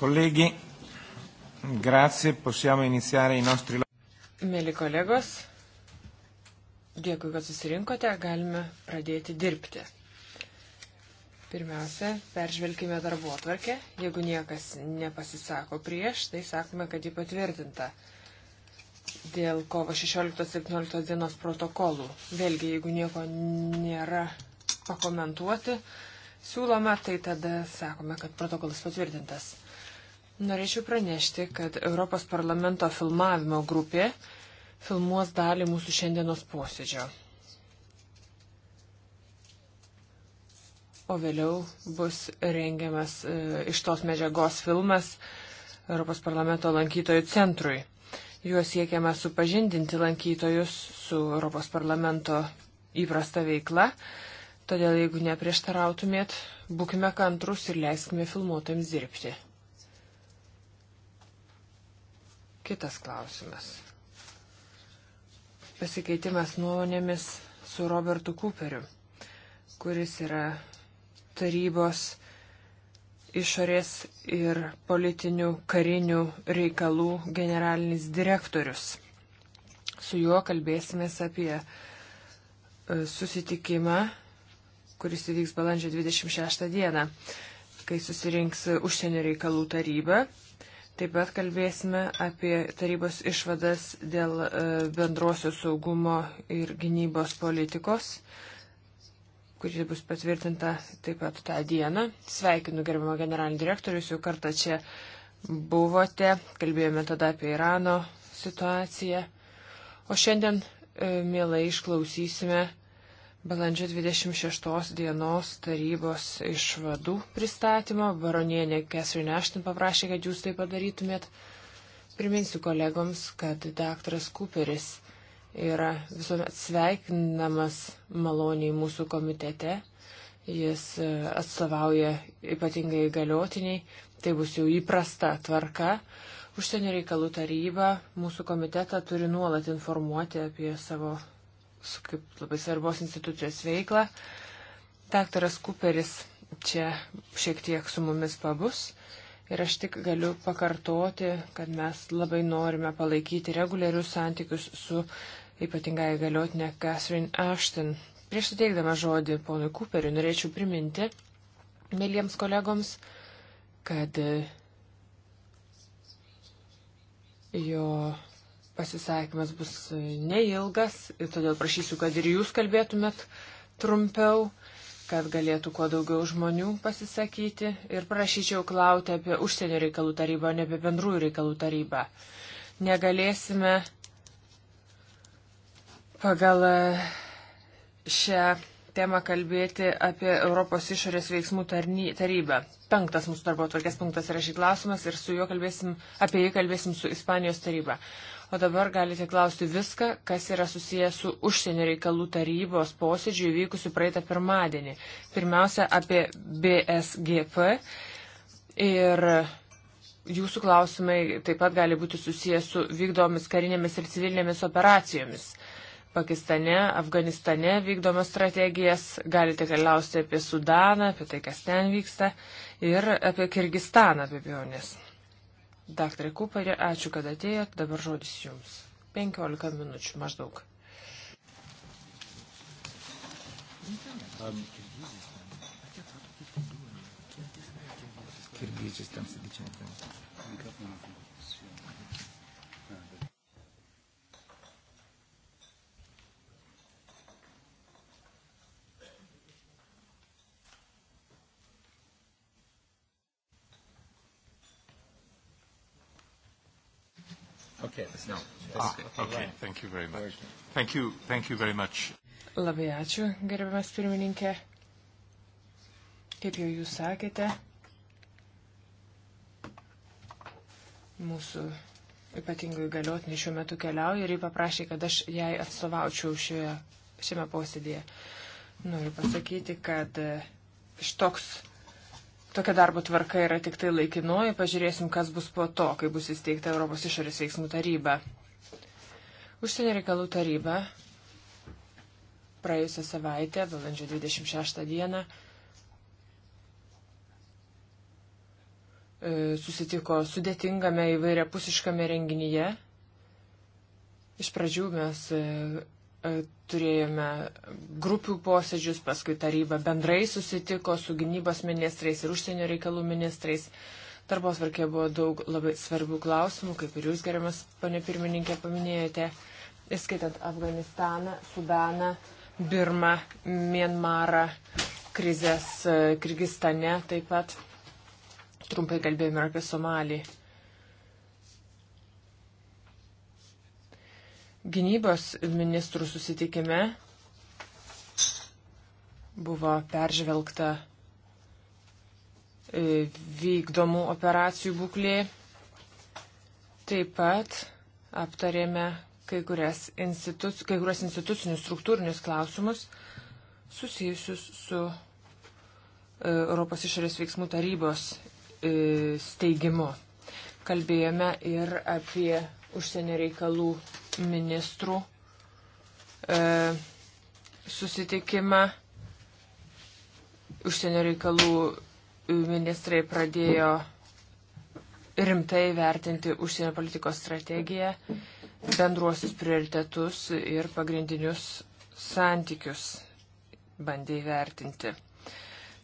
Colleghi, grazie, possiamo iniziare i nostri lavori. Mėly kolegos, dėkui, kad susirinkote, galime pradėti dirbti. Pirmiausia, peržvelkime darbo atvarkę. Jeigu niekas nepasisako prieš, tai sakome, kad ji patvirtinta dėl kovo 16-17 dienos protokolų. Vėlgi, jeigu nieko nėra pakomentuoti, siūloma, tai tada sakome, kad protokolas patvirtintas. Norėčiau pranešti, kad Europos parlamento filmavimo grupė filmuos dalį mūsų šiandienos posėdžio. O vėliau bus rengiamas e, iš tos medžiagos filmas Europos parlamento lankytojų centrui. Juo siekiama supažindinti lankytojus su Europos parlamento įprasta veikla. Todėl, jeigu neprieštarautumėt, būkime kantrus ir leiskime filmuotojams dirbti. Kitas klausimas. Pasikeitimas nuomonėmis su Robertu Cooperiu, kuris yra tarybos išorės ir politinių karinių reikalų generalinis direktorius. Su juo kalbėsimės apie e, susitikimą, kuris įvyks balandžio 26 dieną, kai susirinks užsienio reikalų taryba Taip pat kalbėsime apie tarybos išvadas dėl e, bendrosios saugumo ir gynybos politikos, kuri bus patvirtinta taip pat tą dieną. Sveikinu gerbimo generalinį direktorių, jūs jau kartą čia buvote, kalbėjome tada apie Irano situaciją. O šiandien, e, mielai, išklausysime balandžio 26 dienos tarybos išvadų pristatymo. Baronienė Catherine Ashton paprašė, kad jūs tai padarytumėt. Priminsiu kolegoms, kad daktaras Cooperis yra visuomet sveikinamas maloniai mūsų komitete. Jis e, atstovauja ypatingai galiotiniai, tai bus jau įprasta tvarka. Užsienio reikalų taryba mūsų komitetą turi nuolat informuoti apie savo su kaip labai svarbos institucijos veikla. Daktaras Kuperis čia šiek tiek su mumis pabus. Ir aš tik galiu pakartoti, kad mes labai norime palaikyti reguliarius santykius su ypatingai galiotinė Catherine Ashton. Prieš suteikdama žodį ponui Kuperiu norėčiau priminti, mėlyjams kolegoms, kad jo pasisakymas bus neilgas, todėl prašysiu, kad ir jūs kalbėtumėt trumpiau, kad galėtų kuo daugiau žmonių pasisakyti ir prašyčiau klauti apie užsienio reikalų tarybą, o ne apie bendrųjų reikalų tarybą. Negalėsime pagal e, šią temą kalbėti apie Europos išorės veiksmų tarybą. Penktas mūsų darbo tvarkės punktas yra šį klausimas ir su juo kalbėsim, apie jį kalbėsim su Ispanijos taryba. O dabar galite klausti viską, kas yra susijęs su užsienio reikalų tarybos posėdžiu įvykusiu praeitą pirmadienį. Pirmiausia, apie BSGP ir jūsų klausimai taip pat gali būti susijęs su vykdomis karinėmis ir civilinėmis operacijomis. Pakistane, Afganistane vykdomas strategijas, galite keliausti apie Sudaną, apie tai, kas ten vyksta ir apie Kirgistaną be abejonės. Daktarė Kuperė, ačiū, kad atėjot, dabar žodis jums. 15 minučių maždaug. Um. Kirgizistan, sakyčiau. Okay, no. Ah, okay, thank you very much. Thank you, thank you very much. Labai ačiū, gerbiamas pirmininkė. Kaip jau jūs sakėte, mūsų ypatingai galiotinė šiuo metu keliauja ir jį paprašė, kad aš jai atstovaučiau šioje, šiame posėdėje. Noriu pasakyti, kad štoks Tokia darbo tvarka yra tik tai laikinoji, pažiūrėsim, kas bus po to, kai bus įsteigta Europos išorės veiksmų taryba. Užsienio reikalų taryba praėjusią savaitę, balandžio 26 dieną, e, susitiko sudėtingame įvairiapusiškame renginyje. Iš pradžių mes e, E, turėjome grupių posėdžius, paskui taryba bendrai susitiko su gynybos ministrais ir užsienio reikalų ministrais. Darbos varkė buvo daug labai svarbių klausimų, kaip ir jūs, gerimas pane pirmininkė, paminėjote, įskaitant Afganistaną, Sudaną, Birmą, Mienmarą, krizės e, Kirgistane taip pat. Trumpai kalbėjome ir apie Somalį. Gynybos ministrų susitikime buvo peržvelgta e, vykdomų operacijų būklė. Taip pat aptarėme kai, instituc, kai kurias institucinius struktūrinius klausimus susijusius su e, Europos išorės veiksmų tarybos e, steigimu. Kalbėjome ir apie užsienio reikalų ministrų e, susitikimą. Užsienio reikalų ministrai pradėjo rimtai vertinti užsienio politikos strategiją, bendruosius prioritetus ir pagrindinius santykius bandė įvertinti.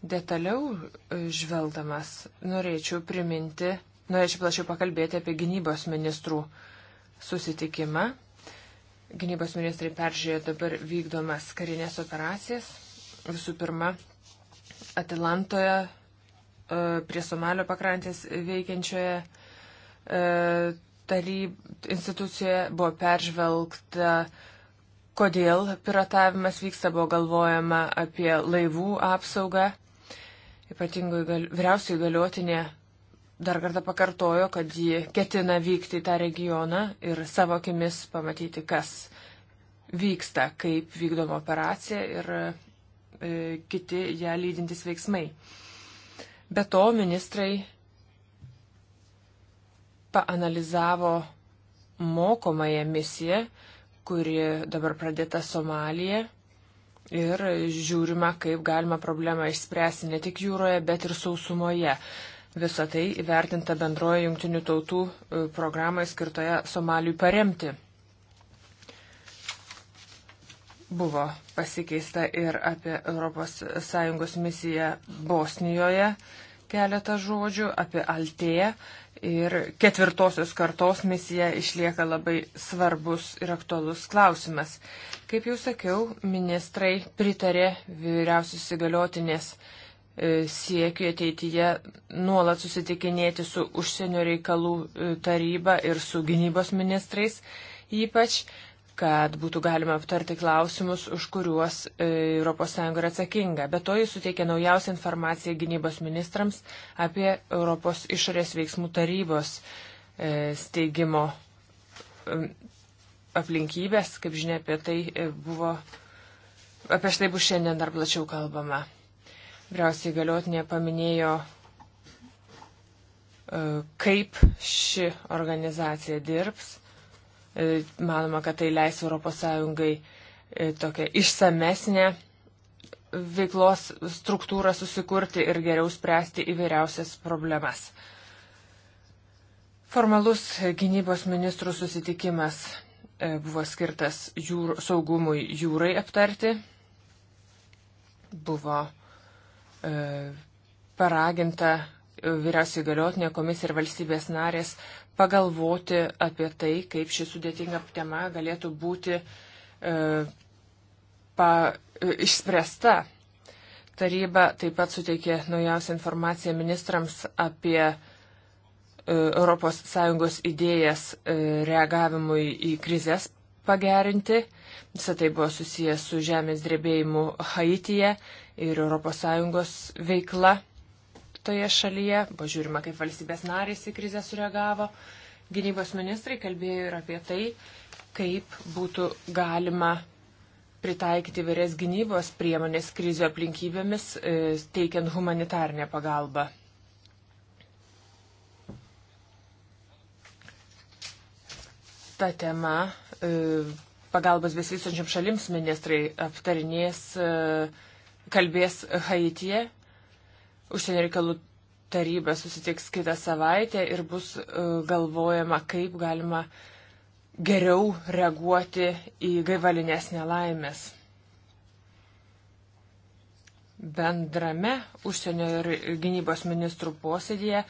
Detaliau e, žvelgdamas norėčiau priminti, norėčiau plačiau pakalbėti apie gynybos ministrų uh, susitikimą. Gynybos ministrai peržiūrėjo dabar vykdomas karinės operacijas. Visų pirma, Atlantoje e, prie Somalio pakrantės veikiančioje e, taryb, institucijoje buvo peržvelgta, kodėl piratavimas vyksta, buvo galvojama apie laivų apsaugą. Ypatingai gal, vyriausiai galiotinė dar kartą pakartojo, kad ji ketina vykti į tą regioną ir savo akimis pamatyti, kas vyksta, kaip vykdoma operacija ir e, kiti ją lydintys veiksmai. Be to, ministrai paanalizavo mokomąją misiją, kuri dabar pradėta Somalija ir žiūrima, kaip galima problemą išspręsti ne tik jūroje, bet ir sausumoje. Visą tai įvertinta bendroje jungtinių tautų e, programai skirtoje Somaliui paremti. Buvo pasikeista ir apie ES misiją Bosnijoje keletą žodžių, apie Altėją ir ketvirtosios kartos misija išlieka labai svarbus ir aktualus klausimas. Kaip jau sakiau, ministrai pritarė vyriausios įgaliotinės E, siekiu ateityje nuolat susitikinėti su užsienio reikalų e, taryba ir su gynybos ministrais, ypač, kad būtų galima aptarti klausimus, už kuriuos ES yra atsakinga. Be to jis suteikė naujausią informaciją gynybos ministrams apie Europos išorės veiksmų tarybos e, steigimo aplinkybės, kaip žinia, apie tai buvo, apie štai bus šiandien dar plačiau kalbama. Vyriausiai galiotinė paminėjo, e, kaip ši organizacija dirbs. E, manoma, kad tai leis ES e, tokią išsamesnę veiklos struktūrą susikurti ir geriau spręsti įvairiausias problemas. Formalus gynybos ministrų susitikimas buvo skirtas jūr, saugumui jūrai aptarti. Buvo uh, E, paraginta vyriausiai galiotinė komisija ir valstybės narės pagalvoti apie tai, kaip ši sudėtinga tema galėtų būti e, pa, e, išspręsta. Taryba taip pat suteikė naujausią informaciją ministrams apie e, ES idėjas e, reagavimui į krizės pagerinti. Visą tai buvo susijęs su žemės drebėjimu Haityje ir ES veikla toje šalyje, pažiūrima, kaip valstybės narės į krizę sureagavo. Gynybos ministrai kalbėjo ir apie tai, kaip būtų galima pritaikyti vėres gynybos priemonės krizių aplinkybėmis, e, teikiant humanitarnę pagalbą. Ta tema e, pagalbos besivystančiam šalims ministrai aptarinės e, kalbės Haitie. Užsienio reikalų taryba susitiks kitą savaitę ir bus e, galvojama, kaip galima geriau reaguoti į gaivalinės nelaimės. Bendrame užsienio ir gynybos ministrų posėdėje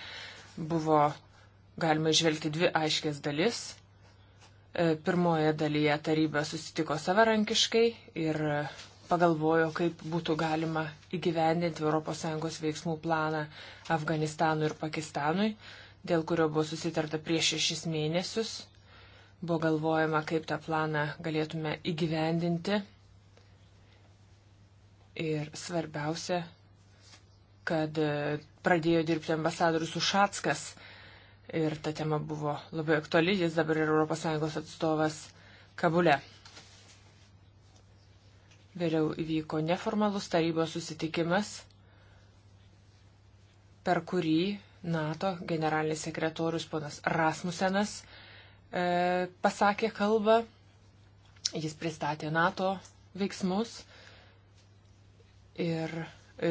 buvo galima išvelgti dvi aiškės dalis. E, pirmoje dalyje taryba susitiko savarankiškai ir pagalvojo, kaip būtų galima įgyvendinti ES veiksmų planą Afganistanui ir Pakistanui, dėl kurio buvo susitarta prieš šešis mėnesius. Buvo galvojama, kaip tą planą galėtume įgyvendinti. Ir svarbiausia, kad e, pradėjo dirbti ambasadorius Ušatskas. Ir ta tema buvo labai aktuali, jis dabar yra ES atstovas Kabule. Vėliau vyko neformalus tarybos susitikimas, per kurį NATO generalinis sekretorius ponas Rasmusenas e, pasakė kalbą, jis pristatė NATO veiksmus ir e,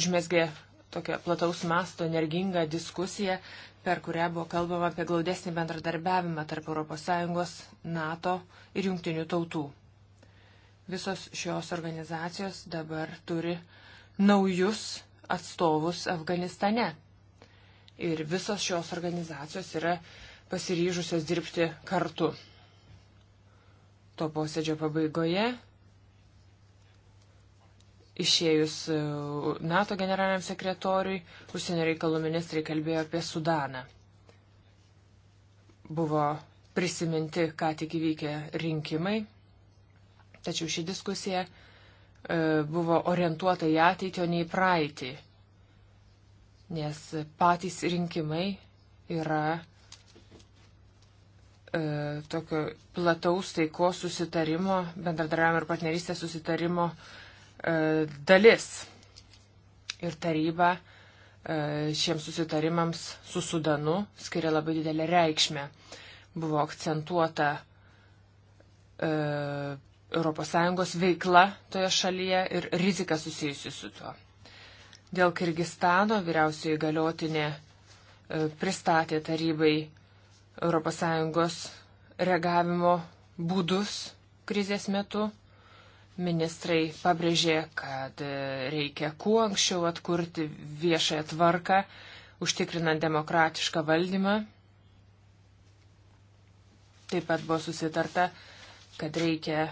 užmesgė tokią plataus masto energingą diskusiją, per kurią buvo kalbama apie glaudesnį bendradarbiavimą tarp ES, NATO ir jungtinių tautų. Visos šios organizacijos dabar turi naujus atstovus Afganistane. Ir visos šios organizacijos yra pasiryžusios dirbti kartu. To posėdžio pabaigoje išėjus uh, NATO generaliniam sekretoriui, užsienio reikalų ministrai kalbėjo apie Sudaną. Buvo prisiminti, ką tik įvykę rinkimai Tačiau ši diskusija e, buvo orientuota į ateitį, o ne į praeitį. Nes patys rinkimai yra e, tokio plataus taikos susitarimo, bendradarbiavimo ir partnerystės susitarimo e, dalis. Ir taryba e, šiems susitarimams su Sudanu skiria labai didelę reikšmę. Buvo akcentuota e, ES veikla toje šalyje ir rizika susijusi su tuo. Dėl Kirgistano vyriausioji galiotinė e, pristatė tarybai ES reagavimo būdus krizės metu. Ministrai pabrėžė, kad e, reikia kuo anksčiau atkurti viešąją tvarką, užtikrinant demokratišką valdymą. Taip pat buvo susitarta, kad reikia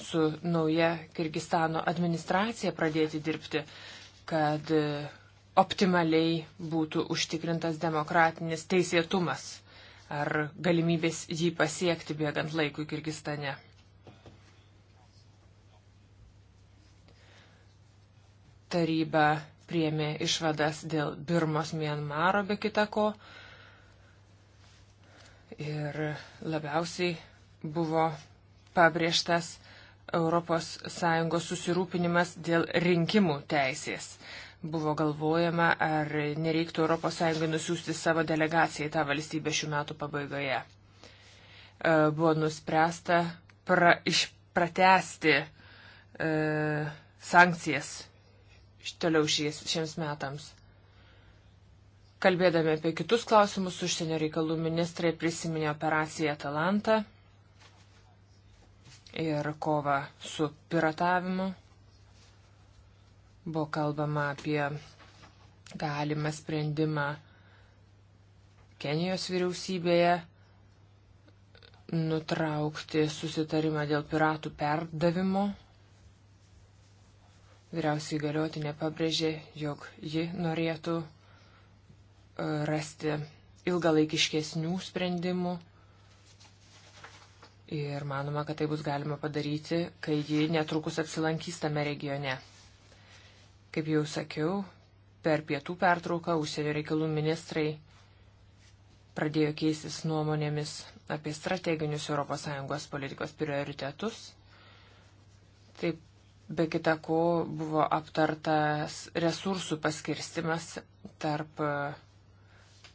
su nauja Kirgistano administracija pradėti dirbti, kad e, optimaliai būtų užtikrintas demokratinis teisėtumas ar galimybės jį pasiekti bėgant laikui Kirgistane. Taryba priemė išvadas dėl Birmos Mienmaro be kitako ir labiausiai buvo pabrėžtas ES susirūpinimas dėl rinkimų teisės. Buvo galvojama, ar nereiktų ES nusiųsti savo delegaciją į tą valstybę šių metų pabaigoje. E, buvo nuspręsta pra, išpratesti e, sankcijas toliau šies, šiems metams. Kalbėdami apie kitus klausimus, užsienio reikalų ministrai prisiminė operaciją Atalantą ir kovą su piratavimu. Buvo kalbama apie galimą sprendimą Kenijos vyriausybėje nutraukti susitarimą dėl piratų perdavimo. Vyriausiai galioti nepabrėžė, jog ji norėtų e, rasti ilgalaikiškesnių sprendimų Ir manoma, kad tai bus galima padaryti, kai ji netrukus apsilankys tame regione. Kaip jau sakiau, per pietų pertrauką užsienio reikalų ministrai pradėjo keistis nuomonėmis apie strateginius ES politikos prioritetus. Taip, be kita ko, buvo aptartas resursų paskirstimas tarp,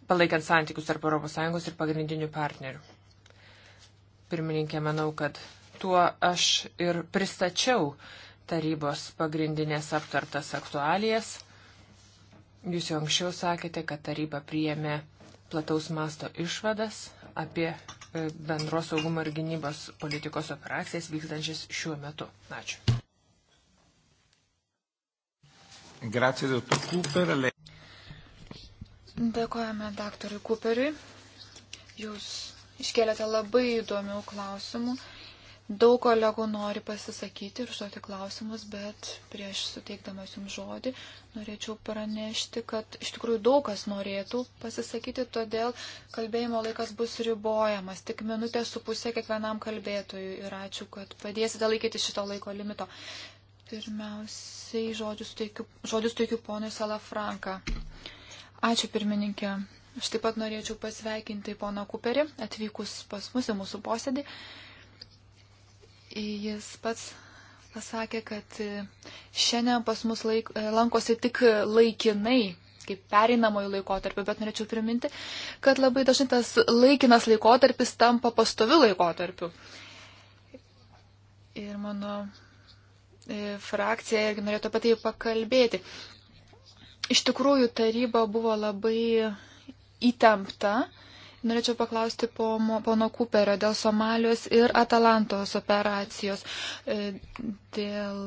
palaikant santykius tarp ES ir pagrindinių partnerių pirmininkė, manau, kad tuo aš ir pristačiau tarybos pagrindinės aptartas aktualijas. Jūs jau anksčiau sakėte, kad taryba priėmė plataus masto išvadas apie e, bendros saugumo ir gynybos politikos operacijas vykstančias šiuo metu. Ačiū. Grazie, dottor Cooper. Le... Dėkojame daktarui Cooperiui. Jūs iškėlėte labai įdomių klausimų. Daug kolegų nori pasisakyti ir užduoti klausimus, bet prieš suteikdamas jums žodį norėčiau pranešti, kad iš tikrųjų daug kas norėtų pasisakyti, todėl kalbėjimo laikas bus ribojamas. Tik minutė su pusė kiekvienam kalbėtojui ir ačiū, kad padėsite laikyti šito laiko limito. Pirmiausiai žodžius teikiu, žodžius teikiu ponui Salafranka. Ačiū pirmininkė. Aš taip pat norėčiau pasveikinti pono Kuperį, atvykus pas mus į mūsų posėdį. Jis pats pasakė, kad šiandien pas mus laik, lankosi tik laikinai kaip pereinamojų laikotarpių, bet norėčiau priminti, kad labai dažnai tas laikinas laikotarpis tampa pastoviu laikotarpiu. Ir mano e, frakcija irgi norėtų apie tai pakalbėti. Iš tikrųjų, taryba buvo labai įtempta. Norėčiau paklausti pono po Kuperio dėl Somalijos ir Atalantos operacijos, e, dėl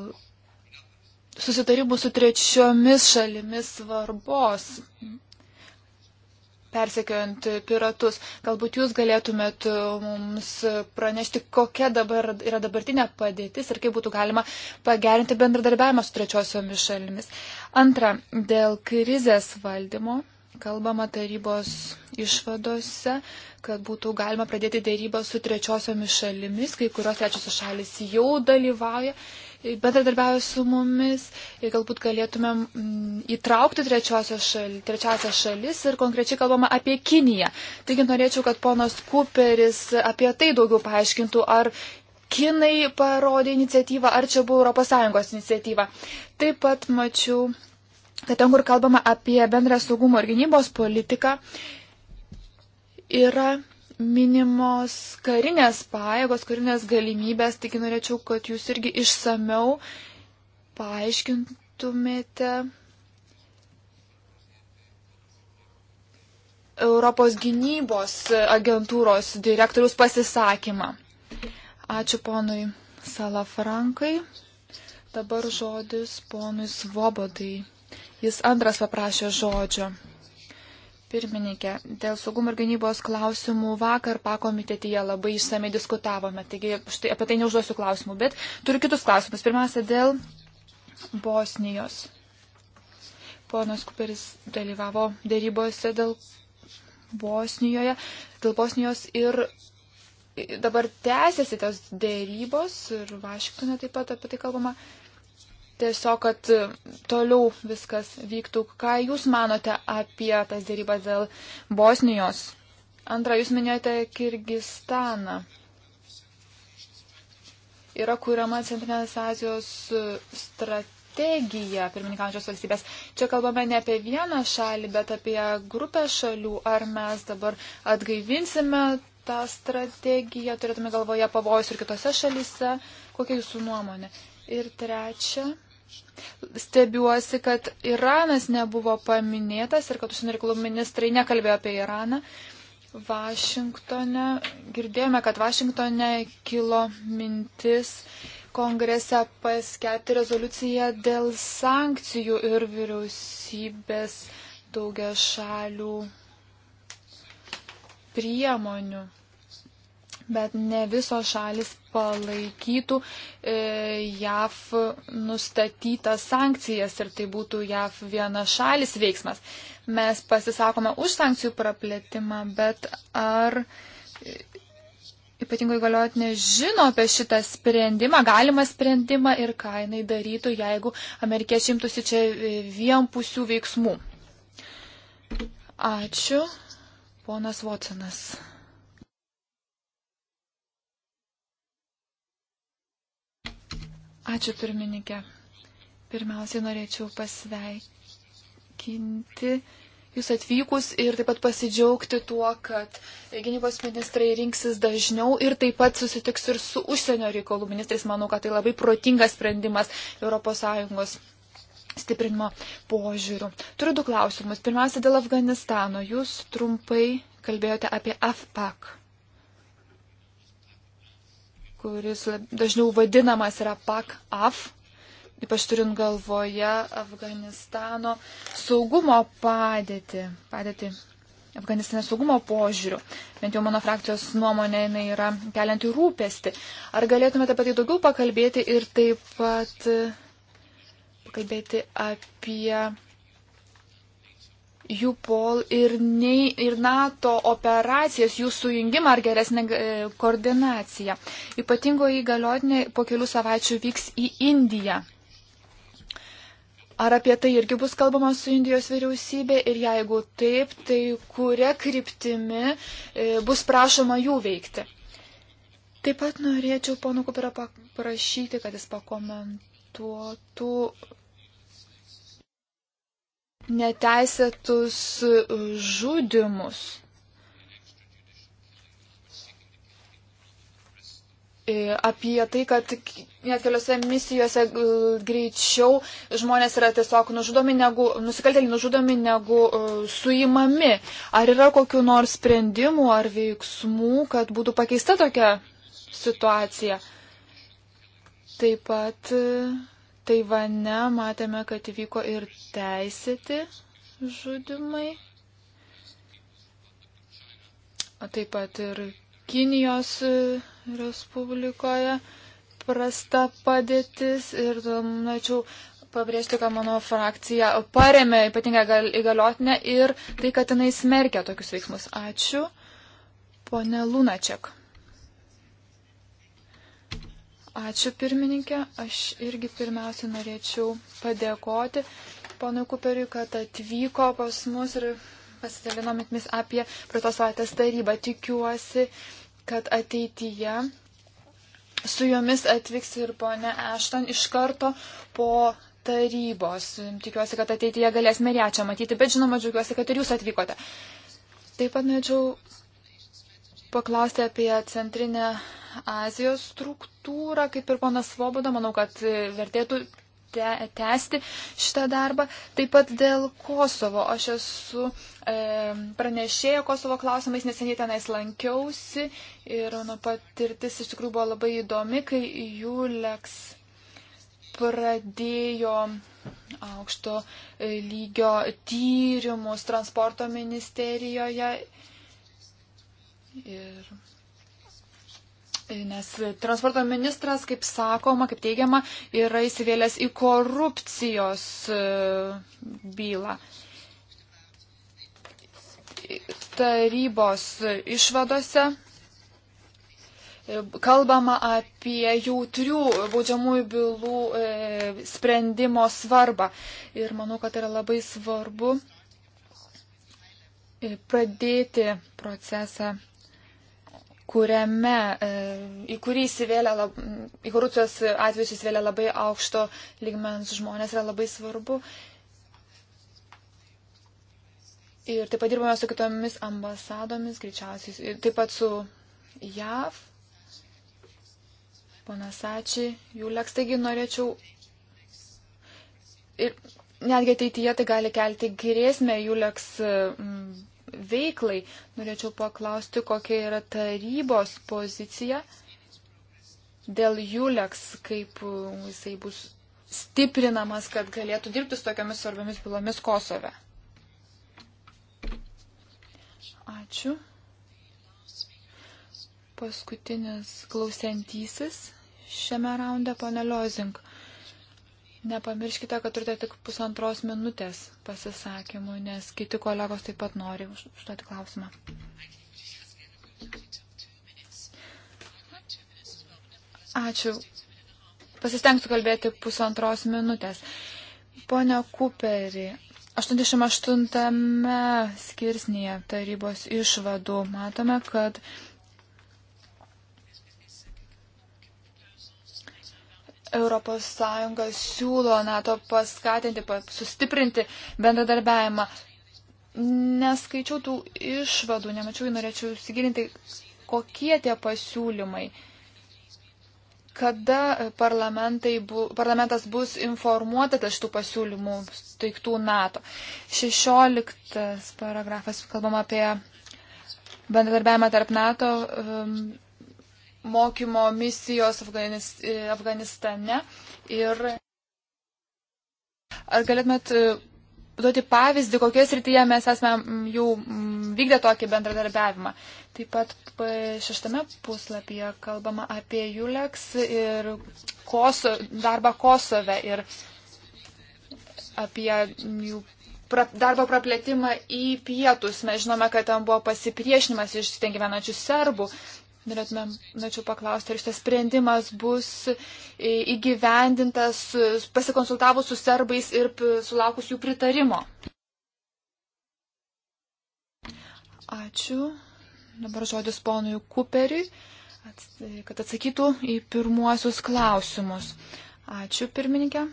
susitarimų su trečiomis šalimis svarbos persekiojant piratus. Galbūt jūs galėtumėt mums pranešti, kokia dabar yra dabartinė padėtis ir kaip būtų galima pagerinti bendradarbiavimą su trečiosiomis šalimis. Antra, dėl krizės valdymo kalbama tarybos išvadose, kad būtų galima pradėti dėrybą su trečiosiomis šalimis, kai kurios trečiosios šalis jau dalyvauja, e, bendradarbiauja su mumis ir galbūt galėtumėm mm, įtraukti šali, trečiasias šalis ir konkrečiai kalbama apie Kiniją. Taigi norėčiau, kad ponas Kuperis apie tai daugiau paaiškintų, ar Kinai parodė iniciatyvą, ar čia buvo ES iniciatyva. Taip pat mačiau kad tai ten, kur kalbama apie bendrą saugumo ir gynybos politiką, yra minimos karinės pajėgos, karinės galimybės, taigi norėčiau, kad jūs irgi išsameu paaiškintumėte Europos gynybos agentūros direktorius pasisakymą. Ačiū ponui Salafrankai. Dabar žodis ponui Svobodai. Jis antras paprašė žodžio. Pirmininkė, dėl saugumo ir gynybos klausimų vakar pakomitetyje labai išsamei diskutavome, taigi štai apie tai neužduosiu klausimų, bet turiu kitus klausimus. Pirmiausia, dėl Bosnijos. Ponas Kuperis dalyvavo dėrybose dėl Bosnijoje, dėl Bosnijos ir dabar tęsiasi tos dėrybos ir Vašingtone taip pat apie tai kalbama tiesiog, kad toliau viskas vyktų. Ką Jūs manote apie tas dėrybas dėl Bosnijos? Antra, Jūs minėjote Kirgistaną. Yra kuriama Centrinės Azijos strategija pirmininkančios valstybės. Čia kalbame ne apie vieną šalį, bet apie grupę šalių. Ar mes dabar atgaivinsime tą strategiją, turėtume galvoje pavojus ir kitose šalyse? Kokia jūsų nuomonė? Ir trečia, stebiuosi, kad Iranas nebuvo paminėtas ir kad užsienio reikalų ministrai nekalbėjo apie Iraną. Vašingtone, girdėjome, kad Vašingtone kilo mintis kongrese paskelbti rezoliuciją dėl sankcijų ir vyriausybės daugia šalių priemonių bet ne visos šalis palaikytų e, JAF nustatytas sankcijas ir tai būtų JAF viena šalis veiksmas. Mes pasisakome už sankcijų praplėtimą, bet ar ypatingai galiotinė žino apie šitą sprendimą, galimą sprendimą ir ką jinai darytų, jeigu amerikiečiai imtųsi čia vienpusių veiksmų. Ačiū, ponas Watsonas. Ačiū pirmininkė. Pirmiausiai norėčiau pasveikinti Jūs atvykus ir taip pat pasidžiaugti tuo, kad gynybos ministrai rinksis dažniau ir taip pat susitiks ir su užsienio reikalų ministrais. Manau, kad tai labai protingas sprendimas ES stiprinimo požiūrių. Turiu du klausimus. Pirmiausia, dėl Afganistano. Jūs trumpai kalbėjote apie AFPAC kuris dažniau vadinamas yra PAK-AF, ypač turint galvoje Afganistano saugumo padėtį, padėtį Afganistane saugumo požiūrių. Bent jau mano frakcijos nuomonė jinai yra kelianti rūpesti. Ar galėtumėte apie tai daugiau pakalbėti ir taip pat e, pakalbėti apie JUPOL ir, nei, ir NATO operacijas, jų sujungimą ar geresnę e, koordinaciją. Ypatingo įgaliotinė po kelių savaičių vyks į Indiją. Ar apie tai irgi bus kalbama su Indijos vyriausybė ir jeigu taip, tai kuria kryptimi e, bus prašoma jų veikti. Taip pat norėčiau pono Kuperą paprašyti, kad jis pakomentuotų neteisėtus žudimus. E, apie tai, kad net keliose misijose greičiau žmonės yra tiesiog nužudomi negu, nusikaltėliai nužudomi negu e, suimami. Ar yra kokiu nors sprendimu ar veiksmų, kad būtų pakeista tokia situacija? Taip pat e, Taivane matėme, kad įvyko ir teisėti žudimai. O taip pat ir Kinijos Respublikoje prasta padėtis ir norėčiau pabrėžti, kad mano frakcija paremė ypatingą įgaliotinę ir tai, kad jinai smerkia tokius veiksmus. Ačiū. Pone Lunačiak. Ačiū pirmininkė. Aš irgi pirmiausia norėčiau padėkoti ponui Kuperiui, kad atvyko pas mus ir pasidalino mitmis apie praeitos savaitės tarybą. Tikiuosi, kad ateityje su jomis atvyks ir ponė Ešton iš karto po tarybos. Tikiuosi, kad ateityje galėsime ją čia matyti, bet žinoma, džiaugiuosi, kad ir jūs atvykote. Taip pat norėčiau paklausti apie Centrinę Azijos struktūrą, kaip ir ponas Svoboda, manau, kad vertėtų te, tęsti šitą darbą. Taip pat dėl Kosovo. Aš esu e, pranešėja Kosovo klausimais, neseniai tenais lankiausi ir mano patirtis iš tikrųjų buvo labai įdomi, kai Juleks pradėjo aukšto e, lygio tyrimus transporto ministerijoje Ir Nes transporto ministras, kaip sakoma, kaip teigiama, yra įsivėlęs į korupcijos e, bylą. Tarybos išvadose kalbama apie jautrių baudžiamųjų bylų e, sprendimo svarbą. Ir manau, kad yra labai svarbu e, pradėti procesą kuriame, e, į kurį įsivėlė, lab, į korupcijos atvejus įsivėlė labai aukšto lygmens žmonės, yra labai svarbu. Ir taip pat dirbame su kitomis ambasadomis, greičiausiai, taip pat su JAV, panasačiai, Juleks, taigi norėčiau. Ir netgi ateityje tai gali kelti grėsmę Juleks. Mm, veiklai. Norėčiau paklausti, kokia yra tarybos pozicija dėl Juleks, kaip jisai bus stiprinamas, kad galėtų dirbti su tokiamis svarbiamis bylomis Kosove. Ačiū. Paskutinis klausiantysis šiame raunde, pane Liozink. Nepamirškite, kad turite tik pusantros minutės pasisakymų, nes kiti kolegos taip pat nori užduoti klausimą. Ačiū. Pasistengsiu kalbėti pusantros minutės. Pone Kuperį, 88 skirsnėje tarybos išvadų matome, kad ES siūlo NATO paskatinti, sustiprinti bendradarbiavimą. Neskaičiau tų išvadų, nemačiau, norėčiau įsigilinti, kokie tie pasiūlymai, kada bu, parlamentas bus informuotas iš tų pasiūlymų teiktų NATO. 16 paragrafas, kalbam apie bendradarbiavimą tarp NATO um, mokymo misijos e, Afganistane. Ir ar galėtumėt e, duoti pavyzdį, kokioje srityje mes esame jau vykdę tokį bendradarbiavimą. Taip pat šeštame puslapyje kalbama apie Juleks ir Koso, darbą Kosove ir apie jų pra, darbo praplėtimą į pietus. Mes žinome, kad ten buvo pasipriešinimas iš ten gyvenančių serbų norėtumėm, norėčiau paklausti, ar šitas sprendimas bus įgyvendintas pasikonsultavus su serbais ir sulaukus jų pritarimo. Ačiū. Dabar žodis ponui Kuperiui, kad atsakytų į pirmuosius klausimus. Ačiū, pirmininkė.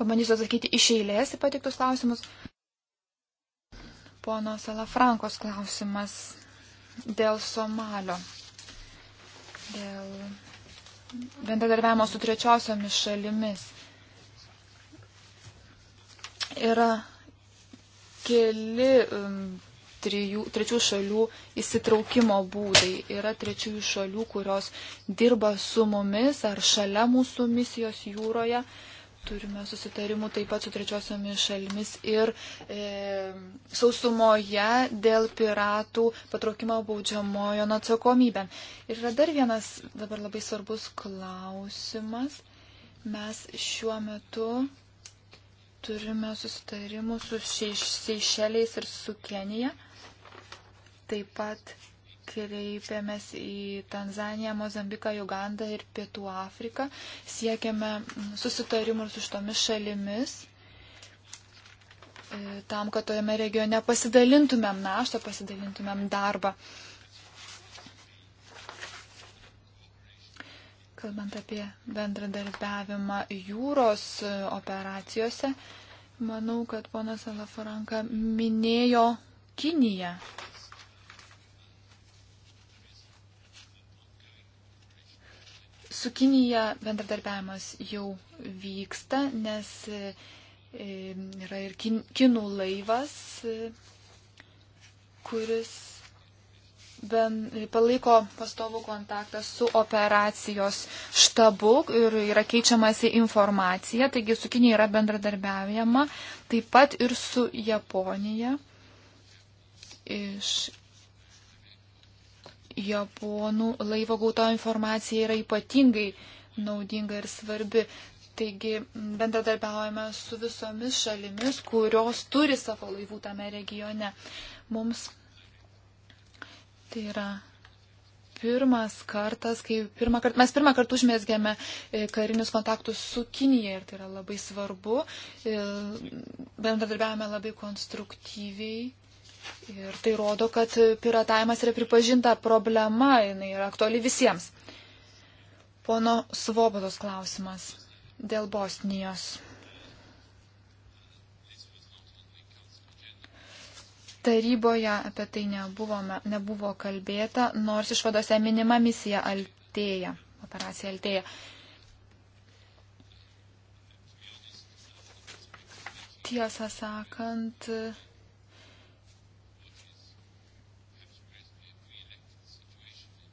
Pabandysiu atsakyti iš eilės į patiktus klausimus. Pono Salafrankos klausimas dėl Somalio, dėl bendradarbiavimo su trečiosiomis šalimis. Yra keli um, trijų, trečių šalių įsitraukimo būdai. Yra trečiųjų šalių, kurios dirba su mumis ar šalia mūsų misijos jūroje. Uh, turime susitarimų taip pat su trečiosiomis šalimis ir e, sausumoje dėl piratų patraukimo baudžiamojo atsakomybę. Ir yra dar vienas dabar labai svarbus klausimas. Mes šiuo metu turime susitarimų su Seišeliais ir su Kenija. Taip pat kreipėmės į Tanzaniją, Mozambiką, Jugandą ir Pietų Afriką. Siekėme susitarimų su šitomis šalimis e, tam, kad tojame regione pasidalintumėm naštą, pasidalintumėm darbą. Kalbant apie bendradarbiavimą jūros operacijose, manau, kad ponas Alaforanka minėjo Kiniją. Su Kinija bendradarbiavimas jau vyksta, nes e, e, yra ir kin, kinų laivas, e, kuris ben, palaiko pastovų kontaktą su operacijos štabu ir yra keičiamasi informacija, taigi su Kinija yra bendradarbiavima, taip pat ir su Japonija iš Japonų laivo gauta informacija yra ypatingai naudinga ir svarbi. Taigi bendradarbiaujame su visomis šalimis, kurios turi savo laivų tame regione. Mums tai yra pirmas kartas, kai pirmą kartą, mes pirmą kartą užmėsgėme e, karinius kontaktus su Kinija ir tai yra labai svarbu. E, Bendradarbiavame labai konstruktyviai Ir tai rodo, kad piratavimas yra pripažinta problema, jinai yra aktuali visiems. Pono Svobodos klausimas dėl Bosnijos. Taryboje apie tai nebuvome, nebuvo kalbėta, nors išvadose minima misija Altėja, operacija Altėja. Tiesą sakant,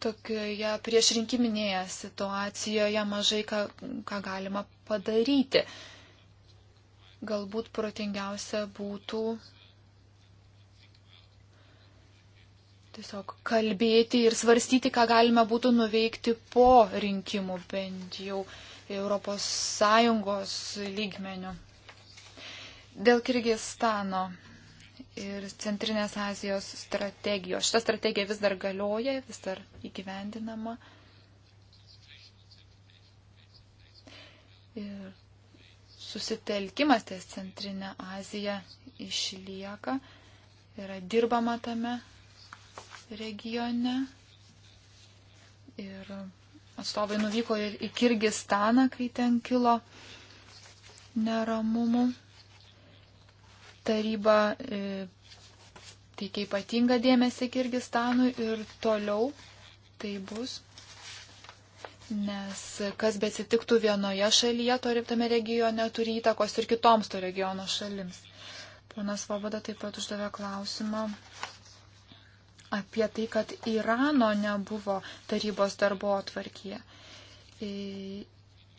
tokioje priešrinkiminėje situacijoje mažai ką, ką galima padaryti. Galbūt protingiausia būtų tiesiog kalbėti ir svarstyti, ką galima būtų nuveikti po rinkimų, bent jau ES lygmenių. Dėl Kirgistano ir Centrinės Azijos strategijos. Šita strategija vis dar galioja, vis dar įgyvendinama. Ir susitelkimas ties Centrinė Azija išlieka, yra dirbama tame regione. Ir atstovai nuvyko ir į Kirgistaną, kai ten kilo neramumų taryba e, teikia ypatingą dėmesį Kirgistanui ir toliau tai bus. Nes kas besitiktų vienoje šalyje, to rimtame regione turi įtakos ir kitoms to regiono šalims. Ponas Vabada taip pat uždavė klausimą apie tai, kad Irano nebuvo tarybos darbo atvarkyje. E,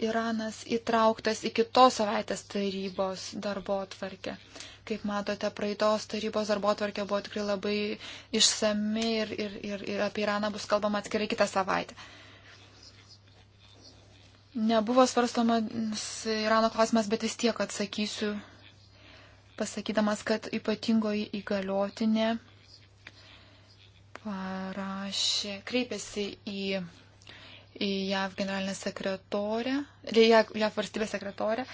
Iranas įtrauktas į kitos savaitės tarybos darbo atvarkę. Kaip matote, praeitos tarybos darbo atvarkė buvo tikrai labai išsami ir, ir, ir, ir apie Iraną bus kalbama atskirai kitą savaitę. Nebuvo svarstomas Irano klausimas, bet vis tiek atsakysiu, pasakydamas, kad ypatingoji įgaliotinė parašė, kreipėsi į į JAV generalinę sekretorę, JAV, JAV valstybės sekretorę,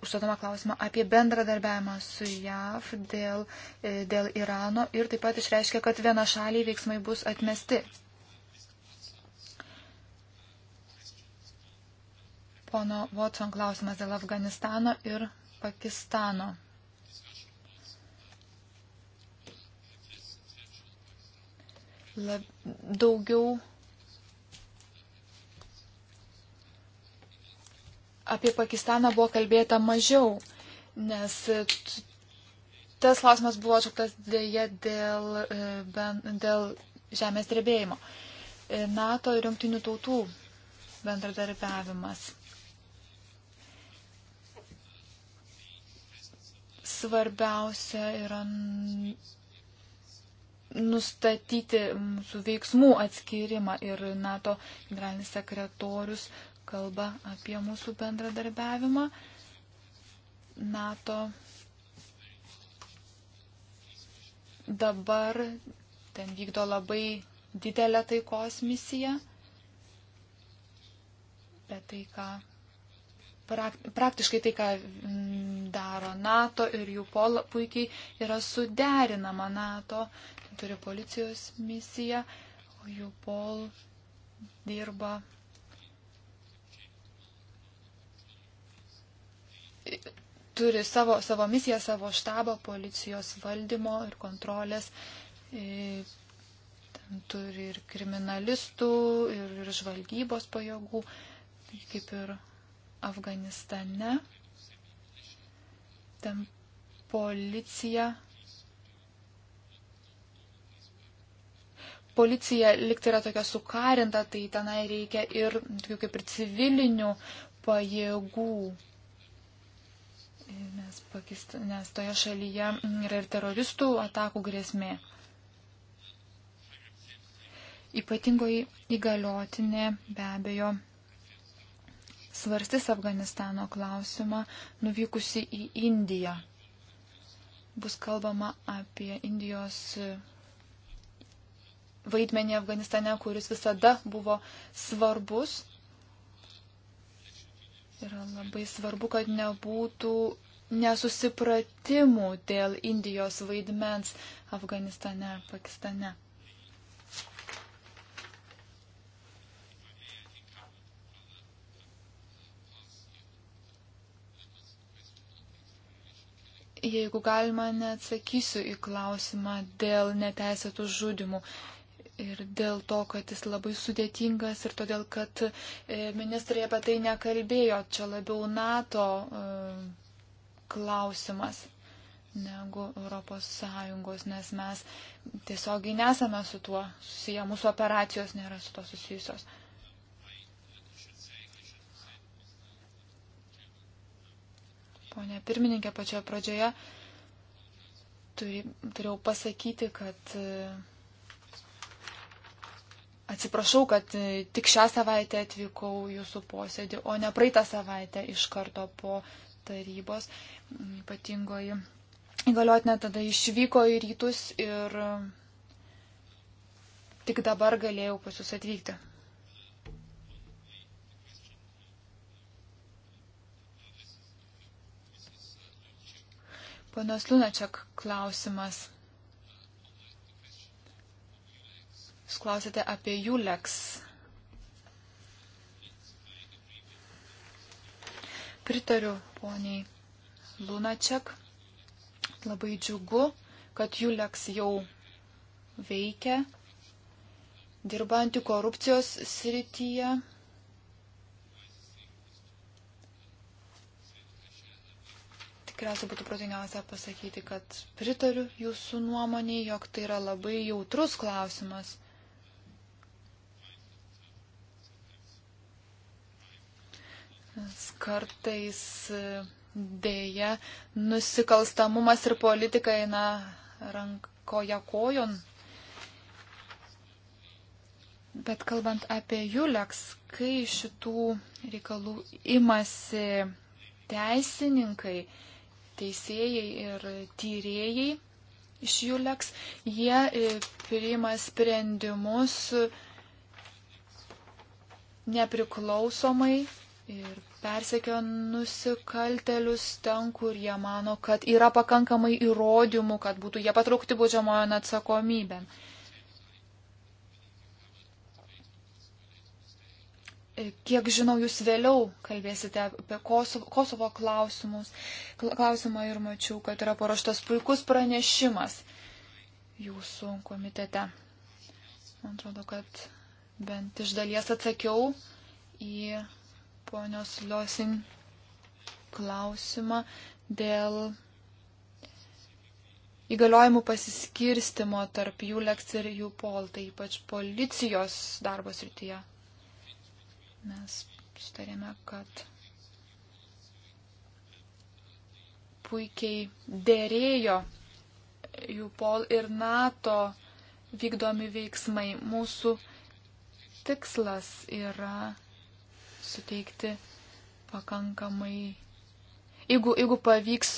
užduodama klausimą apie bendradarbiavimą su JAV dėl, e, dėl Irano ir taip pat išreiškia, kad viena šaliai veiksmai bus atmesti. Pono Watson klausimas dėl Afganistano ir Pakistano. lab, daugiau apie Pakistaną buvo kalbėta mažiau, nes tas klausimas buvo atšauktas dėje dėl, e, dėl žemės drebėjimo. E, NATO ir jungtinių tautų bendradarbiavimas. Svarbiausia yra nustatyti mūsų veiksmų atskirimą ir NATO generalinis sekretorius kalba apie mūsų bendradarbiavimą. NATO dabar ten vykdo labai didelę taikos misiją, bet tai, ką praktiškai tai, ką mm, daro NATO ir jų pola puikiai yra suderinama NATO turi policijos misiją, o Jupol dirba. turi savo, savo misiją, savo štabą policijos valdymo ir kontrolės. E, ten turi ir kriminalistų, ir, ir žvalgybos pajėgų, kaip ir Afganistane. Ten policija policija likti yra tokia sukarinta, tai tenai reikia ir, tokių kaip ir civilinių pajėgų. Nes, Pakistan, nes toje šalyje yra ir teroristų atakų grėsmė. Ypatingoji įgaliotinė be abejo svarstys Afganistano klausimą nuvykusi į Indiją. Bus kalbama apie Indijos vaidmenį Afganistane, kuris visada buvo svarbus. Yra labai svarbu, kad nebūtų nesusipratimų dėl Indijos vaidmens Afganistane, Pakistane. Jeigu galima, neatsakysiu į klausimą dėl neteisėtų žudimų ir dėl to, kad jis labai sudėtingas ir todėl, kad e, ministrai apie tai nekalbėjo, čia labiau NATO e, klausimas negu Europos Sąjungos, nes mes tiesiogiai nesame su tuo susiję, mūsų operacijos nėra su tuo susijusios. Pone pirmininkė, pačioje pradžioje turėjau pasakyti, kad e, Atsiprašau, kad e, tik šią savaitę atvykau jūsų posėdį, o ne praeitą savaitę iš karto po tarybos. Mm, ypatingoji įgaliotinė tada išvyko į rytus ir e, tik dabar galėjau pas jūs atvykti. Panas Lunačiak klausimas. Jūs klausėte apie Juleks. Pritariu poniai Lunačiak. Labai džiugu, kad Juleks jau veikia, dirba antikorupcijos srityje. tikriausiai būtų protingiausia pasakyti, kad pritariu jūsų nuomonį, jog tai yra labai jautrus klausimas. Nes kartais dėja nusikalstamumas ir politika eina rankoje kojon. Bet kalbant apie Juleks, kai šitų reikalų imasi teisininkai, teisėjai ir tyrėjai iš Juleks, jie e, priima sprendimus nepriklausomai ir persekio nusikaltelius ten, kur jie mano, kad yra pakankamai įrodymų, kad būtų jie patraukti būdžiamojo atsakomybėn. Kiek žinau, jūs vėliau kalbėsite apie Kosovo, Kosovo klausimus, klausimą ir mačiau, kad yra paruoštas puikus pranešimas jūsų komitete. Man atrodo, kad bent iš dalies atsakiau į ponios Losin klausimą dėl įgaliojimų pasiskirstimo tarp jų leks ir jų pol, tai ypač policijos darbo srityje. Mes sutarėme, kad puikiai dėrėjo jų pol ir NATO vykdomi veiksmai. Mūsų tikslas yra suteikti pakankamai. Jeigu, jeigu pavyks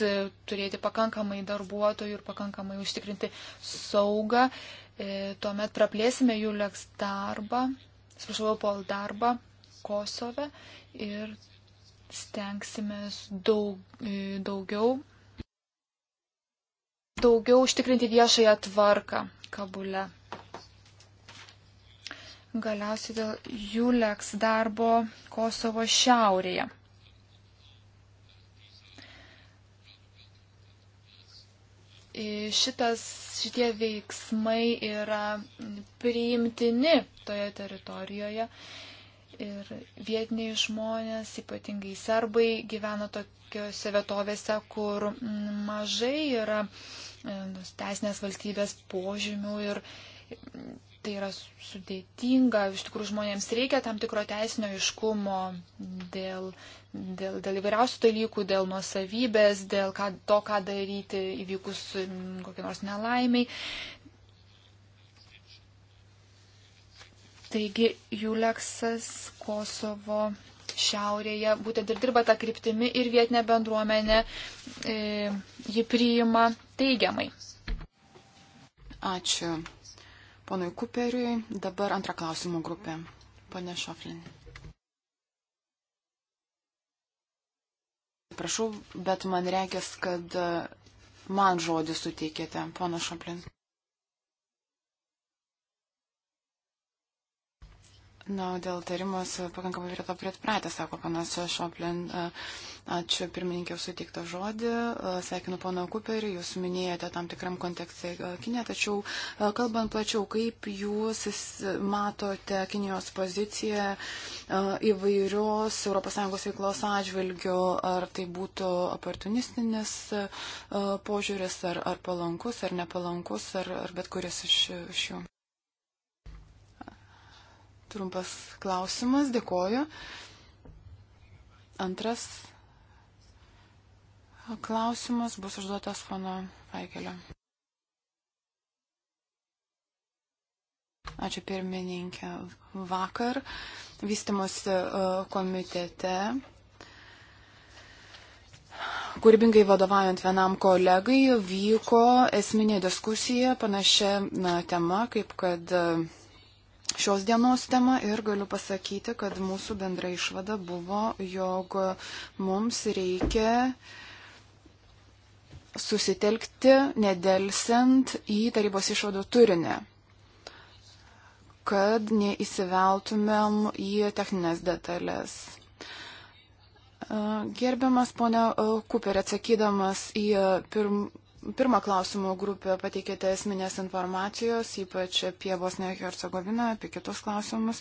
turėti pakankamai darbuotojų ir pakankamai užtikrinti saugą, e, tuomet praplėsime jų leks darbą, sprašau, pol darbą Kosove ir stengsime daug, e, daugiau, daugiau užtikrinti viešąją tvarką Kabule galiausiai dėl Juleks darbo Kosovo šiaurėje. Šitas, šitie veiksmai yra priimtini toje teritorijoje ir vietiniai žmonės, ypatingai serbai, gyvena tokiuose vietovėse, kur mažai yra e, teisinės valstybės požymių ir tai yra sudėtinga, iš tikrųjų žmonėms reikia tam tikro teisinio iškumo dėl, dėl, dėl įvairiausių dalykų, dėl nuosavybės, dėl ką, to, ką daryti įvykus kokiai nors nelaimiai. Taigi Juleksas Kosovo šiaurėje būtent ir dirba tą kryptimį ir vietinė bendruomenė e, jį priima teigiamai. Ačiū ponui Kuperiui. Dabar antra klausimų grupė. Pane Šoflin. Prašau, bet man reikės, kad e, man žodį suteikėte, pana Šoplin. Na, dėl tarimas pakankamai prie to pritpratę, sako panas Šoplin. Ačiū pirmininkė suteikta žodį. Sveikinu pono Kuperį, jūs minėjote tam tikram kontekste e, Kinė, tačiau e, kalbant plačiau, kaip jūs matote Kinijos poziciją e, įvairios ES veiklos atžvilgių, ar tai būtų oportunistinis požiūris, ar, ar palankus, ar nepalankus, ar, ar bet kuris iš šių. Trumpas klausimas, dėkoju. Antras klausimas bus užduotas pono Vaikelio. Ačiū pirmininkė. Vakar vystimosi e, komitete kūrybingai vadovaujant vienam kolegai, vyko esminė diskusija panašia na, tema, kaip kad e, šios dienos temą ir galiu pasakyti, kad mūsų bendra išvada buvo, jog mums reikia susitelkti nedelsiant į tarybos išvadų turinę kad neįsiveltumėm į techninės detalės. Gerbiamas ponia Kuper, atsakydamas į pirm, pirmą klausimų grupę pateikėte esminės informacijos, ypač apie Bosniją Hercegoviną, apie kitus klausimus.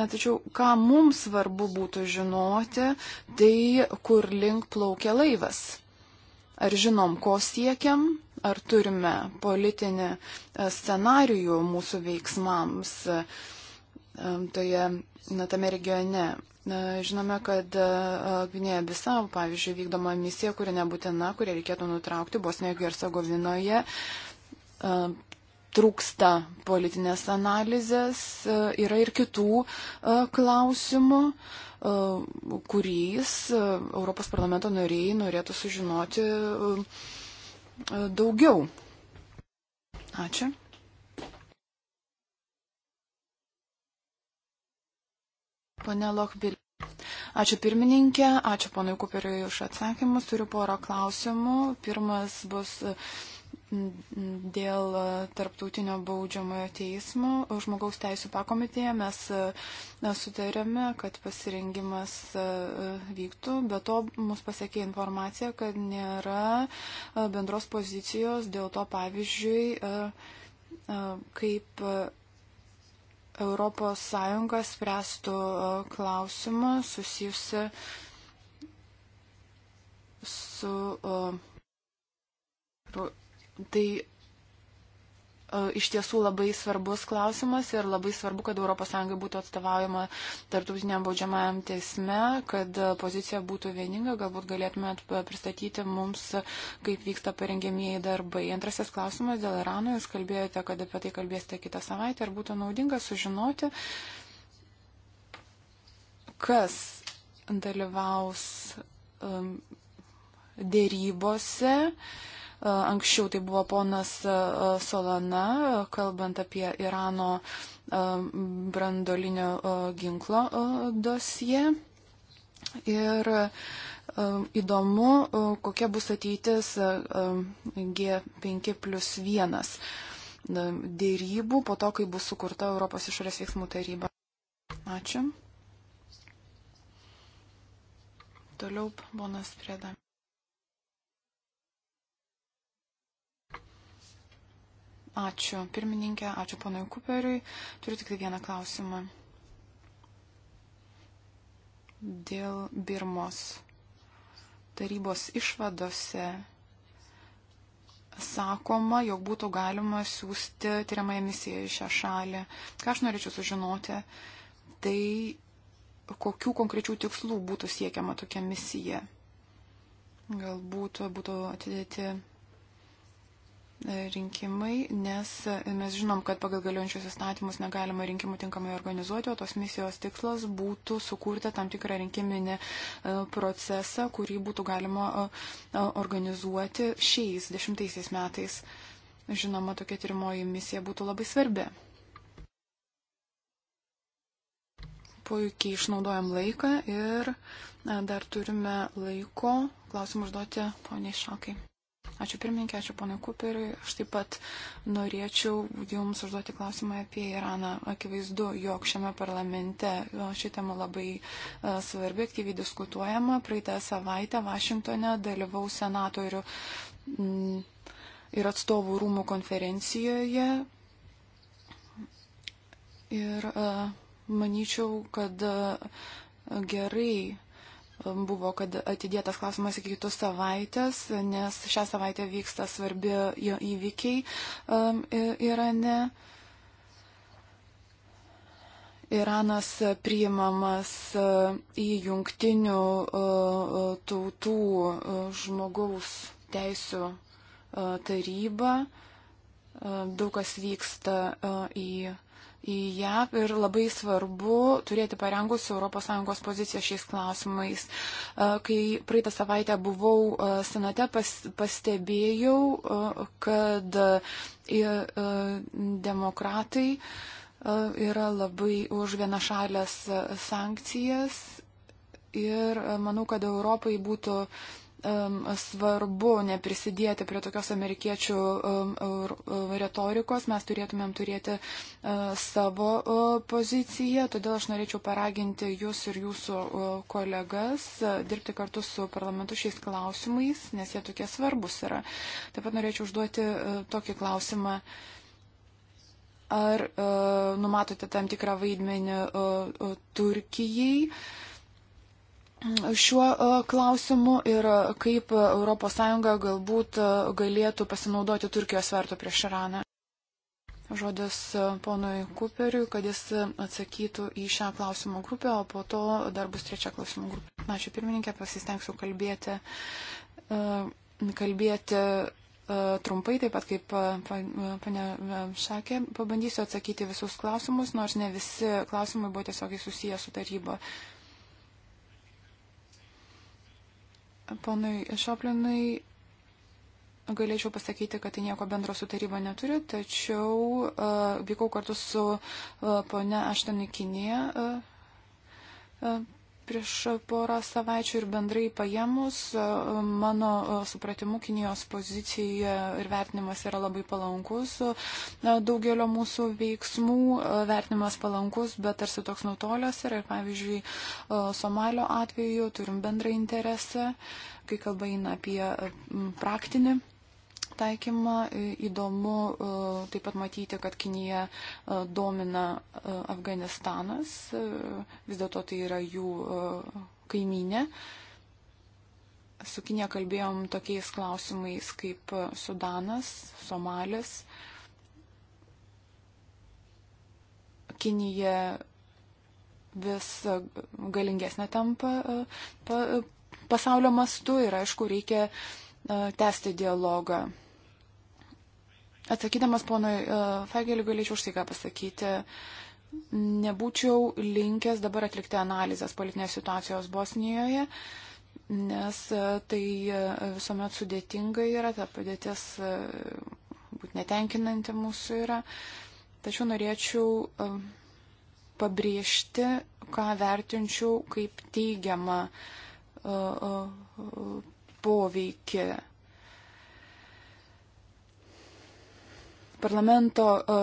Na, tačiau, ką mums svarbu būtų žinoti, tai kur link plaukia laivas. Ar žinom, ko siekiam, ar turime politinį e, scenarijų mūsų veiksmams e, toje, na, tame regione. Žinome, kad e, Gvinėje Bisau, pavyzdžiui, vykdoma misija, kuri nebūtina, kurią reikėtų nutraukti Bosnijoje ir Sagovinoje, e, trūksta politinės analizės, e, yra ir kitų klausimų, kuriais Europos parlamento nariai norėtų sužinoti daugiau. Ačiū. Pone Lokbil. Ačiū pirmininkė, ačiū ponui Kuperiui už atsakymus. Turiu porą klausimų. Pirmas bus dėl tarptautinio baudžiamojo teismo žmogaus teisų pakomitėje mes sutarėme, kad pasirengimas e, vyktų, bet to mus pasiekė informacija, kad nėra e, bendros pozicijos dėl to pavyzdžiui, e, kaip ES spręstų e, klausimą susijusi su. E, tai E, iš tiesų labai svarbus klausimas ir labai svarbu, kad ES būtų atstovaujama tarptautiniam baudžiamajam teisme, kad pozicija būtų vieninga, galbūt galėtumėt pristatyti mums, kaip vyksta parengėmieji darbai. Antrasis klausimas dėl Irano, jūs kalbėjote, kad apie tai kalbėsite kitą savaitę, ar būtų naudinga sužinoti, kas dalyvaus um, dėrybose. Uh, Anksčiau tai buvo ponas e, Solana, kalbant apie Irano e, brandolinio e, ginklo dosiją. Ir įdomu, kokia bus ateitis G5 plus 1 dėrybų po to, kai bus sukurta Europos išorės veiksmų taryba. Ačiū. Toliau, ponas Prėda. Ačiū pirmininkė, ačiū ponui Kuperiui. Turiu tik tai vieną klausimą. Dėl Birmos tarybos išvadose sakoma, jog būtų galima siūsti tyriamąją misiją į šią šalį. Ką aš norėčiau sužinoti, tai kokių konkrečių tikslų būtų siekiama tokia misija. Galbūt būtų atidėti rinkimai, nes mes žinom, kad pagal galiojančius įstatymus negalima rinkimų tinkamai organizuoti, o tos misijos tikslas būtų sukurti tam tikrą rinkiminį e, procesą, kurį būtų galima e, e, organizuoti šiais dešimtaisiais metais. Žinoma, tokia tyrimoji misija būtų labai svarbi. Puikiai išnaudojam laiką ir dar turime laiko klausimų užduoti poniai Šakai. Ačiū pirmininkė, ačiū ponai Kuperiui. Aš taip pat norėčiau jums užduoti klausimą apie Iraną. Akivaizdu, jog šiame parlamente ši tema labai e, svarbi, aktyviai diskutuojama. Praeitą savaitę Vašingtone dalyvau senatorių ir atstovų rūmų konferencijoje. Ir e, manyčiau, kad e, gerai buvo, kad atidėtas klausimas iki kitos savaitės, nes šią savaitę vyksta svarbi įvykiai um, Irane. Iranas priimamas uh, į jungtinių uh, uh, tautų žmogaus teisų tarybą. Daug kas vyksta į Iraną į JAV ir labai svarbu turėti parengus ES poziciją šiais klausimais. E, kai praeitą savaitę buvau e, senate, pas, pastebėjau, e, kad demokratai yra labai už vienašalės sankcijas ir manau, kad Europai būtų Um, svarbu neprisidėti prie tokios amerikiečių um, um, retorikos, mes turėtumėm turėti uh, savo uh, poziciją, todėl aš norėčiau paraginti jūs ir jūsų uh, kolegas dirbti kartu su parlamentu šiais klausimais, nes jie tokie svarbus yra. Taip pat norėčiau užduoti tokį klausimą. Ar uh, numatote tam tikrą vaidmenį uh, uh, Turkijai? Uh, šiuo e, klausimu ir e, kaip ES galbūt e, galėtų pasinaudoti Turkijos svertų prieš Iraną. Žodis ponui Kuperiui, kad jis atsakytų į šią klausimų grupę, o po to dar bus trečia klausimų grupė. Na, ačiū pirmininkė, pasistengsiu kalbėti, kalbėti trumpai, taip pat kaip pane Šakė, pabandysiu atsakyti visus klausimus, nors ne visi klausimai buvo tiesiogiai susiję su taryba, Ponui Šoplinui galėčiau pasakyti, kad tai nieko bendro su taryba neturi, tačiau uh, vykau kartu su uh, ponia Aštanai Kinėje. Uh, e, uh, prieš porą savaičių ir bendrai paėmus, mano supratimu, Kinijos pozicija ir vertinimas yra labai palankus. Daugelio mūsų veiksmų e, vertinimas palankus, bet tarsi toks nutolęs yra. Ir pavyzdžiui, e, Somalio atveju turim bendrą interesą, kai kalba eina apie praktinį taikymą. E, įdomu e, taip pat matyti, kad Kinija e, domina Afganistanas, vis dėlto tai yra jų kaiminė. Su Kinė kalbėjom tokiais klausimais kaip Sudanas, Somalis. Kinija vis galingesnė tampa pasaulio mastu ir aišku reikia uh, E, tęsti dialogą. Atsakydamas ponui e, Fageliu galėčiau štai ką pasakyti. Nebūčiau linkęs dabar atlikti analizės politinės situacijos Bosnijoje, nes e, tai visuomet sudėtinga yra, ta padėtis būt netenkinanti mūsų yra. Tačiau norėčiau pabrėžti, ką vertinčiau kaip teigiamą poveikį. Parlamento e,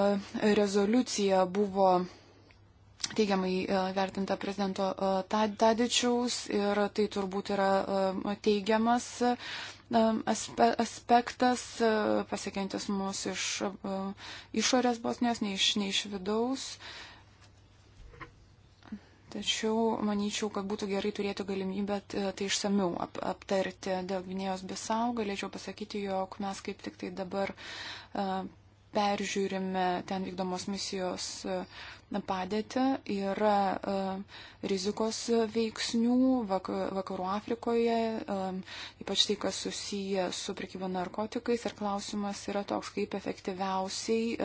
rezoliucija buvo teigiamai e, vertinta prezidento e, Tadičiaus ir tai turbūt yra teigiamas aspektas, pasiekiantis mus iš išorės Bosnijos, ne iš, ne iš vidaus. Tačiau manyčiau, kad būtų gerai turėti galimybę e, tai išsamiau ap aptarti. Dėl Gvinėjos Bisau galėčiau pasakyti, jog mes kaip tik tai dabar uh, peržiūrime ten vykdomos misijos e, padėtį, yra rizikos veiksnių vakarų Afrikoje, ypač tai, kas susiję su prekyba narkotikais ir klausimas yra toks, kaip efektyviausiai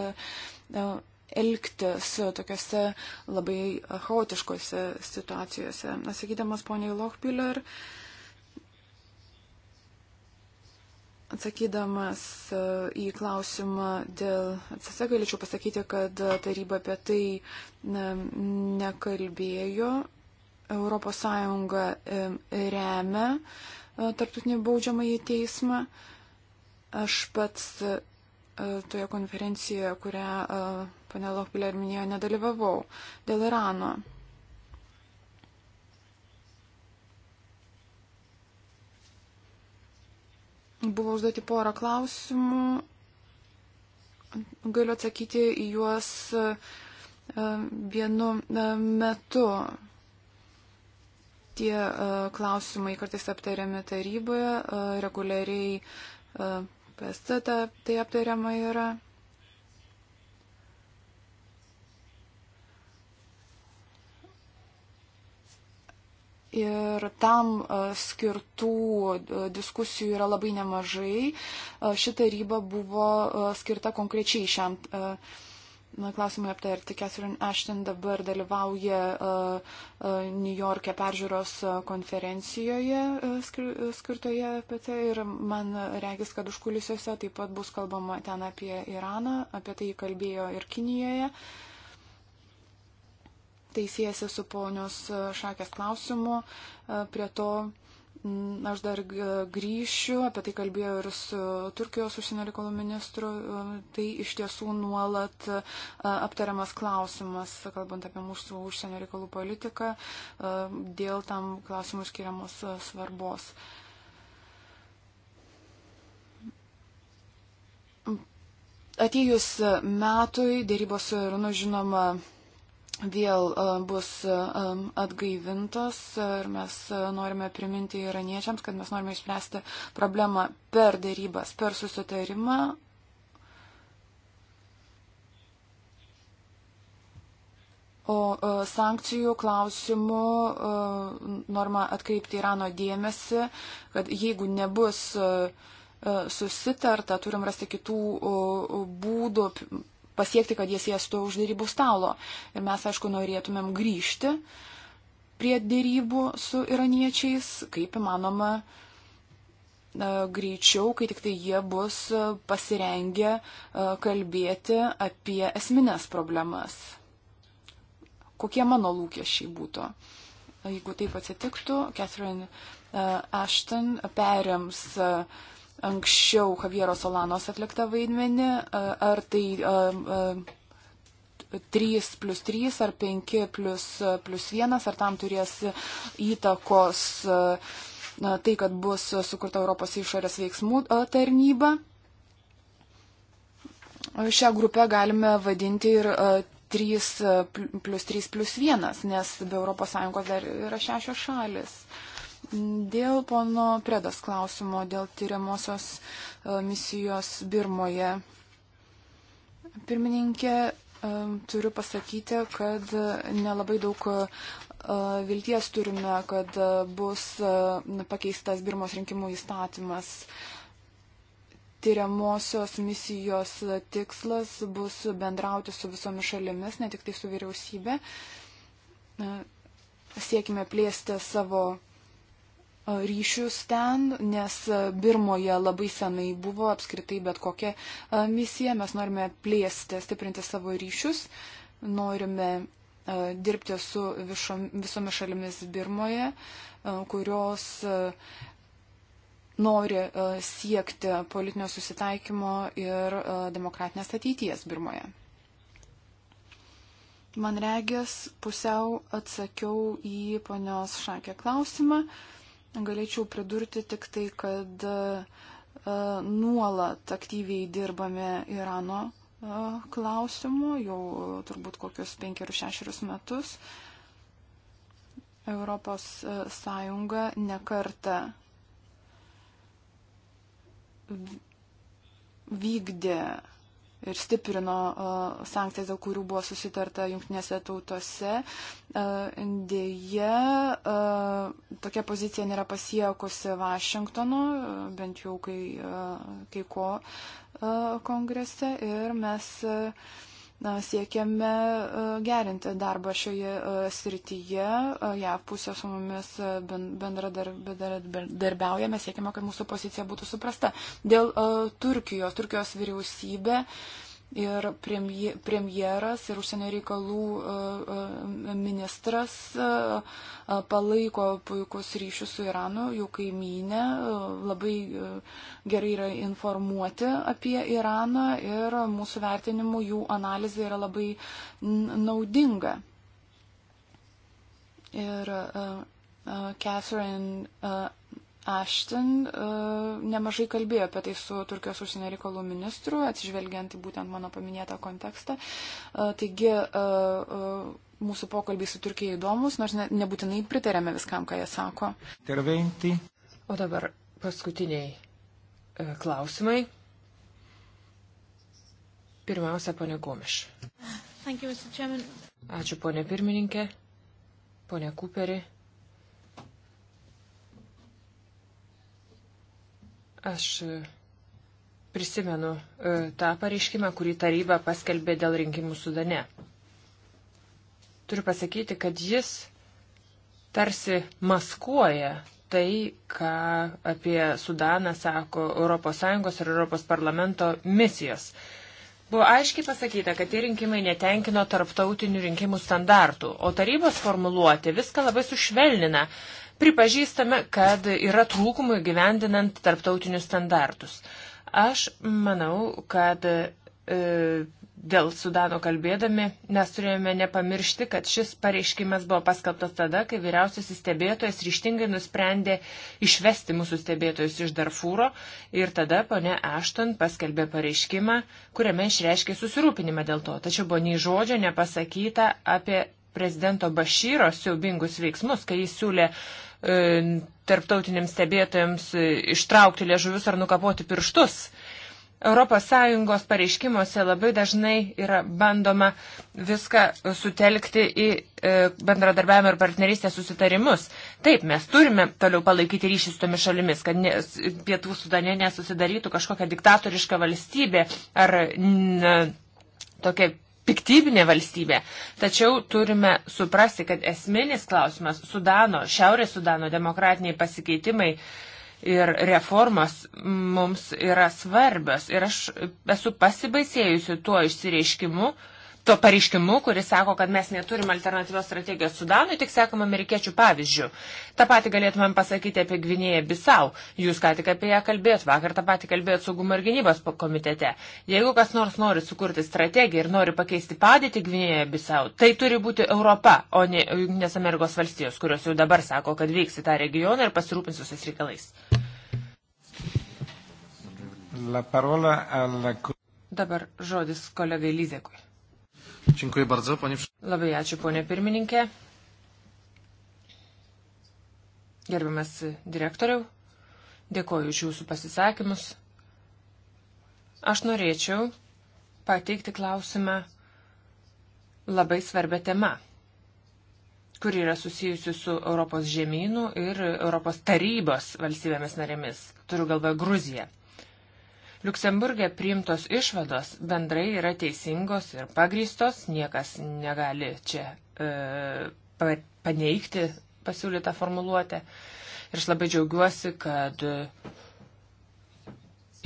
elgtis tokiuose labai chaotiškose situacijose. Atsakydamas poniai Lochbiller, Atsakydamas e, į klausimą dėl CC galėčiau pasakyti, kad taryba apie tai nekalbėjo. ES e, remia e, tarptautinį baudžiamąjį teismą. Aš pats toje konferencijoje, kurią pane Lochbiller minėjo, nedalyvavau dėl Irano. Buvo užduoti porą klausimų. Galiu atsakyti į juos e, vienu e, metu. Tie e, klausimai kartais aptariami taryboje, reguliariai PST tai aptariama yra. ir tam e, skirtų e, diskusijų yra labai nemažai. E, ši taryba buvo skirta konkrečiai šiam klausimui aptarti. Catherine Ashton dabar dalyvauja New York'e peržiūros konferencijoje skirtoje apie tai ir man regis, kad užkulisiuose taip pat bus kalbama ten apie Iraną, apie tai kalbėjo ir Kinijoje. Uh, tai siejasi su ponios e, Šakės klausimu. E, prie to aš dar grįšiu, apie tai kalbėjau ir su Turkijos užsienio reikalų ministru. E, tai iš tiesų nuolat aptariamas klausimas, kalbant apie mūsų užsienio reikalų politiką, dėl tam klausimų skiriamos svarbos. Atėjus metui dėrybos su Iranu žinoma vėl bus atgaivintos ir mes norime priminti iraniečiams, kad mes norime išspręsti problemą per darybas, per susitarimą. O sankcijų klausimų norma atkreipti Irano dėmesį, kad jeigu nebus susitarta, turim rasti kitų būdų pasiekti, kad jie sėstų už dėrybų stalo. Ir mes, aišku, norėtumėm grįžti prie dėrybų su iraniečiais, kaip įmanoma, e, greičiau, kai tik tai jie bus e, pasirengę e, kalbėti apie esminės problemas. Kokie mano lūkesčiai būtų? Jeigu taip atsitiktų, Catherine Ashton perims uh, anksčiau Javiero Solanos atliktą vaidmenį, ar tai a, a, 3 plus 3 ar 5 plus, plus 1, ar tam turės įtakos a, tai, kad bus sukurta Europos išorės veiksmų tarnyba. Šią grupę galime vadinti ir 3 plus 3 plus 1, nes be ES dar yra šešios šalis. Uh, Dėl pono Predas klausimo, dėl tyriamosios e, misijos Birmoje. Pirmininkė, e, turiu pasakyti, kad nelabai daug e, vilties turime, kad bus pakeistas Birmos rinkimų įstatymas tyriamosios misijos tikslas bus bendrauti su visomis šalimis, ne tik tai su vyriausybė. Siekime plėsti savo ryšius ten, nes e, Birmoje labai senai buvo apskritai bet kokia e, misija. Mes norime plėsti, stiprinti savo ryšius, norime e, dirbti su visom, visomis šalimis Birmoje, kurios nori siekti politinio susitaikymo ir demokratinės ateities Birmoje. Man regės pusiau atsakiau į ponios Šakė klausimą. Uh, galėčiau pridurti tik tai, kad e, nuolat aktyviai dirbame Irano e, klausimu, jau turbūt kokius penkerius šešerius metus. Europos e, Sąjunga nekarta vykdė ir stiprino sankcijas, dėl kurių buvo susitarta jungtinėse tautose. Dėje tokia pozicija nėra pasiekusi Vašingtonu, bent jau kai, kai ko kongrese. Ir mes siekiame e, gerinti darbą šioje e, srityje. E, JAV pusė su mumis bendradarbiaujame, siekiame, kad mūsų pozicija būtų suprasta. Dėl Turkijos, Turkijos vyriausybė. Uh, ir premjeras ir užsienio reikalų e, e, ministras e, palaiko puikus ryšius su Iranu, jų kaimynė, labai gerai yra informuoti apie Iraną ir mūsų vertinimu jų analizė yra labai naudinga. Ir Catherine Ashton e, nemažai kalbėjo apie tai su Turkijos užsienio reikalų ministru, atsižvelgiant į būtent mano paminėtą kontekstą. E, taigi e, mūsų pokalbiai su Turkija įdomus, nors ne, nebūtinai pritarėme viskam, ką jie sako. Interventi. O dabar paskutiniai klausimai. Pirmiausia, ponė Gomiš. Ačiū, ponė pirmininkė, ponė Kuperi. Aš e, prisimenu e, tą pareiškimą, kurį taryba paskelbė dėl rinkimų sudane. Turiu pasakyti, kad jis tarsi maskuoja tai, ką apie Sudaną sako ES ir ES parlamento misijos. Buvo aiškiai pasakyta, kad tie rinkimai netenkino tarptautinių rinkimų standartų, o tarybos formuluoti viską labai sušvelnina Pripažįstame, kad yra trūkumų gyvendinant tarptautinius standartus. Aš manau, kad e, dėl Sudano kalbėdami mes turėjome nepamiršti, kad šis pareiškimas buvo paskelbtas tada, kai vyriausiasis stebėtojas ryštingai nusprendė išvesti mūsų stebėtojus iš Darfūro ir tada ponė Ašton paskelbė pareiškimą, kuriame išreiškė susirūpinimą dėl to. Tačiau buvo nei žodžio nepasakyta apie prezidento Bašyro siaubingus veiksmus, kai jis siūlė e, tarptautiniams stebėtojams e, ištraukti liežuvius ar nukapoti pirštus. ES pareiškimuose labai dažnai yra bandoma viską sutelkti į e, bendradarbiavimo ir partnerystės susitarimus. Taip, mes turime toliau palaikyti ryšį su tomis šalimis, kad ne, pietų sudane nesusidarytų kažkokia diktatoriška valstybė ar n, tokia piktybinė valstybė. Tačiau turime suprasti, kad esminis klausimas Sudano, Šiaurės Sudano demokratiniai pasikeitimai ir reformos mums yra svarbios. Ir aš esu pasibaisėjusi tuo išsireiškimu, to pareiškimu, kuris sako, kad mes neturim alternatyvios strategijos Sudanui, tik sekam amerikiečių pavyzdžių. Ta pati galėtumėm pasakyti apie Gvinėją Bisau. Jūs ką tik apie ją kalbėjot, vakar tą patį kalbėjot saugumo ir gynybos komitete. Jeigu kas nors nori sukurti strategiją ir nori pakeisti padėtį Gvinėje Bisau, tai turi būti Europa, o ne Junktinės Amerikos valstijos, kurios jau dabar sako, kad vyks į tą regioną ir pasirūpins visais reikalais. La parola alla... Dabar žodis kolegai Lizekui. Dziękuję bardzo, panie. Labai ačiū, ponė pirmininkė. Gerbiamas direktoriau, dėkoju už jūsų pasisakymus. Aš norėčiau pateikti klausimą labai svarbia tema, kuri yra susijusi su Europos žemynų ir Europos tarybos valstybėmis narėmis. Turiu galvoje Gruziją. Luksemburgė priimtos išvados bendrai yra teisingos ir pagrystos, niekas negali čia e, paneigti pasiūlytą formuluotę. Ir aš labai džiaugiuosi, kad e,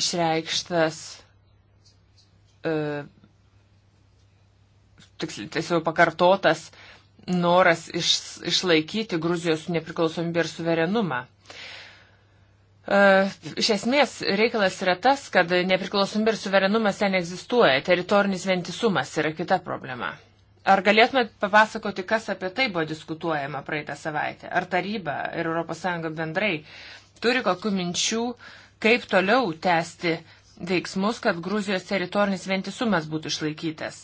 išreikštas e, tiesiog pakartotas noras iš, išlaikyti Gruzijos nepriklausomybę ir suverenumą. Iš esmės reikalas yra tas, kad nepriklausomybė ir suverenumas ten egzistuoja, teritorinis vientisumas yra kita problema. Ar galėtumėt papasakoti, kas apie tai buvo diskutuojama praeitą savaitę? Ar taryba ir ES bendrai turi kokių minčių, kaip toliau tęsti veiksmus, kad Gruzijos teritorinis vientisumas būtų išlaikytas?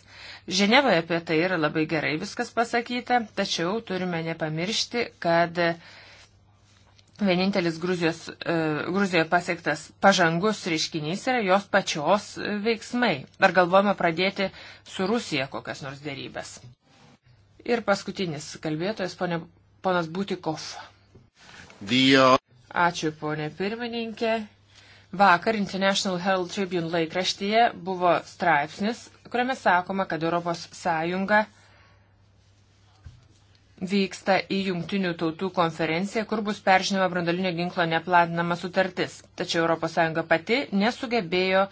Ženevoje apie tai yra labai gerai viskas pasakyta, tačiau turime nepamiršti, kad Vienintelis Gruzijos, e, Gruzijoje pasiektas pažangus reiškinys yra jos pačios veiksmai. Ar galvojame pradėti su Rusija kokias nors dėrybės? Ir paskutinis kalbėtojas, ponė, ponas Būtikov. Dio. Ačiū, ponė pirmininkė. Vakar International Herald Tribune laikraštyje buvo straipsnis, kuriame sakoma, kad Europos Sąjunga vyksta į Jungtinių tautų konferenciją, kur bus peržinima brandolinio ginklo neplatinama sutartis. Tačiau ES pati nesugebėjo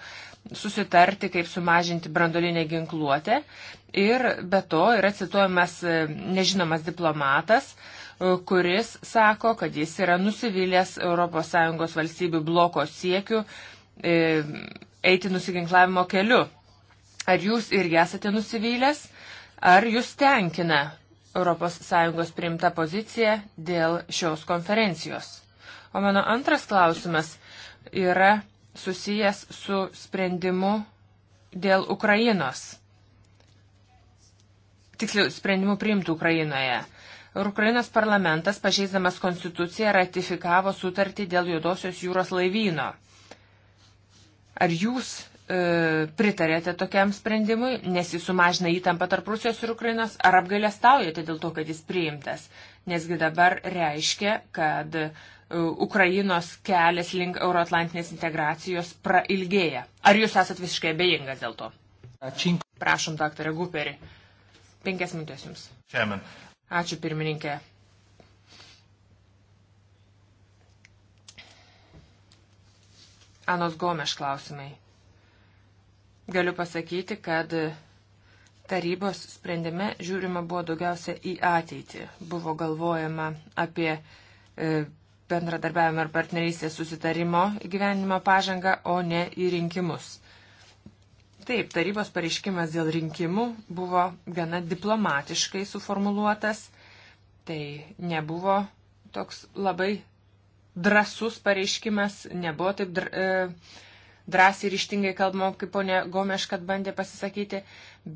susitarti, kaip sumažinti brandolinę ginkluotę. Ir be to yra cituojamas e, nežinomas diplomatas, e, kuris sako, kad jis yra nusivylęs ES valstybių bloko siekiu e, eiti nusiginklavimo keliu. Ar jūs irgi esate nusivylęs? Ar jūs tenkina ES priimta pozicija dėl šios konferencijos. O mano antras klausimas yra susijęs su sprendimu dėl Ukrainos. Tiksliau, sprendimu priimtų Ukrainoje. Ir Ukrainos parlamentas, pažeisdamas konstituciją, ratifikavo sutartį dėl Juodosios jūros laivyno. Ar jūs E, pritarėte tokiam sprendimui, nes jis sumažina įtampą tarp Rusijos ir Ukrainos, ar apgailestaujate dėl to, kad jis priimtas? Nesgi dabar reiškia, kad e, Ukrainos kelias link euroatlantinės integracijos prailgėja. Ar jūs esat visiškai abejingas dėl to? Prašom, daktarė Guperi. Penkias minutės jums. Chairman. Ačiū, pirmininkė. Anos Gomeš klausimai. Galiu pasakyti, kad tarybos sprendime žiūrima buvo daugiausia į ateitį. Buvo galvojama apie e, bendradarbiavimo ir partnerystės susitarimo gyvenimo pažangą, o ne į rinkimus. Taip, tarybos pareiškimas dėl rinkimų buvo gana diplomatiškai suformuluotas. Tai nebuvo toks labai drasus pareiškimas, nebuvo taip. Dr, e, drąsiai ir ištingai kalbam, kaip ponė Gomeš, kad bandė pasisakyti,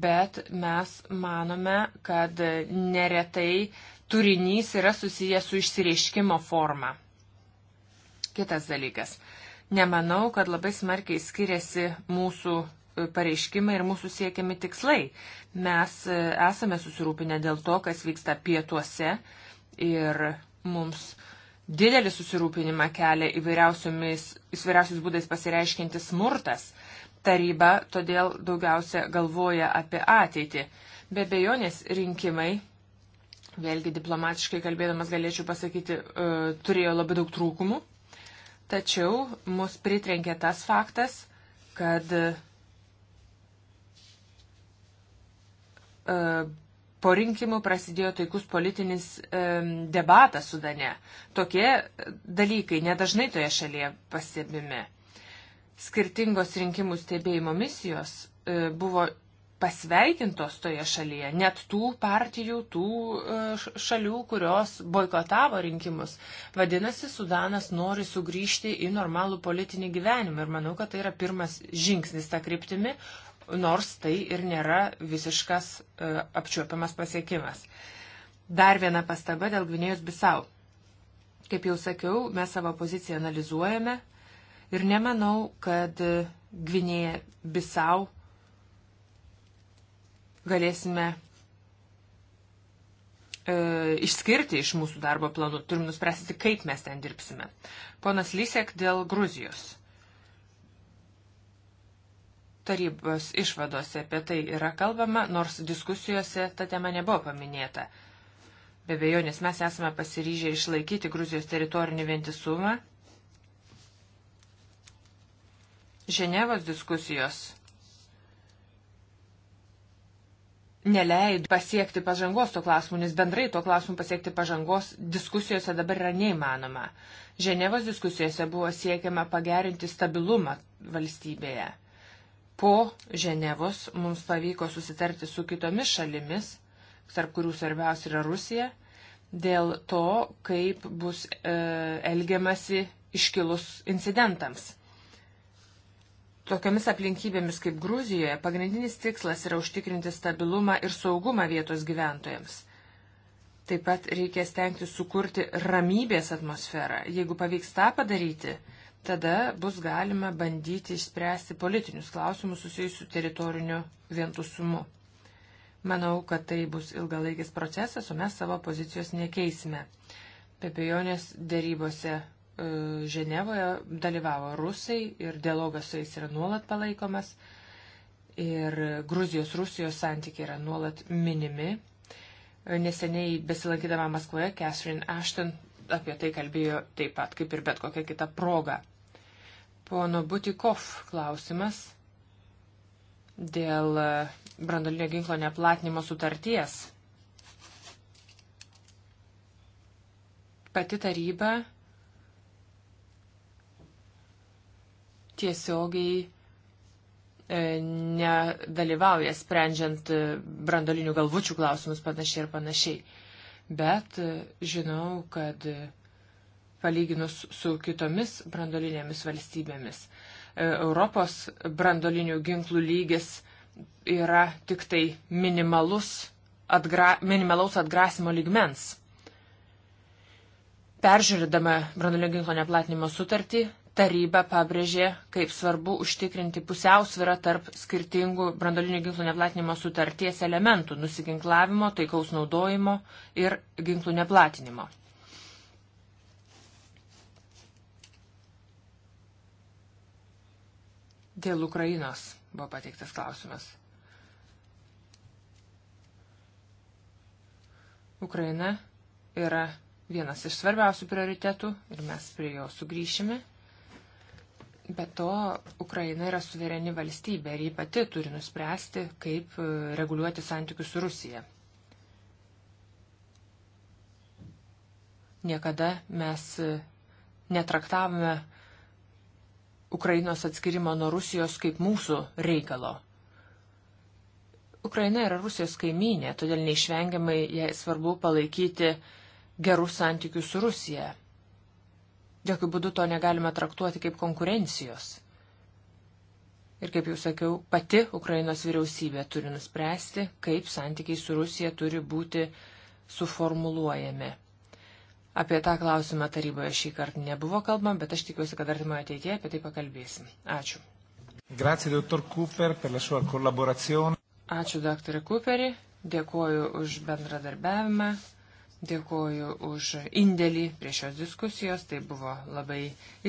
bet mes manome, kad neretai turinys yra susijęs su išsireiškimo forma. Kitas dalykas. Nemanau, kad labai smarkiai skiriasi mūsų e, pareiškimai ir mūsų siekiami tikslai. Mes e, esame susirūpinę dėl to, kas vyksta pietuose ir mums uh, Didelį susirūpinimą kelia įvairiausiais būdais pasireiškintis smurtas. Taryba todėl daugiausia galvoja apie ateitį. Be bejonės rinkimai, vėlgi diplomatiškai kalbėdamas galėčiau pasakyti, e, turėjo labai daug trūkumų. Tačiau mus pritrenkė tas faktas, kad e, po rinkimų prasidėjo taikus politinis e, debatas Sudane. Tokie e, dalykai nedažnai toje šalyje pasiebimi. Skirtingos rinkimų stebėjimo misijos e, buvo pasveikintos toje šalyje, net tų partijų, tų e, šalių, kurios boikotavo rinkimus. Vadinasi, Sudanas nori sugrįžti į normalų politinį gyvenimą ir manau, kad tai yra pirmas žingsnis tą kryptimį, nors tai ir nėra visiškas e, apčiuopiamas pasiekimas. Dar viena pastaba dėl Gvinėjus Bisau. Kaip jau sakiau, mes savo poziciją analizuojame ir nemanau, kad e, Gvinėje Bisau galėsime e, išskirti iš mūsų darbo planų. Turim nuspręsti, kaip mes ten dirbsime. Ponas Lysek dėl Gruzijos tarybos išvadose apie tai yra kalbama, nors diskusijose ta tema nebuvo paminėta. Be abejo, nes mes esame pasiryžę išlaikyti Gruzijos teritorinį vientisumą. Ženevos diskusijos neleido pasiekti pažangos to klausimu, nes bendrai to klausimu pasiekti pažangos diskusijose dabar yra neįmanoma. Ženevos diskusijose buvo siekiama pagerinti stabilumą valstybėje. Po Ženevos mums pavyko susitarti su kitomis šalimis, tarp kurių svarbiausia yra Rusija, dėl to, kaip bus e, elgiamasi iškilus incidentams. Tokiamis aplinkybėmis kaip Gruzijoje pagrindinis tikslas yra užtikrinti stabilumą ir saugumą vietos gyventojams. Taip pat reikia stengti sukurti ramybės atmosferą. Jeigu pavyks tą padaryti, tada bus galima bandyti išspręsti politinius klausimus susijusius su teritoriniu vientisumu. Manau, kad tai bus ilgalaikis procesas, o mes savo pozicijos nekeisime. Be abejonės dėrybose e, Ženevoje dalyvavo rusai ir dialogas su jais yra nuolat palaikomas ir Gruzijos-Rusijos santykiai yra nuolat minimi. E, neseniai besilankydama Maskvoje, Catherine Ashton apie tai kalbėjo taip pat kaip ir bet kokia kita proga. Pono Butikov klausimas dėl e, brandolinio ginklo neplatinimo sutarties. Pati taryba tiesiogiai e, nedalyvauja sprendžiant e, brandolinių galvučių klausimus panašiai ir panašiai. Bet žinau, kad palyginus su kitomis brandolinėmis valstybėmis. E, Europos brandolinių ginklų lygis yra tik tai atgra, minimalaus atgrasimo ligmens. Peržiūrėdama brandolinio ginklo neplatinimo sutartį, taryba pabrėžė, kaip svarbu užtikrinti pusiausvyrą tarp skirtingų brandolinių ginklų neplatinimo sutarties elementų - nusiginklavimo, taikaus naudojimo ir ginklų neplatinimo. Dėl Ukrainos buvo pateiktas klausimas. Ukraina yra vienas iš svarbiausių prioritetų ir mes prie jo sugrįšime. Be to, Ukraina yra suvereni valstybė ir ji pati turi nuspręsti, kaip e, reguliuoti santykius su Rusija. Niekada mes e, netraktavome Ukrainos atskirimo nuo Rusijos kaip mūsų reikalo. Ukraina yra Rusijos kaiminė, todėl neišvengiamai jai svarbu palaikyti gerus santykius su Rusija. Jokių būdų to negalime traktuoti kaip konkurencijos. Ir kaip jau sakiau, pati Ukrainos vyriausybė turi nuspręsti, kaip santykiai su Rusija turi būti suformuluojami. Apie tą klausimą taryboje šį kartą nebuvo kalbama, bet aš tikiuosi, kad artimoje ateityje apie tai pakalbėsim. Ačiū. Grazie, dottor Cooper, per la sua collaborazione. Ačiū, dr. Cooperi. Dėkuoju už bendradarbiavimą. Dėkuoju už indėlį prie šios diskusijos. Tai buvo labai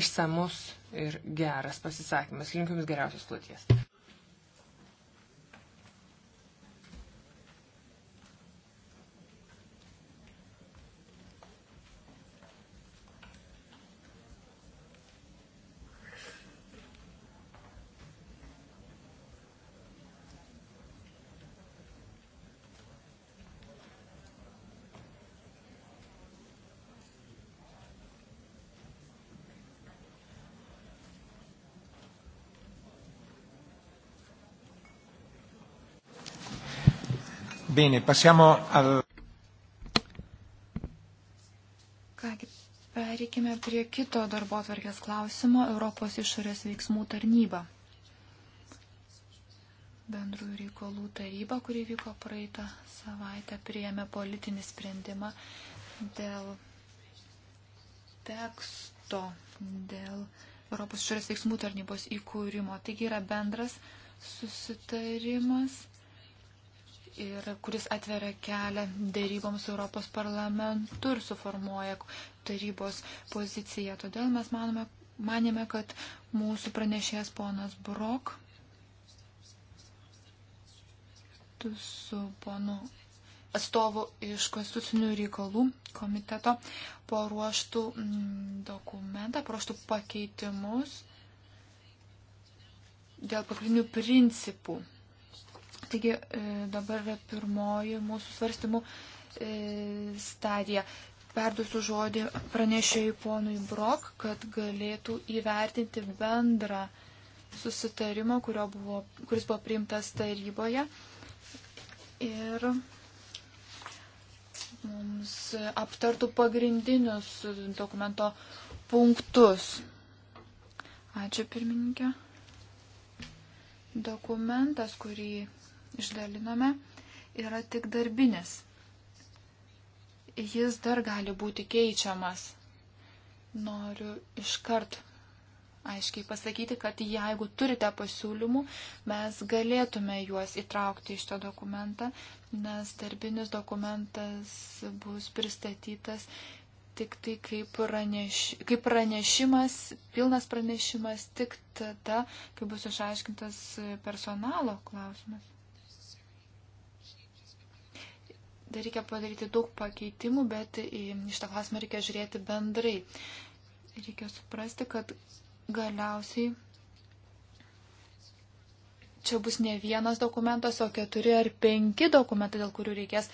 išsamus ir geras pasisakymas. Linkiu Jums geriausios kloties. Bene, passiamo al. Kągi, pereikime prie kito darbo atvarkės klausimo - Europos išorės veiksmų tarnyba. Bendrųjų reikalų taryba, kuri vyko praeitą savaitę, priėmė politinį sprendimą dėl teksto, dėl Europos išorės veiksmų tarnybos įkūrimo. Taigi yra bendras susitarimas ir kuris atveria kelią dėryboms su Europos parlamentu ir suformuoja tarybos poziciją. Todėl mes manome, manėme, kad mūsų pranešėjas ponas Brok su ponu atstovu iš konstitucinių reikalų komiteto paruoštų mm, dokumentą, paruoštų pakeitimus dėl pagrindinių principų Taigi e, dabar yra pirmoji mūsų svarstymų e, stadija. Perdusiu žodį pranešėjai ponui Brok, kad galėtų įvertinti bendrą susitarimą, buvo, kuris buvo priimtas taryboje. Ir mums aptartų pagrindinius dokumento punktus. Ačiū pirmininkė. Dokumentas, kurį išdalinome, yra tik darbinis. Jis dar gali būti keičiamas. Noriu iškart aiškiai pasakyti, kad jeigu turite pasiūlymų, mes galėtume juos įtraukti į šitą dokumentą, nes darbinis dokumentas bus pristatytas tik tai kaip, praneš, kaip pranešimas, pilnas pranešimas tik tada, kai bus išaiškintas personalo klausimas. Dar reikia padaryti daug pakeitimų, bet iš tą klausimą reikia žiūrėti bendrai. Reikia suprasti, kad galiausiai čia bus ne vienas dokumentas, o keturi ar penki dokumentai, dėl kurių reikės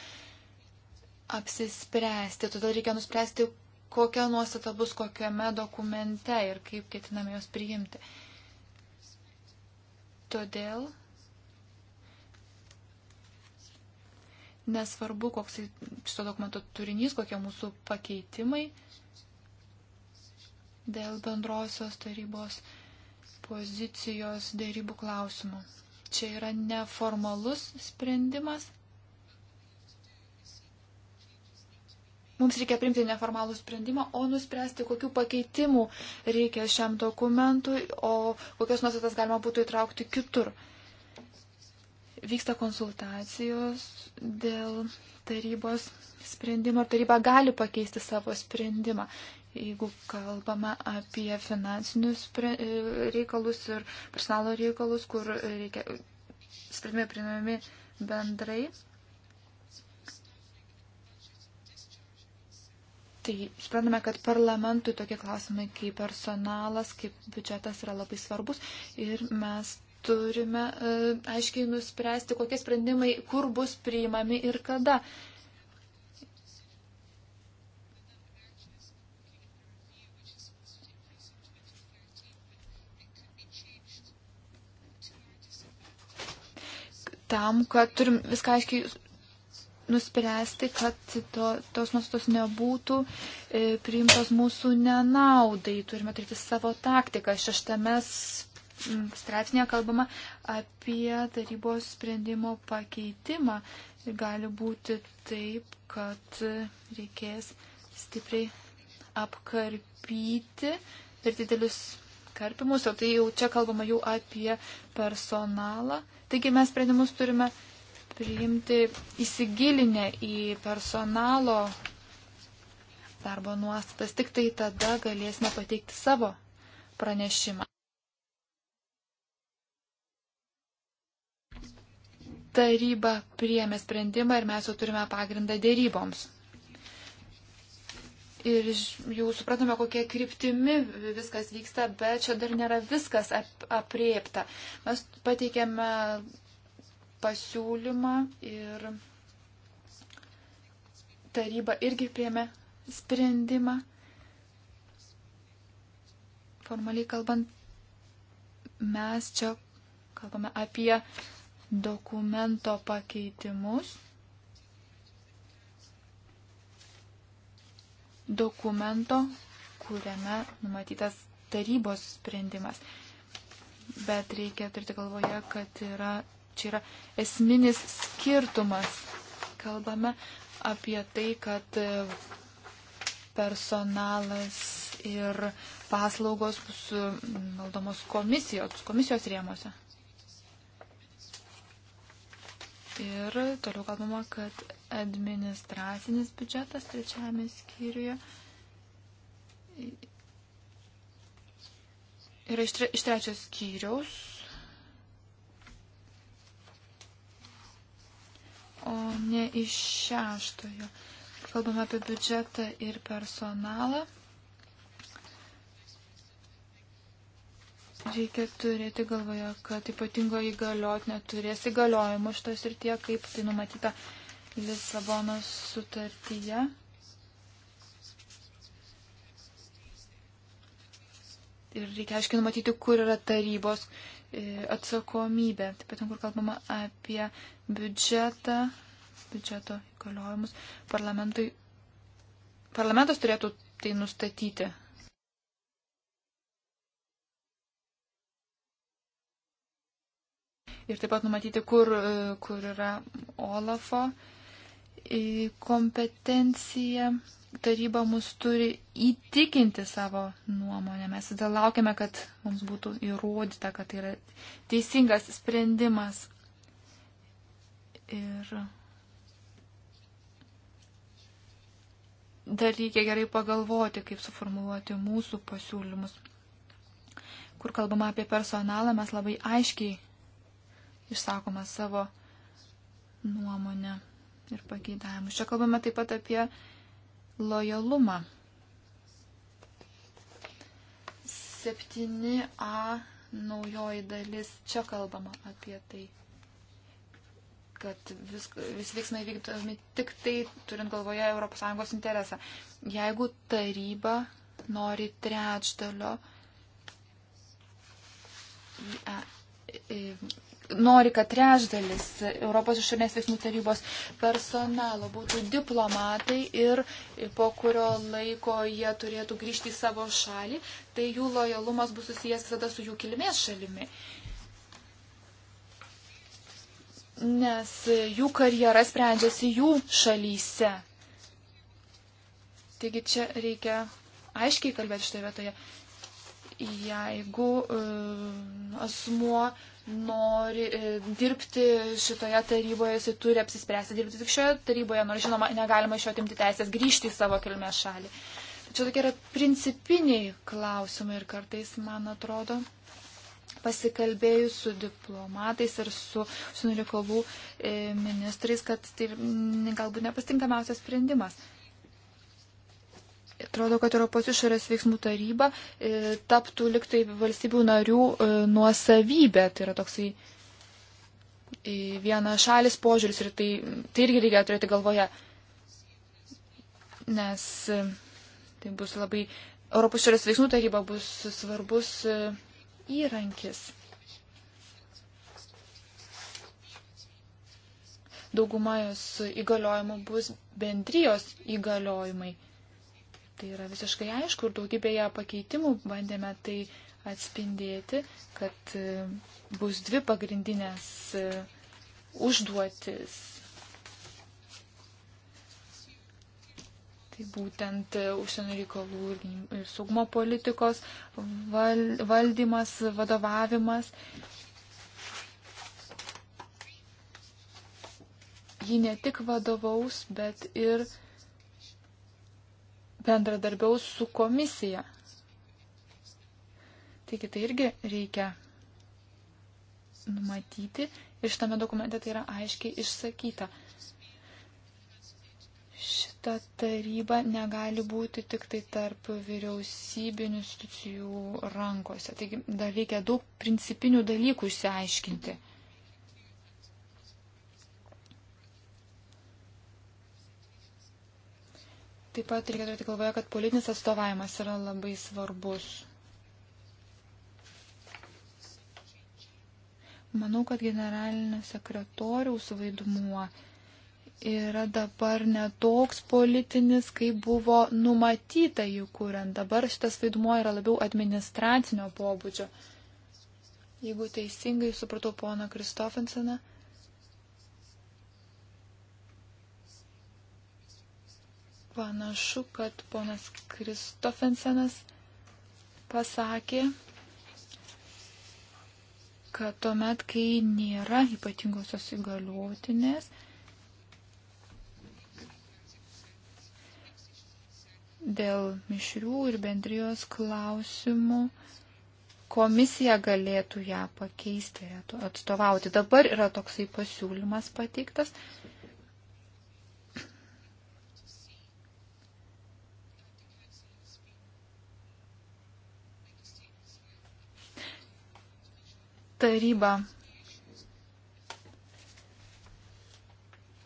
apsispręsti. Todėl reikia nuspręsti, kokia nuostata bus kokiame dokumente ir kaip ketiname jos priimti. Todėl nesvarbu, koks šito dokumento turinys, kokie mūsų pakeitimai dėl bendrosios tarybos pozicijos dėrybų klausimų. Čia yra neformalus sprendimas. Mums reikia priimti neformalų sprendimą, o nuspręsti, kokiu pakeitimu reikia šiam dokumentui, o kokias nuostatas galima būtų įtraukti kitur vyksta konsultacijos dėl tarybos sprendimo. Taryba gali pakeisti savo sprendimą. Jeigu kalbame apie finansinius e, reikalus ir personalo reikalus, kur reikia sprendimai priimami bendrai, Tai sprendame, kad parlamentui tokie klausimai kaip personalas, kaip biudžetas yra labai svarbus ir mes turime e, aiškiai nuspręsti, kokie sprendimai, kur bus priimami ir kada. Tam, kad turim viską aiškiai nuspręsti, kad to, tos nuostos nebūtų e, priimtos mūsų nenaudai. Turime turėti savo taktiką. Šeštame straipsnėje kalbama apie tarybos sprendimo pakeitimą. Ir gali būti taip, kad reikės stipriai apkarpyti per didelius karpimus, o tai jau čia kalbama jau apie personalą. Taigi mes sprendimus turime priimti įsigilinę į personalo darbo nuostatas, tik tai tada galėsime pateikti savo pranešimą. taryba priėmė sprendimą ir mes jau turime pagrindą dėryboms. Ir jau supratome, kokie kryptimi viskas vyksta, bet čia dar nėra viskas ap apriepta. Mes pateikėme pasiūlymą ir taryba irgi priėmė sprendimą. Formaliai kalbant, mes čia kalbame apie dokumento pakeitimus. Dokumento, kuriame numatytas tarybos sprendimas. Bet reikia turėti galvoje, kad yra, čia yra esminis skirtumas. Kalbame apie tai, kad personalas ir paslaugos bus valdomos komisijos, komisijos rėmose. Ir toliau kalbama, kad administracinis biudžetas trečiame skyriuje yra iš, tre, iš trečios skyriaus. O ne iš šeštojo. Kalbame apie biudžetą ir personalą. Reikia turėti galvoje, kad ypatingo įgaliotinio turės įgaliojimų šitos ir tie, kaip tai numatyta Lisabonos sutartyje. Ir reikia aiškiai numatyti, kur yra tarybos e, atsakomybė. Taip pat, kur kalbama apie biudžetą, biudžeto įgaliojimus, parlamentui. Parlamentas turėtų tai nustatyti. ir taip pat numatyti, kur, e, kur yra Olafo kompetencija. Taryba mus turi įtikinti savo nuomonę. Mes tada laukiame, kad mums būtų įrodyta, kad tai yra teisingas sprendimas. Ir dar reikia gerai pagalvoti, kaip suformuoluoti mūsų pasiūlymus. Kur kalbama apie personalą, mes labai aiškiai išsakome savo nuomonę ir pageidavimus. Čia kalbame taip pat apie lojalumą. 7a naujoji dalis, čia kalbama apie tai, kad vis, vis veiksmai vykdomi tik tai, turint galvoje ES interesą. Jeigu taryba nori trečdalio e, e, nori, kad trešdalis Europos išorinės veiksmų tarybos personalo būtų diplomatai ir po kurio laiko jie turėtų grįžti į savo šalį, tai jų lojalumas bus susijęs visada su jų kilmės šalimi. Nes jų karjera sprendžiasi jų šalyse. Taigi čia reikia aiškiai kalbėti šitoje vietoje. Jeigu uh, asmuo uh, nori e, dirbti šitoje taryboje, jisai turi apsispręsti dirbti tik šioje taryboje, nors žinoma, negalima iš jo atimti teisės grįžti į savo kilmės šalį. Tačiau tokie yra principiniai klausimai ir kartais, man atrodo, pasikalbėjus su diplomatais ir su sunrikovų e, ministrais, kad tai galbūt nepastinkamiausias sprendimas. Atrodo, kad Europos išorės veiksmų taryba e, taptų liktai valstybių narių e, nuosavybė. Tai yra toksai e, viena šalis požiūris ir tai, tai irgi reikia turėti galvoje, nes tai bus labai. Europos išorės veiksmų taryba bus svarbus įrankis. dauguma jos įgaliojimų bus bendrijos įgaliojimai. Tai yra visiškai aišku ir daugybėje pakeitimų bandėme tai atspindėti, kad e, bus dvi pagrindinės e, užduotis. Tai būtent e, užsienio reikalų ir saugumo politikos valdymas, vadovavimas. Ji ne tik vadovaus, bet ir bendradarbiaus su komisija. Taigi tai irgi reikia numatyti ir šitame dokumente tai yra aiškiai išsakyta. Šita taryba negali būti tik tai tarp vyriausybinių institucijų rankose. Taigi dar reikia daug principinių dalykų išsiaiškinti. Taip pat reikia turėti galvoje, kad politinis atstovavimas yra labai svarbus. Manau, kad generalinio sekretoriaus vaidmuo yra dabar netoks politinis, kaip buvo numatyta jų kuriant. Dabar šitas vaidmuo yra labiau administracinio pobūdžio. Jeigu teisingai supratau poną Kristofenseną, Panašu, kad ponas Kristofensenas pasakė, kad tuomet, kai nėra ypatingosios įgaliotinės, dėl mišrių ir bendrijos klausimų komisija galėtų ją pakeisti, atstovauti. Dabar yra toksai pasiūlymas pateiktas taryba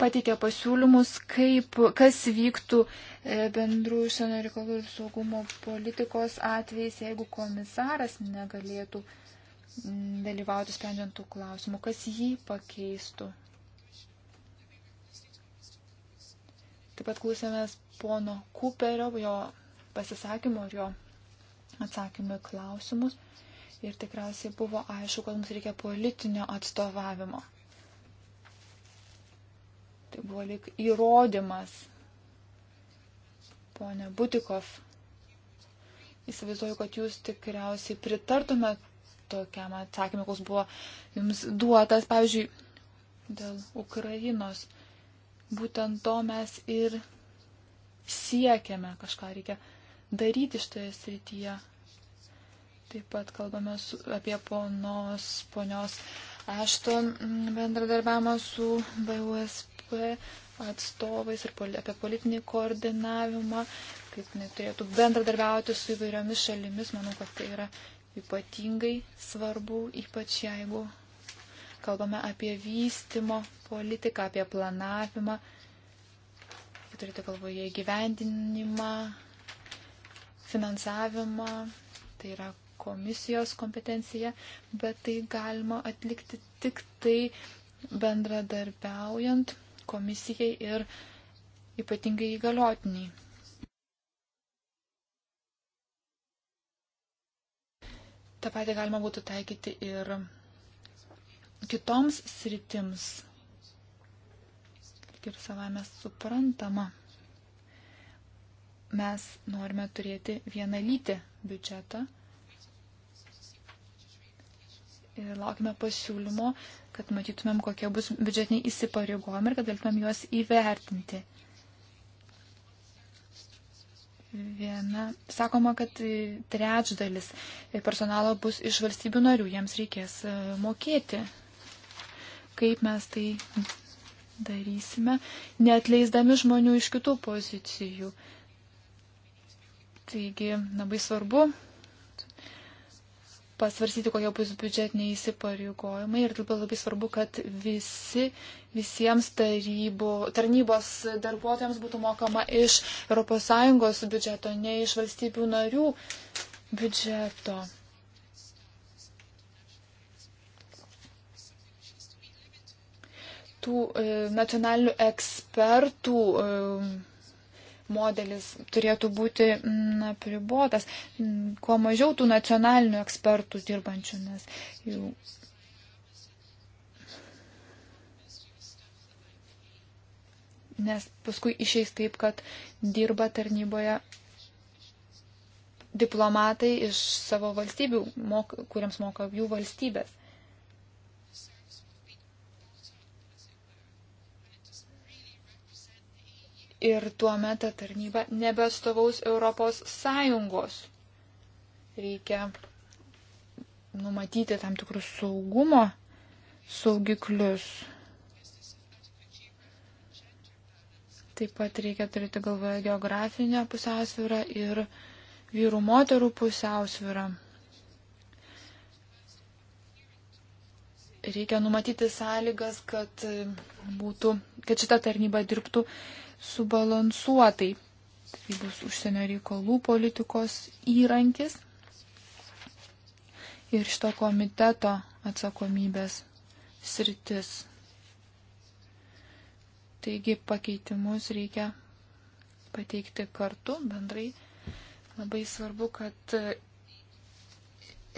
pateikė pasiūlymus, kaip, kas vyktų e, bendrų užsienio reikalų ir saugumo politikos atvejais, jeigu komisaras negalėtų dalyvauti sprendžiant tų klausimų, kas jį pakeistų. Taip pat klausėmės pono Kuperio, jo pasisakymo ir jo atsakymų į klausimus ir tikriausiai buvo aišku, kad mums reikia politinio atstovavimo. Tai buvo lik įrodymas. Pone Butikov, įsivaizduoju, kad jūs tikriausiai pritartumėt tokiam atsakymui, koks buvo jums duotas, pavyzdžiui, dėl Ukrainos. Būtent to mes ir siekiame, kažką reikia daryti šitoje srityje. Taip pat kalbame su, apie ponos, ponios Ašton bendradarbiavimą su BUSP atstovais ir poli, apie politinį koordinavimą, kaip neturėtų bendradarbiauti su įvairiomis šalimis. Manau, kad tai yra ypatingai svarbu, ypač jeigu kalbame apie vystimo politiką, apie planavimą, turite galvoje įgyvendinimą, finansavimą. Tai yra komisijos kompetencija, bet tai galima atlikti tik tai bendradarbiaujant komisijai ir ypatingai įgaliotiniai. Ta pati galima būtų taikyti ir kitoms sritims. Ir savame suprantama, mes norime turėti vieną lytį biudžetą laukime pasiūlymo, kad matytumėm, kokie bus biudžetiniai įsipareigojimai ir kad galėtumėm juos įvertinti. Viena. Sakoma, kad trečdalis personalo bus iš valstybių narių, jiems reikės e, mokėti. Kaip mes tai darysime, neatleisdami žmonių iš kitų pozicijų. Taigi labai svarbu pasvarsyti, kokie bus biudžetiniai įsipareigojimai ir taip pat labai svarbu, kad visi, visiems tarybų, tarnybos darbuotojams būtų mokama iš ES biudžeto, ne iš valstybių narių biudžeto. Tų e, nacionalinių ekspertų e, modelis turėtų būti na, mm, pribotas, kuo mažiau tų nacionalinių ekspertų dirbančių, nes jų. Nes paskui išeis taip, kad dirba tarnyboje diplomatai iš savo valstybių, mok, kuriems moka jų valstybės. ir tuo metą tarnyba nebestovaus Europos Sąjungos. Reikia numatyti tam tikrus saugumo saugiklius. Taip pat reikia turėti galvoje geografinę pusiausvyrą ir vyrų moterų pusiausvyrą. Reikia numatyti sąlygas, kad, būtų, kad šita tarnyba dirbtų subalansuotai. Tai bus užsienio reikalų politikos įrankis ir šito komiteto atsakomybės sritis. Taigi pakeitimus reikia pateikti kartu bendrai. Labai svarbu, kad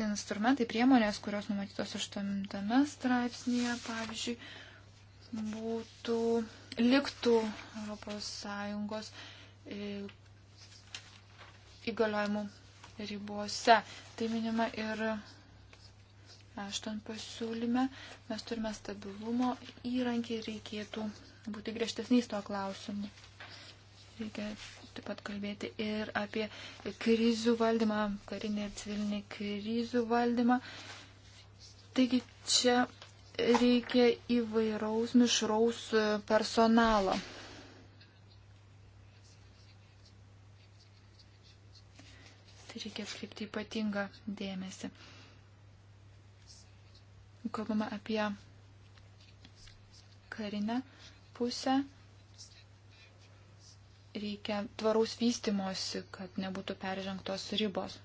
instrumentai, priemonės, kurios numatytos 8 straipsnėje, pavyzdžiui, būtų liktų ES e, įgaliojimų ribose. Tai minima ir aštuon pasiūlyme. Mes turime stabilumo įrankį ir reikėtų būti griežtesniais tuo klausimu. Reikia taip pat kalbėti ir apie krizių valdymą, karinį ir civilinį krizių valdymą. Taigi čia reikia įvairaus mišraus personalo. Tai reikia atkreipti ypatingą dėmesį. Kalbame apie karinę pusę. Reikia tvaraus vystimosi, kad nebūtų peržengtos ribos.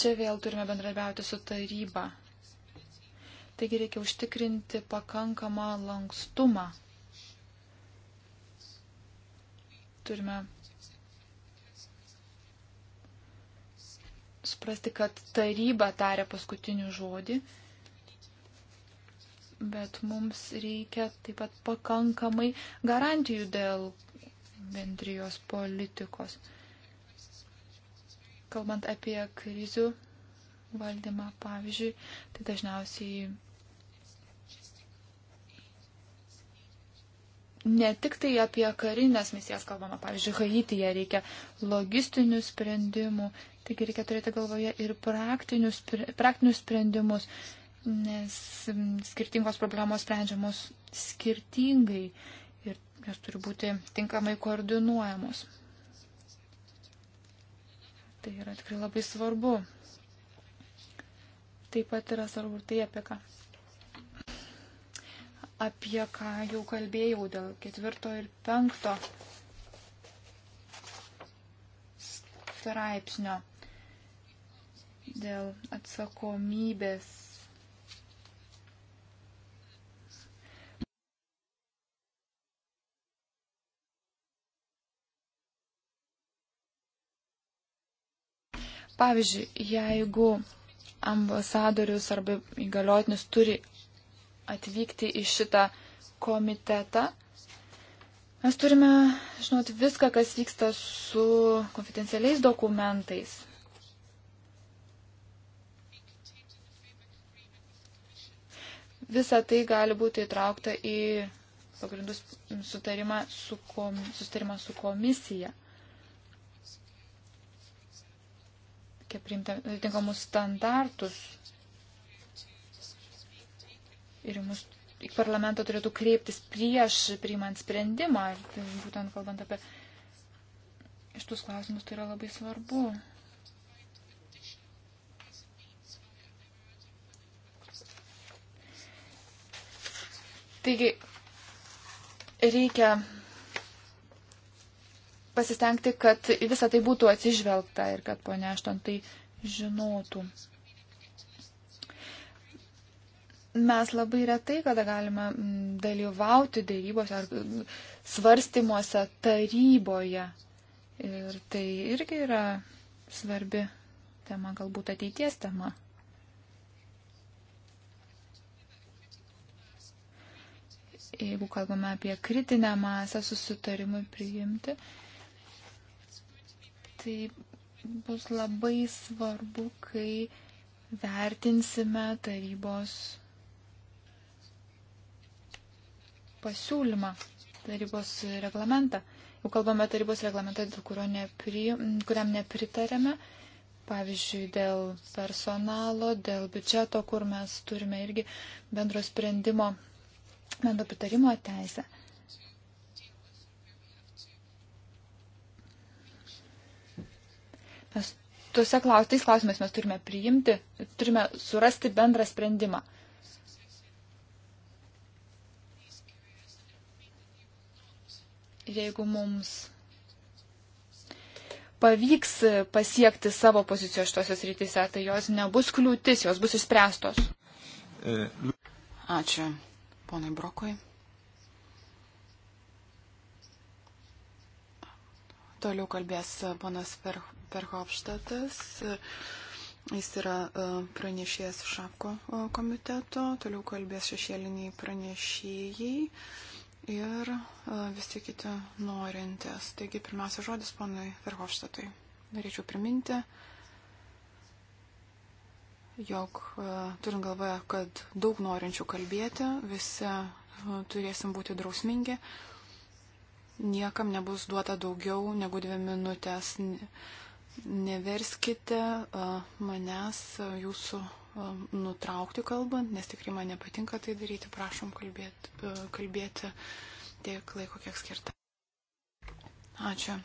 Čia vėl turime bendradarbiauti su taryba. Taigi reikia užtikrinti pakankamą lankstumą. Turime suprasti, kad taryba tarė paskutinį žodį, bet mums reikia taip pat pakankamai garantijų dėl bendrijos politikos. Kalbant apie krizių valdymą, pavyzdžiui, tai dažniausiai ne tik tai apie karinės misijas kalbama, pavyzdžiui, Haityje reikia logistinių sprendimų, taigi reikia turėti galvoje ir praktinius, praktinius sprendimus, nes skirtingos problemos sprendžiamos skirtingai ir jos turi būti tinkamai koordinuojamos. Tai yra tikrai labai svarbu. Taip pat yra svarbu tai apie ką. Apie ką jau kalbėjau dėl ketvirto ir penkto straipsnio dėl atsakomybės Pavyzdžiui, jeigu ambasadorius arba įgaliotinis turi atvykti į šitą komitetą, mes turime žinoti viską, kas vyksta su konfidencialiais dokumentais. Visa tai gali būti įtraukta į pagrindus sutarimą su, kom, sutarimą su komisija. reikia priimti atitinkamus standartus. Ir mus į parlamentą turėtų kreiptis prieš priimant sprendimą, ir tai būtent kalbant apie šitus klausimus, tai yra labai svarbu. Taigi, reikia pasistengti, kad visą tai būtų atsižvelgta ir kad ponia Ašton tai žinotų. Mes labai retai, kada galime dalyvauti dėrybose ar svarstymuose taryboje. Ir tai irgi yra svarbi tema, galbūt ateities tema. Jeigu kalbame apie kritinę masę susitarimui priimti, Tai bus labai svarbu, kai vertinsime tarybos pasiūlymą, tarybos reglamentą. Jau kalbame tarybos reglamentą, dėl nepri, kuriam nepritarėme, pavyzdžiui, dėl personalo, dėl biudžeto, kur mes turime irgi bendro sprendimo, bendro pritarimo teisę. Mes tuose klaus, tais klausimais mes turime priimti, turime surasti bendrą sprendimą. Jeigu mums pavyks pasiekti savo pozicijos šitose srityse, tai jos nebus kliūtis, jos bus išspręstos. Ačiū, ponai Brokui. Toliau kalbės ponas Verhofstadas. Perhofštatas. Jis yra e, pranešėjas Šapko e, komiteto, toliau kalbės šešėliniai pranešėjai ir e, visi kiti norintės. Taigi pirmiausia žodis ponui Verhofštatui. Norėčiau priminti, jog turint galvoje, kad daug norinčių kalbėti, visi turėsim būti drausmingi. Niekam nebus duota daugiau negu dvi minutės. Neverskite manęs jūsų nutraukti kalbant, nes tikrai man nepatinka tai daryti. Prašom kalbėti, kalbėti tiek laiko, kiek skirta. Ačiū.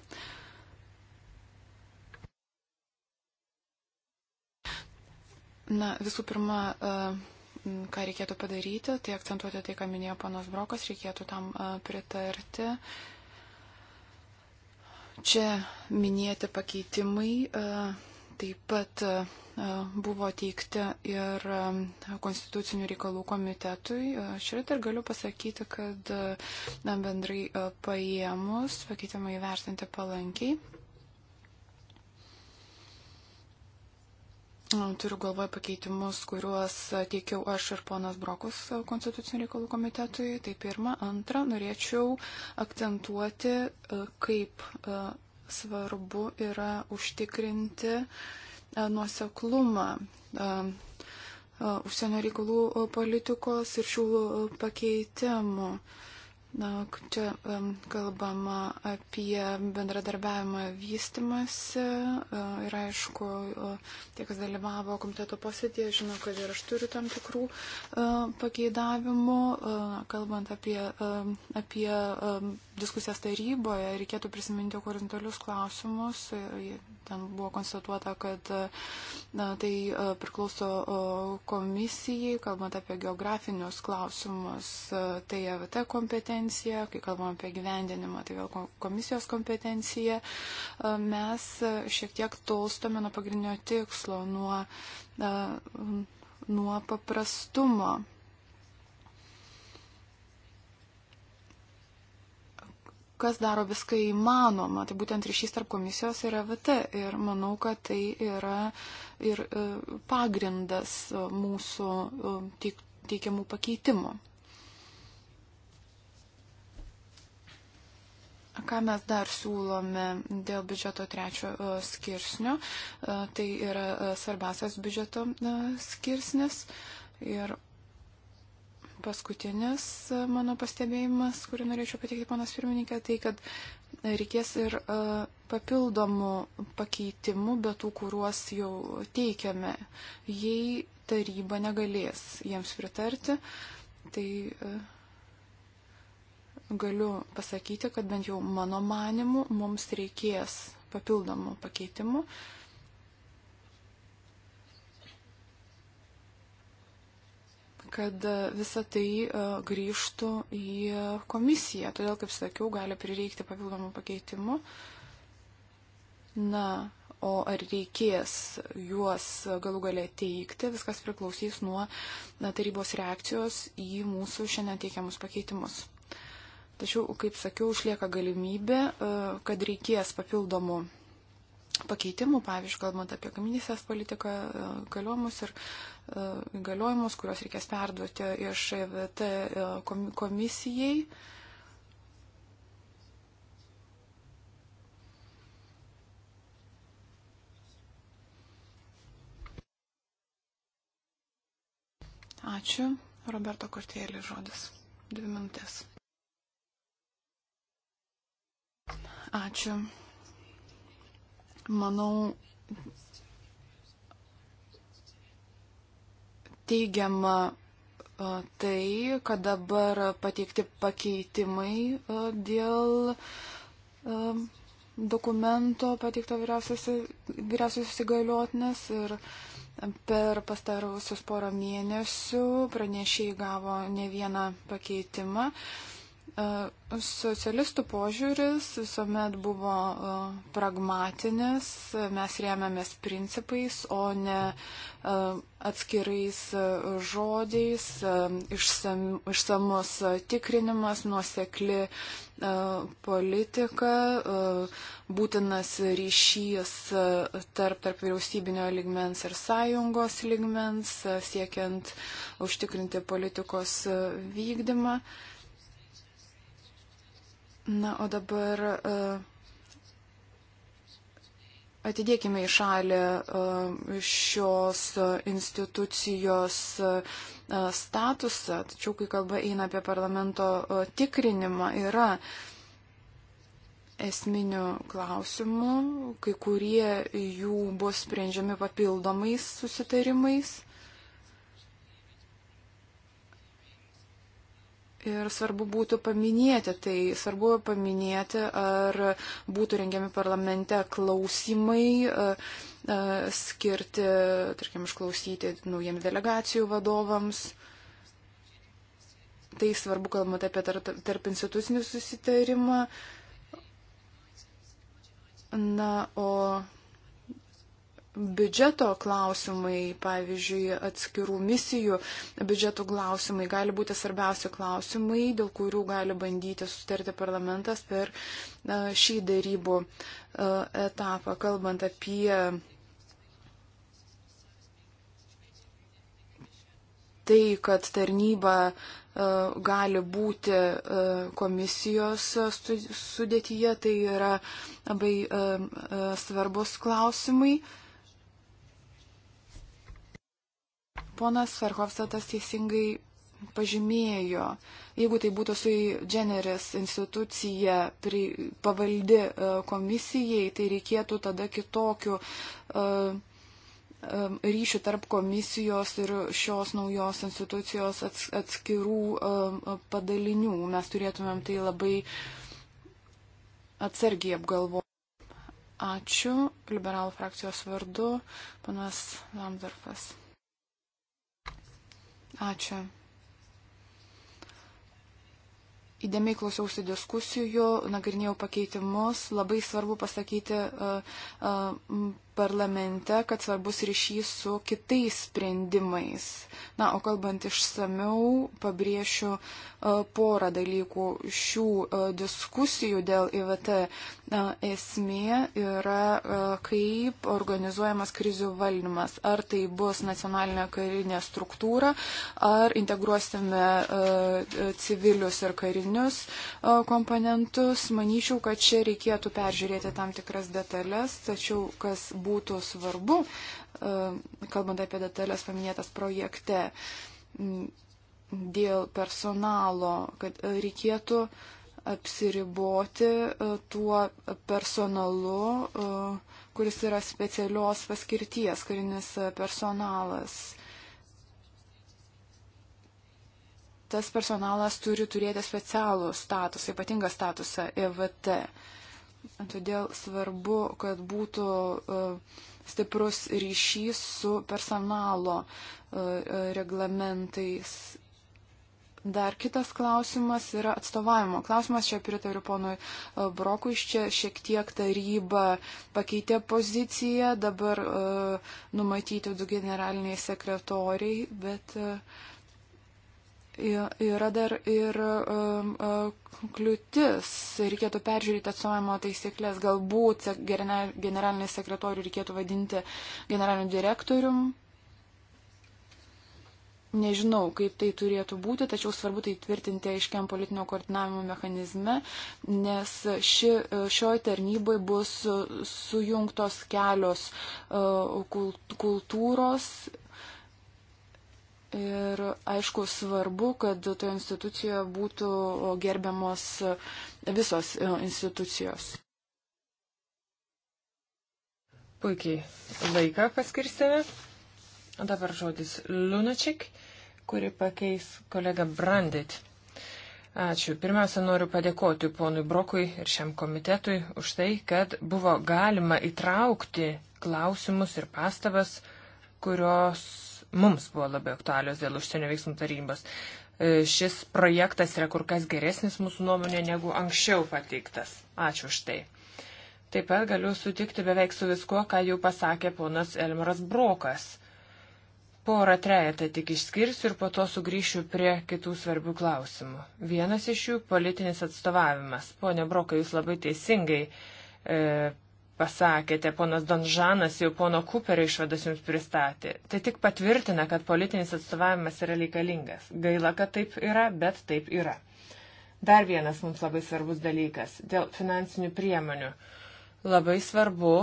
Na, visų pirma, ką reikėtų padaryti, tai akcentuoti tai, ką minėjo panas Brokas, reikėtų tam pritarti Čia minėti pakeitimai e, taip pat e, buvo teikti ir e, Konstitucinių reikalų komitetui. Šiandien ir galiu pasakyti, kad na, bendrai paėmus pakeitimai vertinti palankiai. Turiu galvoje pakeitimus, kuriuos teikiau aš ir ponas Brokus Konstitucinio reikalų komitetui. Tai pirma, antra, norėčiau akcentuoti, e, kaip e, svarbu yra užtikrinti e, nuoseklumą užsienio reikalų politikos ir šių pakeitimų. Uh, Na, čia um, kalbama apie bendradarbiavimą vystimasi uh, e, ir aišku, uh, tie, kas dalyvavo komiteto posėdėje, žino, kad ir aš turiu tam tikrų uh, pageidavimų. Uh, kalbant apie, uh, apie uh, diskusijas taryboje, reikėtų prisiminti horizontalius klausimus. Ten buvo konstatuota, kad uh, tai uh, priklauso uh, komisijai, kalbant apie geografinius klausimus, uh, tai AVT kompetencija kompetencija, kai kalbam apie gyvendinimą, tai vėl komisijos kompetencija, e, mes e, šiek tiek tolstame nuo pagrindinio tikslo, nuo, e, nuo paprastumo. kas daro viską įmanoma, tai būtent ryšys tarp komisijos ir EVT. Ir manau, kad tai yra ir pagrindas mūsų teikiamų pakeitimų. Ką mes dar siūlome dėl biudžeto trečio e, skirsnio? E, tai yra e, svarbiausias biudžeto skirsnis. Ir paskutinis mano pastebėjimas, kurį norėčiau pateikti panas pirmininkė, tai kad reikės ir papildomų pakeitimų, bet tų, kuriuos jau teikiame, jei taryba negalės jiems pritarti, tai galiu pasakyti, kad bent jau mano manimu mums reikės papildomų pakeitimų. kad e, visa tai e, grįžtų į komisiją. Todėl, kaip sakiau, gali prireikti papildomų pakeitimų. Na, o ar reikės juos galų galę teikti, viskas priklausys nuo na, tarybos reakcijos į mūsų šiandien teikiamus pakeitimus. Tačiau, kaip sakiau, išlieka galimybė, e, kad reikės papildomų pakeitimų, pavyzdžiui, kalbant apie kaminysės politiką, galiojimus e, ir e, galiojimus, kuriuos reikės perduoti iš VT komisijai. Ačiū. Roberto Kortėlį žodis. Dvi minutės. Ačiū. Manau, teigiama tai, kad dabar pateikti pakeitimai dėl dokumento pateikto vyriausios įgaliotinės ir per pastarusius porą mėnesių pranešėjai gavo ne vieną pakeitimą. Uh, E, socialistų požiūris visuomet buvo e, pragmatinis, mes remiamės principais, o ne e, atskirais žodžiais, išsam, išsamus tikrinimas, nuosekli politika, būtinas ryšys tarp, tarp vyriausybinio ligmens ir sąjungos ligmens, siekiant užtikrinti politikos vykdymą. Na, o dabar e, atidėkime į šalį e, šios institucijos e, statusą, tačiau kai kalba eina apie parlamento tikrinimą, yra esminių klausimų, kai kurie jų bus sprendžiami papildomais susitarimais. Ir svarbu būtų paminėti, tai svarbu paminėti, ar būtų rengiami parlamente klausimai e, e, skirti, tarkim, išklausyti naujiem delegacijų vadovams. Tai svarbu, kalbant apie tarp, tarp institucinį susitarimą. Na, o biudžeto klausimai, pavyzdžiui, atskirų misijų biudžetų klausimai gali būti svarbiausi klausimai, dėl kurių gali bandyti sutarti parlamentas per šį dėrybų e, etapą, kalbant apie tai, kad tarnyba e, gali būti e, komisijos sudėtyje, tai yra labai svarbus klausimai. Ponas Verhofstadtas teisingai pažymėjo, jeigu tai būtų su generis institucija pri, pavaldi e, komisijai, tai reikėtų tada kitokių e, e, ryšių tarp komisijos ir šios naujos institucijos atskirų padalinių. Mes turėtumėm tai labai atsargiai apgalvoti. Ačiū liberalų frakcijos vardu, panas Lamdorfas. Ačiū. Įdėmiai klausiausi diskusijų, nagrinėjau pakeitimus, labai svarbu pasakyti uh, uh, parlamente, kad svarbus ryšys su kitais sprendimais. Na, o kalbant išsameu, pabrėšiu e, porą dalykų. Šių e, diskusijų dėl IVT e, esmė yra, kaip organizuojamas krizių valdymas. Ar tai bus nacionalinė karinė struktūra, ar integruosime civilius ir karinius komponentus. Manyčiau, kad čia reikėtų peržiūrėti tam tikras detalės, tačiau kas būtų svarbu, e, kalbant apie detalės paminėtas projekte, dėl personalo, kad reikėtų apsiriboti e, tuo personalu, e, kuris yra specialios paskirties karinis personalas. Tas personalas turi turėti specialų statusą, ypatingą statusą EVT. Todėl svarbu, kad būtų e, stiprus ryšys su personalo e, e, reglamentais. Dar kitas klausimas yra atstovavimo. Klausimas čia pritariu ponui Brokui, čia šiek tiek taryba pakeitė poziciją, dabar uh, numatyti du generaliniai sekretoriai, bet uh, yra dar ir um, kliūtis, reikėtų peržiūrėti atsovimo taisyklės, galbūt generalinį sekretorių reikėtų vadinti generaliniu direktorium. Nežinau, kaip tai turėtų būti, tačiau svarbu tai tvirtinti aiškiam politinio koordinavimo mechanizme, nes ši, šioj tarnybai bus sujungtos kelios kultūros Ir aišku, svarbu, kad toje institucijoje būtų gerbiamos visos e, institucijos. Puikiai laiką paskirstėme. Dabar žodis Lunačik, kuri pakeis kolega Brandit. Ačiū. Pirmiausia, noriu padėkoti ponui Brokui ir šiam komitetui už tai, kad buvo galima įtraukti klausimus ir pastabas, kurios mums buvo labai aktualios dėl užsienio veiksmų tarybos. E, šis projektas yra kur kas geresnis mūsų nuomonė negu anksčiau pateiktas. Ačiū už tai. Taip pat galiu sutikti beveik su viskuo, ką jau pasakė ponas Elmaras Brokas. Porą trejetą tik išskirsiu ir po to sugrįšiu prie kitų svarbių klausimų. Vienas iš jų - politinis atstovavimas. Pone Brokai, jūs labai teisingai e, pasakėte, ponas Donžanas jau pono Kuperio išvadas jums pristatė. Tai tik patvirtina, kad politinis atstovavimas yra reikalingas. Gaila, kad taip yra, bet taip yra. Dar vienas mums labai svarbus dalykas - dėl finansinių priemonių. Labai svarbu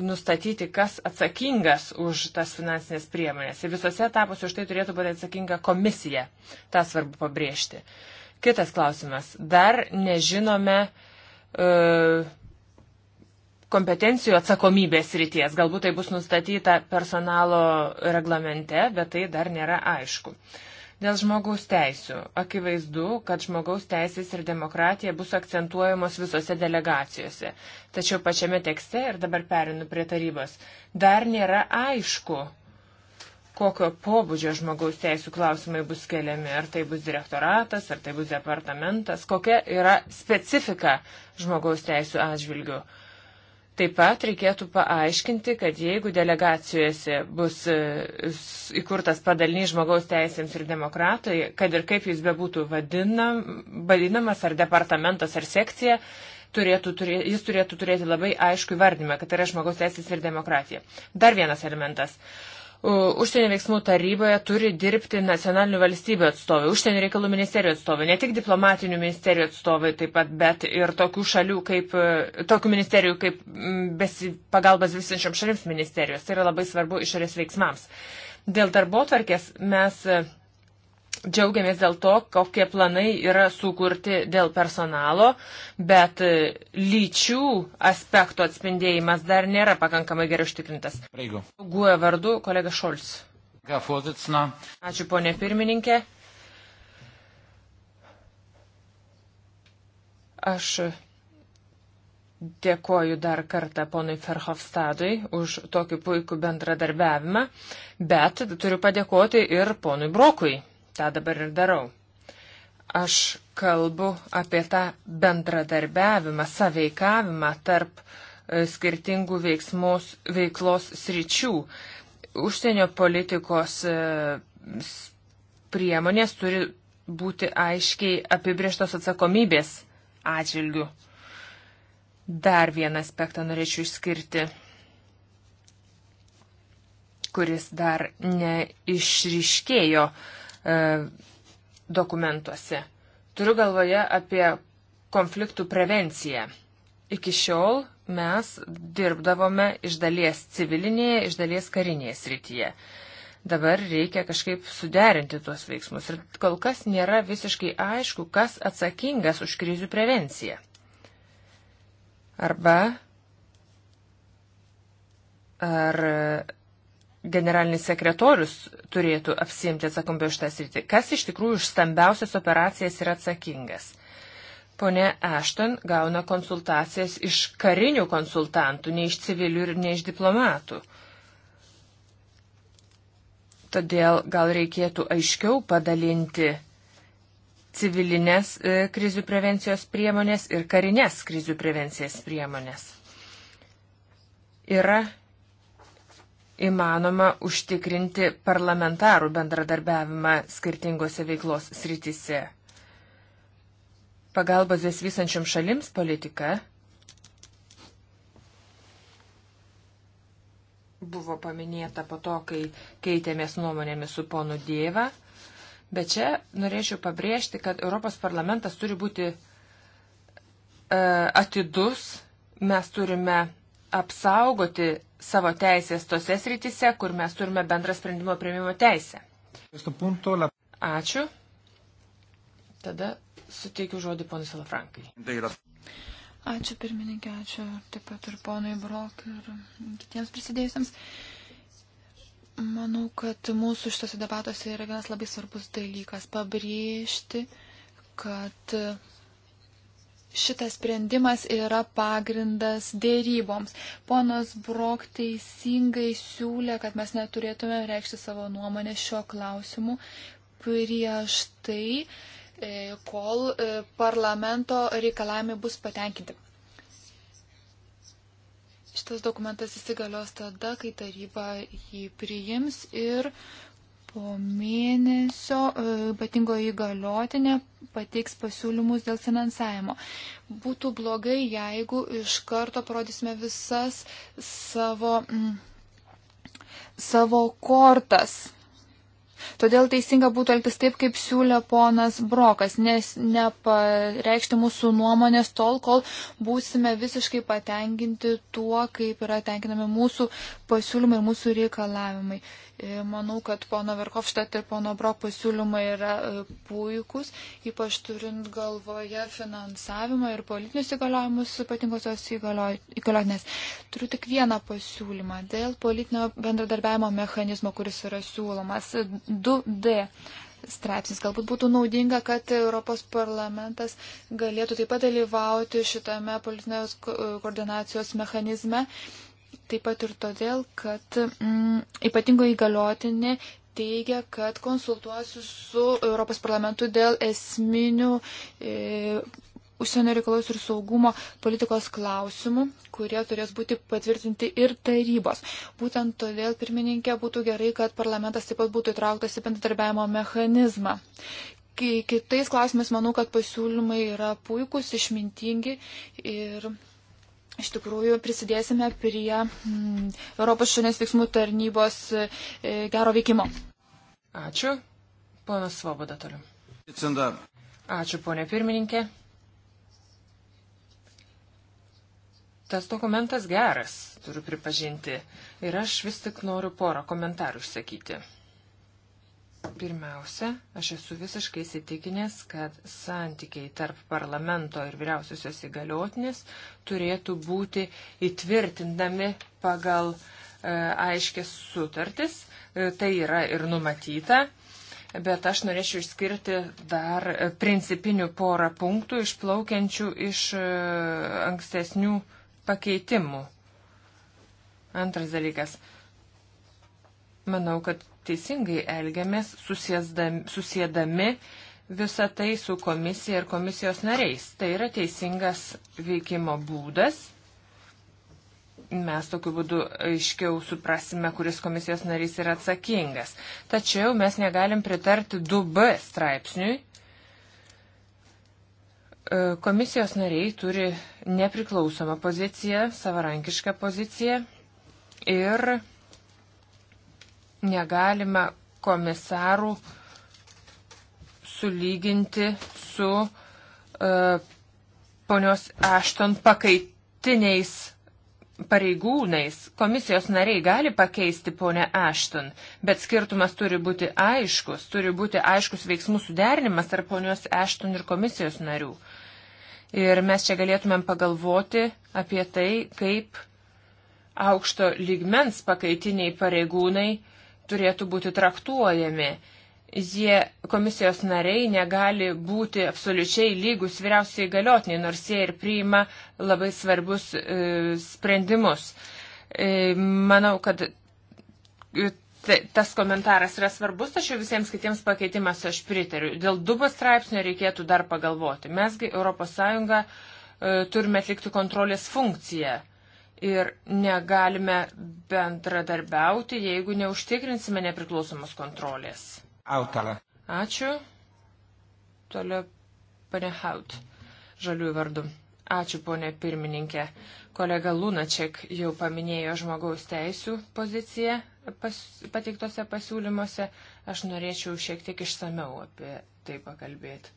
nustatyti, kas atsakingas už tas finansinės priemonės. Ir visose etapuose už tai turėtų būti atsakinga komisija. Ta svarbu pabrėžti. Kitas klausimas. Dar nežinome. Uh, e, kompetencijų atsakomybės ryties. Galbūt tai bus nustatyta personalo reglamente, bet tai dar nėra aišku. Dėl žmogaus teisų. Akivaizdu, kad žmogaus teisės ir demokratija bus akcentuojamos visose delegacijose. Tačiau pačiame tekste, ir dabar perinu prie tarybos, dar nėra aišku, kokio pobūdžio žmogaus teisų klausimai bus keliami, ar tai bus direktoratas, ar tai bus departamentas, kokia yra specifika žmogaus teisų atžvilgių. Taip pat reikėtų paaiškinti, kad jeigu delegacijose bus e, įkurtas padalinys žmogaus teisėms ir demokratai, kad ir kaip jis bebūtų vadinam, vadinamas, ar departamentas, ar sekcija, turėtų, turė, jis turėtų turėti labai aišku įvardymą, kad tai yra žmogaus teisės ir demokratija. Dar vienas elementas. Uh, užsienio veiksmų taryboje turi dirbti nacionalinių valstybių atstovai, užsienio reikalų ministerijų atstovai, ne tik diplomatinių ministerijų atstovai taip pat, bet ir tokių šalių kaip, e, tokių ministerijų kaip besi, pagalbas visinčiam šalims ministerijos. Tai yra labai svarbu išorės veiksmams. Dėl darbo tvarkės mes e, Džiaugiamės dėl to, kokie planai yra sukurti dėl personalo, bet e, lyčių aspekto atspindėjimas dar nėra pakankamai gerai užtikrintas. Reigu. Guoja vardu kolega Šolts. Ačiū ponė pirmininkė. Aš Dėkoju dar kartą ponui Ferhofstadui už tokį puikų bendradarbiavimą, bet turiu padėkoti ir ponui Brokui tą dabar ir darau. Aš kalbu apie tą bendradarbiavimą, saveikavimą tarp e, skirtingų veiksmos, veiklos sričių. Užsienio politikos e, priemonės turi būti aiškiai apibrieštos atsakomybės atžvilgių. Dar vieną aspektą norėčiau išskirti, kuris dar neišriškėjo E, dokumentuose. Turiu galvoje apie konfliktų prevenciją. Iki šiol mes dirbdavome iš dalies civilinėje, iš dalies karinėje srityje. Dabar reikia kažkaip suderinti tuos veiksmus ir kol kas nėra visiškai aišku, kas atsakingas už krizių prevenciją. Arba ar generalinis sekretorius turėtų apsiimti atsakomybę už tą sritį. Kas iš tikrųjų už stambiausias operacijas yra atsakingas? Pone Ashton gauna konsultacijas iš karinių konsultantų, ne iš civilių ir ne iš diplomatų. Todėl gal reikėtų aiškiau padalinti civilinės e, krizių prevencijos priemonės ir karinės krizių prevencijos priemonės. Yra įmanoma užtikrinti parlamentarų bendradarbiavimą skirtingose veiklos srityse. Pagalbos besvysančiam šalims politika buvo paminėta po to, kai keitėmės nuomonėmis su ponu Dieva, bet čia norėčiau pabrėžti, kad Europos parlamentas turi būti e, atidus, mes turime apsaugoti savo teisės tose srityse, kur mes turime bendrą sprendimo prieimimo teisę. Ačiū. Tada suteikiu žodį ponui Salafrankai. Ačiū pirmininkė, ačiū taip pat ir ponui Brok ir kitiems prisidėjusiems. Manau, kad mūsų šitose debatuose yra vienas labai svarbus dalykas - pabrėžti, kad šitas sprendimas yra pagrindas dėryboms. Ponas Brok teisingai siūlė, kad mes neturėtume reikšti savo nuomonę šio klausimu prieš tai, e, kol e, parlamento reikalavimai bus patenkinti. Šitas dokumentas įsigalios tada, kai taryba jį priims ir po mėnesio e, ypatingo įgaliotinė pateiks pasiūlymus dėl finansavimo. Būtų blogai, jeigu iš karto parodysime visas savo, mm, savo kortas. Todėl teisinga būtų elgtis taip, kaip siūlė ponas Brokas, nes nepareikšti mūsų nuomonės tol, kol būsime visiškai patenkinti tuo, kaip yra tenkinami mūsų pasiūlymai ir mūsų reikalavimai. E, manau, kad pono Verhofštat ir pono Bro pasiūlymai yra e, puikus, ypač turint galvoje finansavimą ir politinius įgaliojimus ypatingosios įgaliotinės. Turiu tik vieną pasiūlymą dėl politinio bendradarbiavimo mechanizmo, kuris yra siūlomas 2D. Straipsnis galbūt būtų naudinga, kad Europos parlamentas galėtų taip pat dalyvauti šitame politinės koordinacijos mechanizme taip pat ir todėl, kad mm, ypatingo įgaliotinė teigia, kad konsultuosiu su Europos parlamentu dėl esminių e, užsienio reikalos ir saugumo politikos klausimų, kurie turės būti patvirtinti ir tarybos. Būtent todėl, pirmininkė, būtų gerai, kad parlamentas taip pat būtų įtrauktas į bendradarbiavimo mechanizmą. Kitais klausimais manau, kad pasiūlymai yra puikūs, išmintingi ir iš tikrųjų prisidėsime prie mm, Europos šiandien veiksmų tarnybos e, gero veikimo. Ačiū. Ponas Svoboda toliau. Ačiū, ponė pirmininkė. Tas dokumentas geras, turiu pripažinti, ir aš vis tik noriu porą komentarų išsakyti. Pirmiausia, aš esu visiškai įsitikinęs, kad santykiai tarp parlamento ir vyriausiosios įgaliotinės turėtų būti įtvirtindami pagal e, aiškės sutartis. E, tai yra ir numatyta. Bet aš norėčiau išskirti dar principinių porą punktų išplaukiančių iš e, ankstesnių pakeitimų. Antras dalykas. Manau, kad teisingai elgiamės, susėdami visą tai su komisija ir komisijos nariais. Tai yra teisingas veikimo būdas. Mes tokiu būdu aiškiau suprasime, kuris komisijos narys yra atsakingas. Tačiau mes negalim pritarti 2B straipsniui. E, komisijos nariai turi nepriklausomą poziciją, savarankišką poziciją ir negalima komisarų sulyginti su uh, ponios Ašton pakaitiniais pareigūnais. Komisijos nariai gali pakeisti ponę Ašton, bet skirtumas turi būti aiškus, turi būti aiškus veiksmų suderinimas tarp ponios Ašton ir komisijos narių. Ir mes čia galėtumėm pagalvoti apie tai, kaip aukšto lygmens pakaitiniai pareigūnai uh, turėtų būti traktuojami. Jie komisijos nariai negali būti absoliučiai lygus vyriausiai galiotiniai, nors jie ir priima labai svarbius e, sprendimus. E, manau, kad e, tai, tas komentaras yra svarbus, tačiau visiems kitiems pakeitimas aš pritariu. Dėl dubo straipsnio reikėtų dar pagalvoti. Mesgi ES e, turime atlikti kontrolės funkciją ir negalime bendradarbiauti, jeigu neužtikrinsime nepriklausomos kontrolės. Autala. Ačiū. Toliau pane Haut, žaliųjų vardu. Ačiū, ponė pirmininkė. Kolega Lunaček jau paminėjo žmogaus teisų poziciją pas, pateiktose pasiūlymuose. Aš norėčiau šiek tiek išsameu apie tai pakalbėti.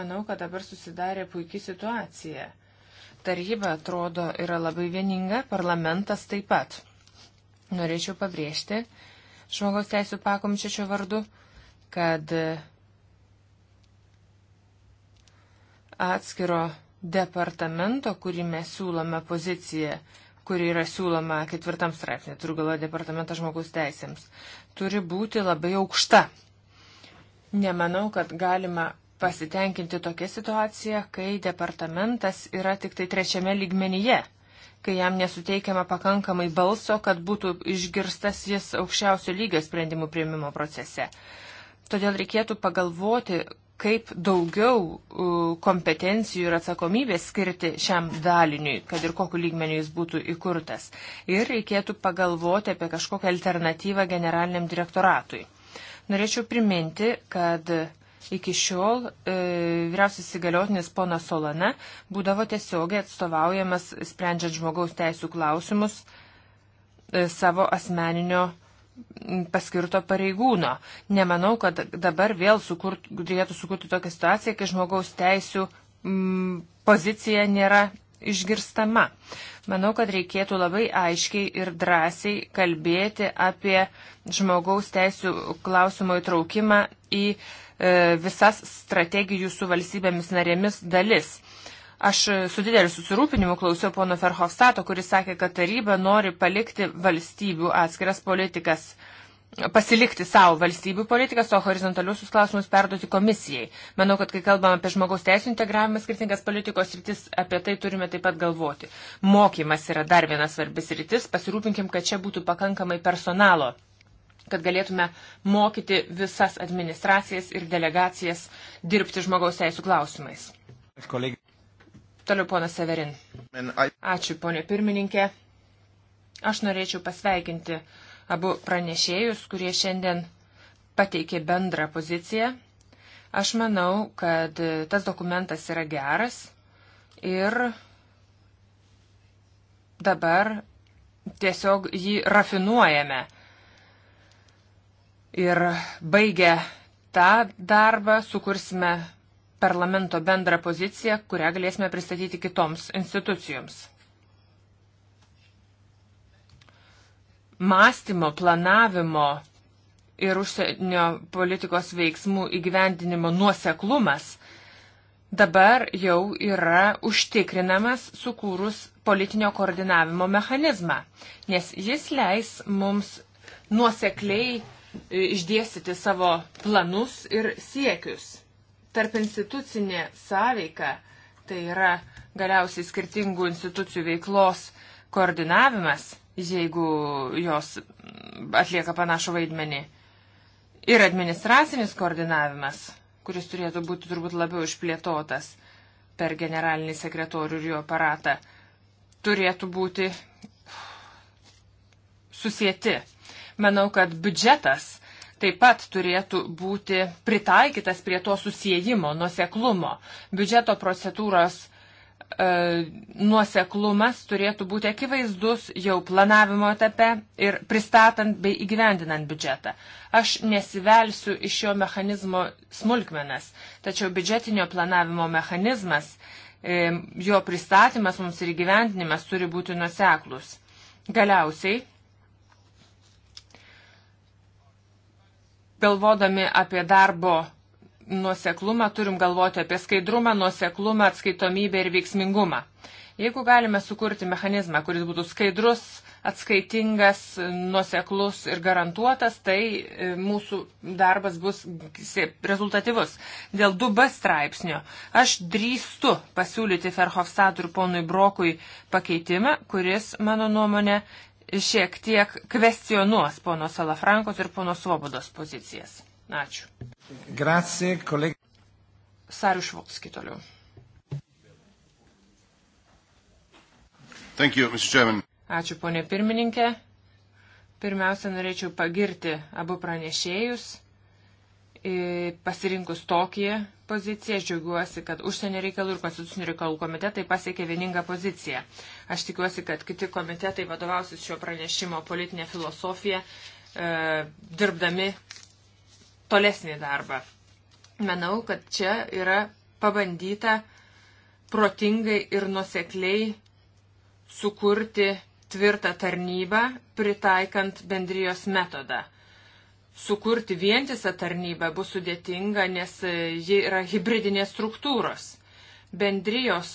Manau, kad dabar susidarė puikia situacija Taryba, atrodo, yra labai vieninga, parlamentas taip pat. Norėčiau pabrėžti žmogaus teisų pakomčičio vardu, kad atskiro departamento, kurį mes siūlome poziciją, kuri yra siūloma ketvirtam straipsnė, turiu galvoje departamentą žmogaus teisėms, turi būti labai aukšta. Nemanau, kad galima pasitenkinti tokia situacija, kai departamentas yra tik tai trečiame lygmenyje, kai jam nesuteikiama pakankamai balso, kad būtų išgirstas jis aukščiausio lygio sprendimų prieimimo procese. Todėl reikėtų pagalvoti, kaip daugiau kompetencijų ir atsakomybės skirti šiam daliniui, kad ir kokiu lygmeniu jis būtų įkurtas. Ir reikėtų pagalvoti apie kažkokią alternatyvą generaliniam direktoratui. Norėčiau priminti, kad Iki šiol e, vyriausias įgaliotinis pona Solana būdavo tiesiogiai atstovaujamas, sprendžiant žmogaus teisų klausimus, e, savo asmeninio paskirto pareigūno. Nemanau, kad dabar vėl sukurt, reikėtų sukurti tokią situaciją, kai žmogaus teisų m, pozicija nėra išgirstama. Manau, kad reikėtų labai aiškiai ir drąsiai kalbėti apie žmogaus teisų klausimo įtraukimą į e, visas strategijų su valstybėmis narėmis dalis. Aš su dideliu susirūpinimu klausiau pono Ferhofstato, kuris sakė, kad taryba nori palikti valstybių atskiras politikas pasilikti savo valstybių politikas, o horizontaliusius klausimus perduoti komisijai. Manau, kad kai kalbam apie žmogaus teisų integravimą skirtingas politikos rytis, apie tai turime taip pat galvoti. Mokymas yra dar vienas svarbis rytis, pasirūpinkim, kad čia būtų pakankamai personalo, kad galėtume mokyti visas administracijas ir delegacijas dirbti žmogaus teisų klausimais. Toliau ponas Severin. Ačiū, ponė pirmininkė. Aš norėčiau pasveikinti uh, abu pranešėjus, kurie šiandien pateikė bendrą poziciją. Aš manau, kad tas dokumentas yra geras ir dabar tiesiog jį rafinuojame. Ir baigę tą darbą sukursime parlamento bendrą poziciją, kurią galėsime pristatyti kitoms institucijoms. mąstymo, planavimo ir užsienio politikos veiksmų įgyvendinimo nuoseklumas dabar jau yra užtikrinamas sukūrus politinio koordinavimo mechanizmą, nes jis leis mums nuosekliai e, išdėstyti savo planus ir siekius. Tarp institucinė sąveika, tai yra galiausiai skirtingų institucijų veiklos koordinavimas, jeigu jos atlieka panašų vaidmenį. Ir administracinis koordinavimas, kuris turėtų būti turbūt labiau išplėtotas per generalinį sekretorių ir jo aparatą, turėtų būti susieti. Manau, kad biudžetas taip pat turėtų būti pritaikytas prie to susijimo, nuseklumo. Biudžeto procedūros E, nuoseklumas turėtų būti akivaizdus jau planavimo etape ir pristatant bei įgyvendinant biudžetą. Aš nesivelsiu iš šio mechanizmo smulkmenas, tačiau biudžetinio planavimo mechanizmas, e, jo pristatymas mums ir įgyvendinimas turi būti nuoseklus. Galiausiai, galvodami apie darbo nuoseklumą, turim galvoti apie skaidrumą, nuoseklumą, atskaitomybę ir veiksmingumą. Jeigu galime sukurti mechanizmą, kuris būtų skaidrus, atskaitingas, nuoseklus ir garantuotas, tai e, mūsų darbas bus rezultatyvus. Dėl 2B straipsnio aš drįstu pasiūlyti Ferhofstadui ir ponui Brokui pakeitimą, kuris, mano nuomonė, šiek tiek kvestionuos pono Salafrankos ir pono Svobodos pozicijas. Ačiū. Grazie, kolega. Sarius Švokski toliau. Thank you, Mr. Chairman. Ačiū, ponė pirmininkė. Pirmiausia, norėčiau pagirti abu pranešėjus. Pasirinkus tokią poziciją, aš džiaugiuosi, kad užsienio reikalų ir konstitucinių reikalų komitetai pasiekė vieningą poziciją. Aš tikiuosi, kad kiti komitetai vadovausis šio pranešimo politinė filosofija, e, dirbdami tolesnį darbą. Manau, kad čia yra pabandyta protingai ir nusekliai sukurti tvirtą tarnybą, pritaikant bendrijos metodą. Sukurti vientisą tarnybą bus sudėtinga, nes ji yra hybridinės struktūros. Bendrijos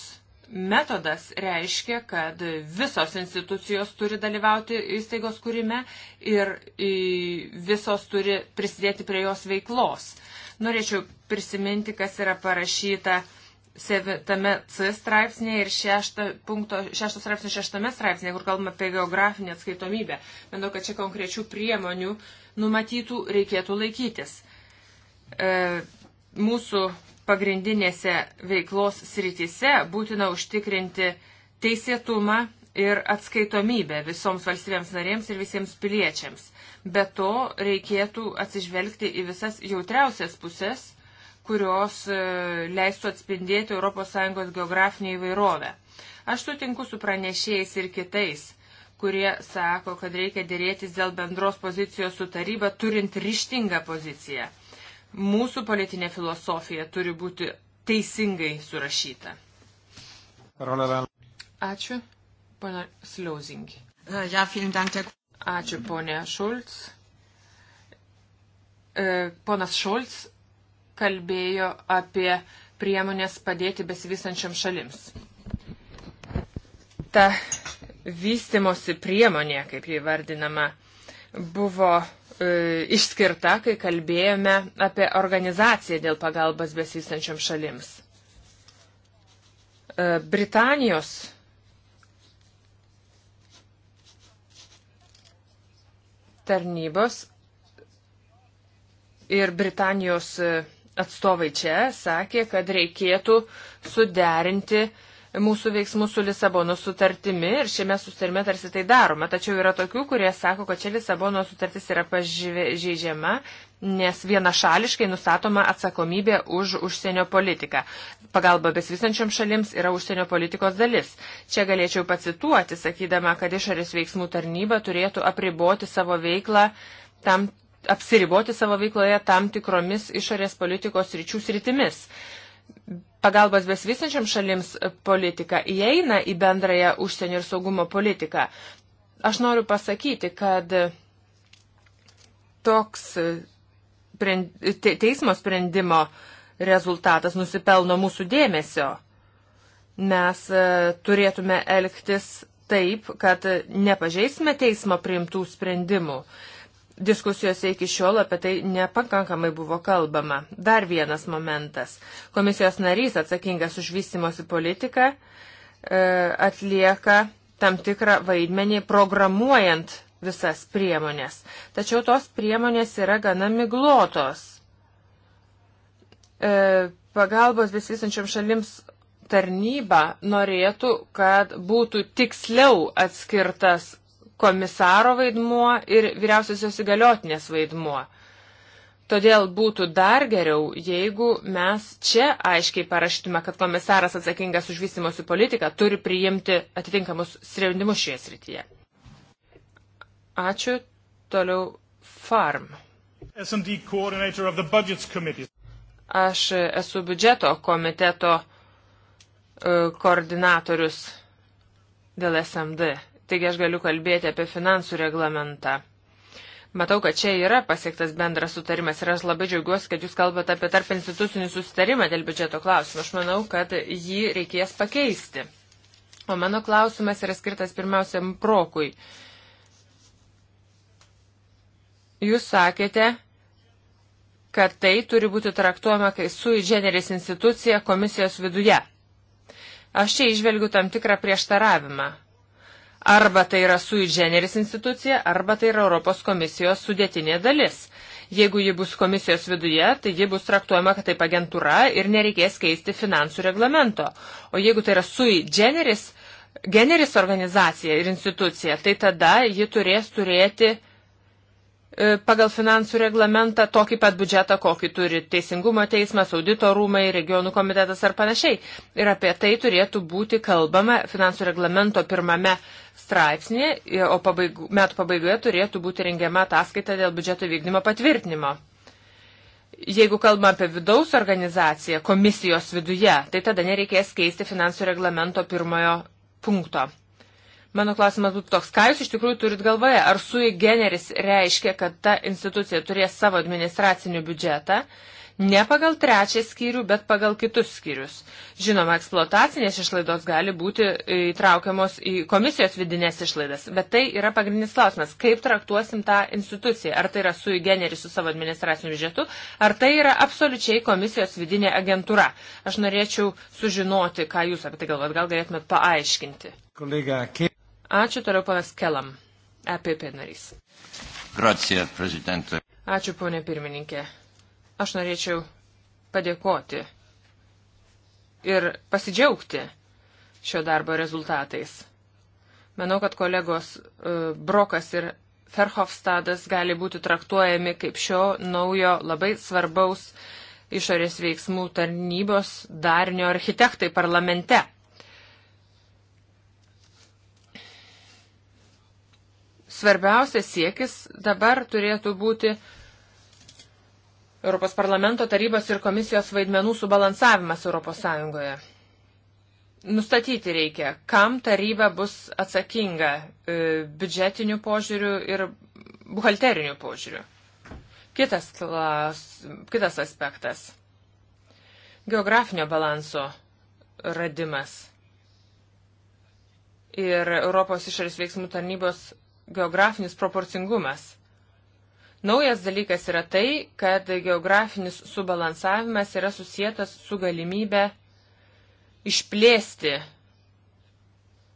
Metodas reiškia, kad visos institucijos turi dalyvauti įstaigos kūrime ir visos turi prisidėti prie jos veiklos. Norėčiau prisiminti, kas yra parašyta tame C straipsnėje ir 6 straipsnio 6 straipsnėje, kur kalbame apie geografinę atskaitomybę. Manau, kad čia konkrečių priemonių numatytų reikėtų laikytis. E, mūsų pagrindinėse veiklos srityse būtina užtikrinti teisėtumą ir atskaitomybę visoms valstybėms narėms ir visiems piliečiams. Be to reikėtų atsižvelgti į visas jautriausias pusės, kurios e, leistų atspindėti ES geografinį įvairovę. Aš sutinku su pranešėjais ir kitais, kurie sako, kad reikia dėrėtis dėl bendros pozicijos su taryba, turint ryštingą poziciją. Mūsų politinė filosofija turi būti teisingai surašyta. Ačiū, pana Sliauzingi. Ačiū, ponė Šulc. E, ponas Šulc kalbėjo apie priemonės padėti besivystančiam šalims. Ta vystimosi priemonė, kaip jį vardinama, buvo E, išskirta, kai kalbėjome apie organizaciją dėl pagalbas besivystančiam šalims. E, Britanijos tarnybos ir Britanijos atstovai čia sakė, kad reikėtų suderinti uh, mūsų veiksmus su Lisabono sutartimi ir šiame sutarime tarsi tai daroma. Tačiau yra tokių, kurie sako, kad čia Lisabono sutartis yra pažeidžiama, nes vienašališkai nustatoma atsakomybė už užsienio politiką. Pagalba besivysančiam šalims yra užsienio politikos dalis. Čia galėčiau pacituoti, sakydama, kad išorės veiksmų tarnyba turėtų apriboti savo veiklą tam apsiriboti savo veikloje tam tikromis išorės politikos ryčių sritimis pagalbos besvysančiam šalims politika įeina į bendrąją užsienio ir saugumo politiką. Aš noriu pasakyti, kad toks teismo sprendimo rezultatas nusipelno mūsų dėmesio. Mes e, turėtume elgtis taip, kad nepažeisime teismo priimtų sprendimų diskusijose iki šiol apie tai nepakankamai buvo kalbama. Dar vienas momentas. Komisijos narys atsakingas už vystimosi politiką e, atlieka tam tikrą vaidmenį programuojant visas priemonės. Tačiau tos priemonės yra gana miglotos. E, pagalbos besisančiam šalims tarnyba norėtų, kad būtų tiksliau atskirtas komisaro vaidmuo ir vyriausiosios įgaliotinės vaidmuo. Todėl būtų dar geriau, jeigu mes čia aiškiai parašytume, kad komisaras atsakingas už vystimosi politiką turi priimti atitinkamus sprendimus šioje srityje. Ačiū. Toliau Farm. Aš esu biudžeto komiteto e, koordinatorius dėl SMD. Taigi aš galiu kalbėti apie finansų reglamentą. Matau, kad čia yra pasiektas bendras sutarimas ir aš labai džiaugiuosi, kad jūs kalbate apie tarp institucinį susitarimą dėl biudžeto klausimų. Aš manau, kad jį reikės pakeisti. O mano klausimas yra skirtas pirmiausiam prokui. Jūs sakėte, kad tai turi būti traktuojama kaip su inženierės institucija komisijos viduje. Aš čia išvelgiu tam tikrą prieštaravimą. Arba tai yra sui generis institucija, arba tai yra Europos komisijos sudėtinė dalis. Jeigu ji bus komisijos viduje, tai ji bus traktuojama kaip taip agentūra ir nereikės keisti finansų reglamento. O jeigu tai yra sui generis, generis organizacija ir institucija, tai tada ji turės turėti E, pagal finansų reglamentą tokį pat biudžetą, kokį turi Teisingumo teismas, audito rūmai, regionų komitetas ar panašiai. Ir apie tai turėtų būti kalbama finansų reglamento pirmame straipsnėje, e, o pabaigų, metų pabaigoje turėtų būti rengiama ataskaita dėl biudžeto vykdymo patvirtinimo. Jeigu kalbame apie vidaus organizaciją komisijos viduje, tai tada nereikės keisti finansų reglamento pirmojo punkto. Mano klausimas būtų toks, ką jūs iš tikrųjų turit galvoje? Ar sui generis reiškia, kad ta institucija turės savo administracinių biudžetą? Ne pagal trečią skyrių, bet pagal kitus skyrius. Žinoma, eksploatacinės išlaidos gali būti įtraukiamos į komisijos vidinės išlaidas, bet tai yra pagrindinis klausimas, kaip traktuosim tą instituciją. Ar tai yra su įgeneri su savo administraciniu biudžetu, ar tai yra absoliučiai komisijos vidinė agentūra. Aš norėčiau sužinoti, ką jūs apie tai galvojat, gal galėtumėt paaiškinti. Kolega, kai... Ačiū toliau panas Kelam, EPP narys. Gracija, prezidentė. Ačiū, ponė pirmininkė. Aš norėčiau padėkoti ir pasidžiaugti šio darbo rezultatais. Manau, kad kolegos e, Brokas ir Ferhofstadas gali būti traktuojami kaip šio naujo labai svarbaus išorės veiksmų tarnybos darinio architektai parlamente. Svarbiausias siekis dabar turėtų būti Europos parlamento tarybos ir komisijos vaidmenų subalansavimas Europos Sąjungoje. Nustatyti reikia, kam taryba bus atsakinga e, biudžetiniu požiūriu ir buhalteriniu požiūriu. Kitas, klas, kitas aspektas - geografinio balanso radimas ir Europos išorės veiksmų tarnybos geografinis proporcingumas. Naujas dalykas yra tai, kad geografinis subalansavimas yra susijęs su galimybė išplėsti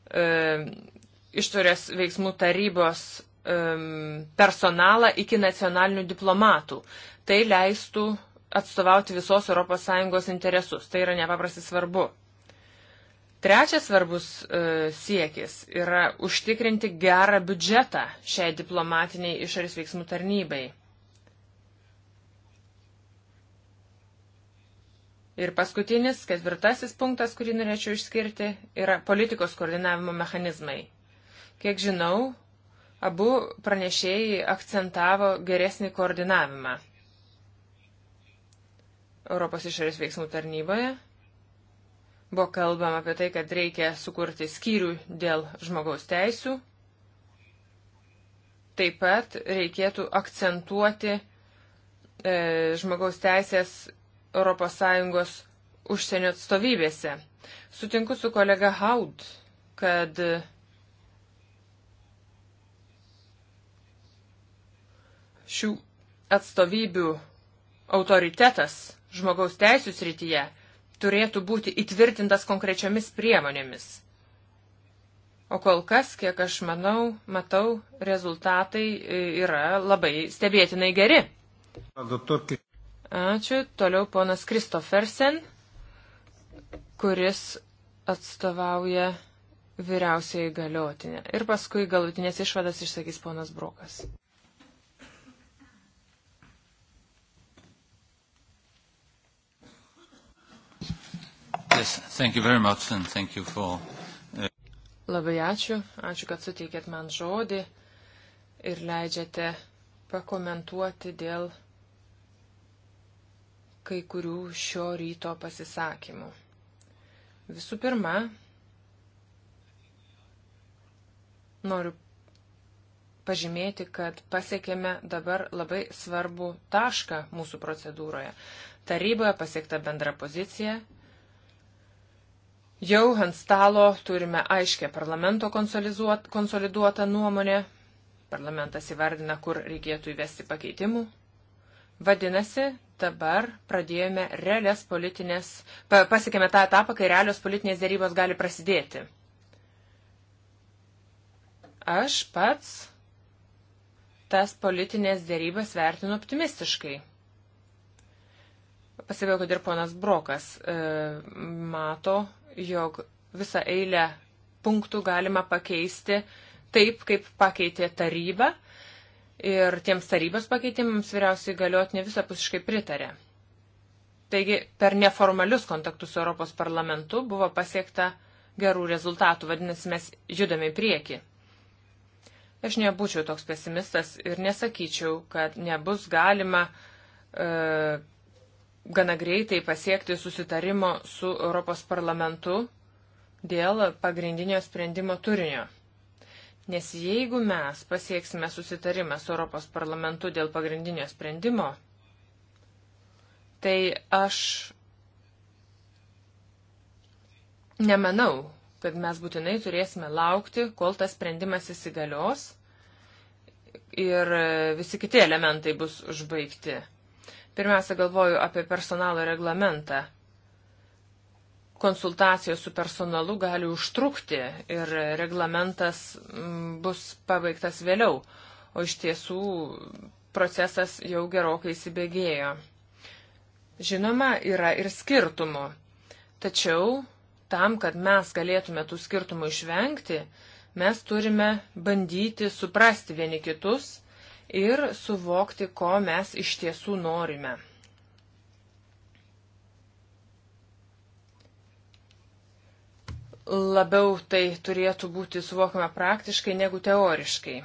e, ištorės veiksmų tarybos e, personalą iki nacionalinių diplomatų. Tai leistų atstovauti visos ES interesus. Tai yra nepaprastai svarbu. Trečias svarbus e, siekis yra užtikrinti gerą biudžetą šiai diplomatiniai išorės veiksmų tarnybai. Ir paskutinis, ketvirtasis punktas, kurį norėčiau išskirti, yra politikos koordinavimo mechanizmai. Kiek žinau, abu pranešėjai akcentavo geresnį koordinavimą Europos išorės veiksmų tarnyboje Buvo kalbama apie tai, kad reikia sukurti skyrių dėl žmogaus teisų. Taip pat reikėtų akcentuoti e, žmogaus teisės ES užsienio atstovybėse. Sutinku su kolega Haud, kad šių atstovybių autoritetas žmogaus teisų srityje turėtų būti įtvirtintas konkrečiomis priemonėmis. O kol kas, kiek aš manau, matau, rezultatai e, yra labai stebėtinai geri. Ačiū. Toliau ponas Kristofersen, kuris atstovauja vyriausiai galiotinę. Ir paskui galutinės išvadas išsakys ponas Brokas. Yes, thank you very much and thank you for. Uh, labai ačiū, ačiū, kad suteikėt man žodį ir leidžiate pakomentuoti dėl kai kurių šio ryto pasisakymų. Visų pirma, noriu pažymėti, kad pasiekėme dabar labai svarbų tašką mūsų procedūroje. Taryboje pasiekta bendra pozicija, Jau ant stalo turime aiškę parlamento konsoliduotą nuomonę. Parlamentas įvardina, kur reikėtų įvesti pakeitimų. Vadinasi, dabar pradėjome realias politinės, pasiekėme tą etapą, kai realios politinės dėrybos gali prasidėti. Aš pats tas politinės dėrybas vertinu optimistiškai. Pasibėjau, kad ir ponas Brokas e, mato jog visą eilę punktų galima pakeisti taip, kaip pakeitė taryba. Ir tiems tarybos pakeitimams vyriausiai galiotinė visapusiškai pritarė. Taigi per neformalius kontaktus su Europos parlamentu buvo pasiekta gerų rezultatų, vadinasi, mes judame į priekį. Aš nebūčiau toks pesimistas ir nesakyčiau, kad nebus galima e, gana greitai pasiekti susitarimo su Europos parlamentu dėl pagrindinio sprendimo turinio. Nes jeigu mes pasieksime susitarimą su Europos parlamentu dėl pagrindinio sprendimo, tai aš nemanau, kad mes būtinai turėsime laukti, kol tas sprendimas įsigalios ir visi kiti elementai bus užbaigti. Pirmiausia, galvoju apie personalo reglamentą. Konsultacijos su personalu gali užtrukti ir reglamentas mm, bus pabaigtas vėliau, o iš tiesų procesas jau gerokai įsibėgėjo. Žinoma, yra ir skirtumų, tačiau tam, kad mes galėtume tų skirtumų išvengti, mes turime bandyti suprasti vieni kitus ir suvokti, ko mes iš tiesų norime. Labiau tai turėtų būti suvokiama praktiškai negu teoriškai.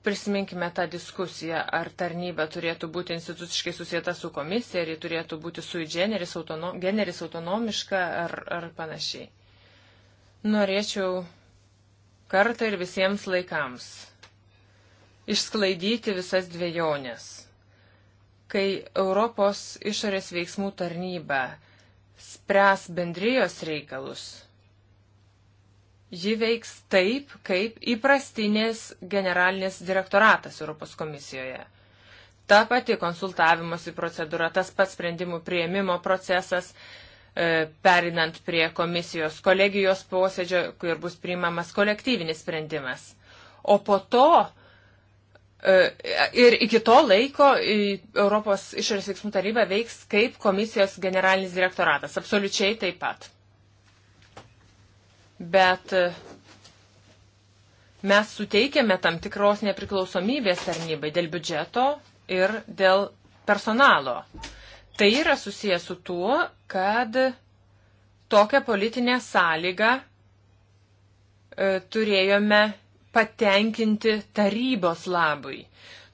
Prisiminkime tą diskusiją, ar tarnybė turėtų būti instituciškai susijęta su komisija, ar ji turėtų būti sui generis, autonom, generis autonomiška ar, ar panašiai norėčiau kartą ir visiems laikams išsklaidyti visas dviejonės. Kai Europos išorės veiksmų tarnyba spręs bendrijos reikalus, ji veiks taip, kaip įprastinės generalinis direktoratas Europos komisijoje. Ta pati konsultavimosi procedūra, tas pats sprendimų prieimimo procesas, E, perinant prie komisijos kolegijos posėdžio, kur bus priimamas kolektyvinis sprendimas. O po to e, ir iki to laiko Europos išorės veiksmų taryba veiks kaip komisijos generalinis direktoratas. Absoliučiai taip pat. Bet e, mes suteikėme tam tikros nepriklausomybės tarnybai dėl biudžeto ir dėl personalo. Tai yra susijęs su tuo, kad tokią politinę sąlygą e, turėjome patenkinti tarybos labui.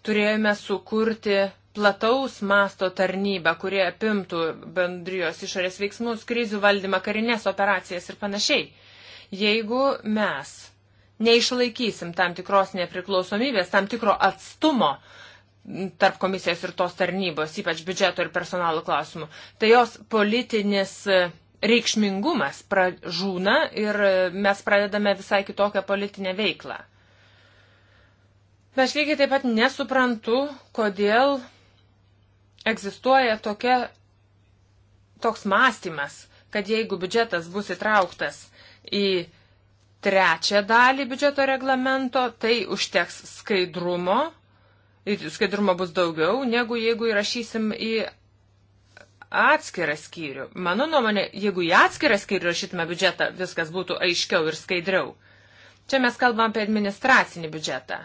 Turėjome sukurti plataus masto tarnybą, kurie apimtų bendrijos išorės veiksmus, krizių valdymą, karinės operacijas ir panašiai. Jeigu mes neišlaikysim tam tikros nepriklausomybės, tam tikro atstumo, uh, tarp komisijos ir tos tarnybos, ypač biudžeto ir personalų klausimų, tai jos politinis e, reikšmingumas pražūna ir e, mes pradedame visai kitokią politinę veiklą. Aš lygiai taip pat nesuprantu, kodėl egzistuoja tokia, toks mąstymas, kad jeigu biudžetas bus įtrauktas į trečią dalį biudžeto reglamento, tai užteks skaidrumo skaidrumo bus daugiau, negu jeigu įrašysim į atskirą skyrių. Mano nuomonė, jeigu į atskirą skyrių rašytume biudžetą, viskas būtų aiškiau ir skaidriau. Čia mes kalbam apie administracinį biudžetą.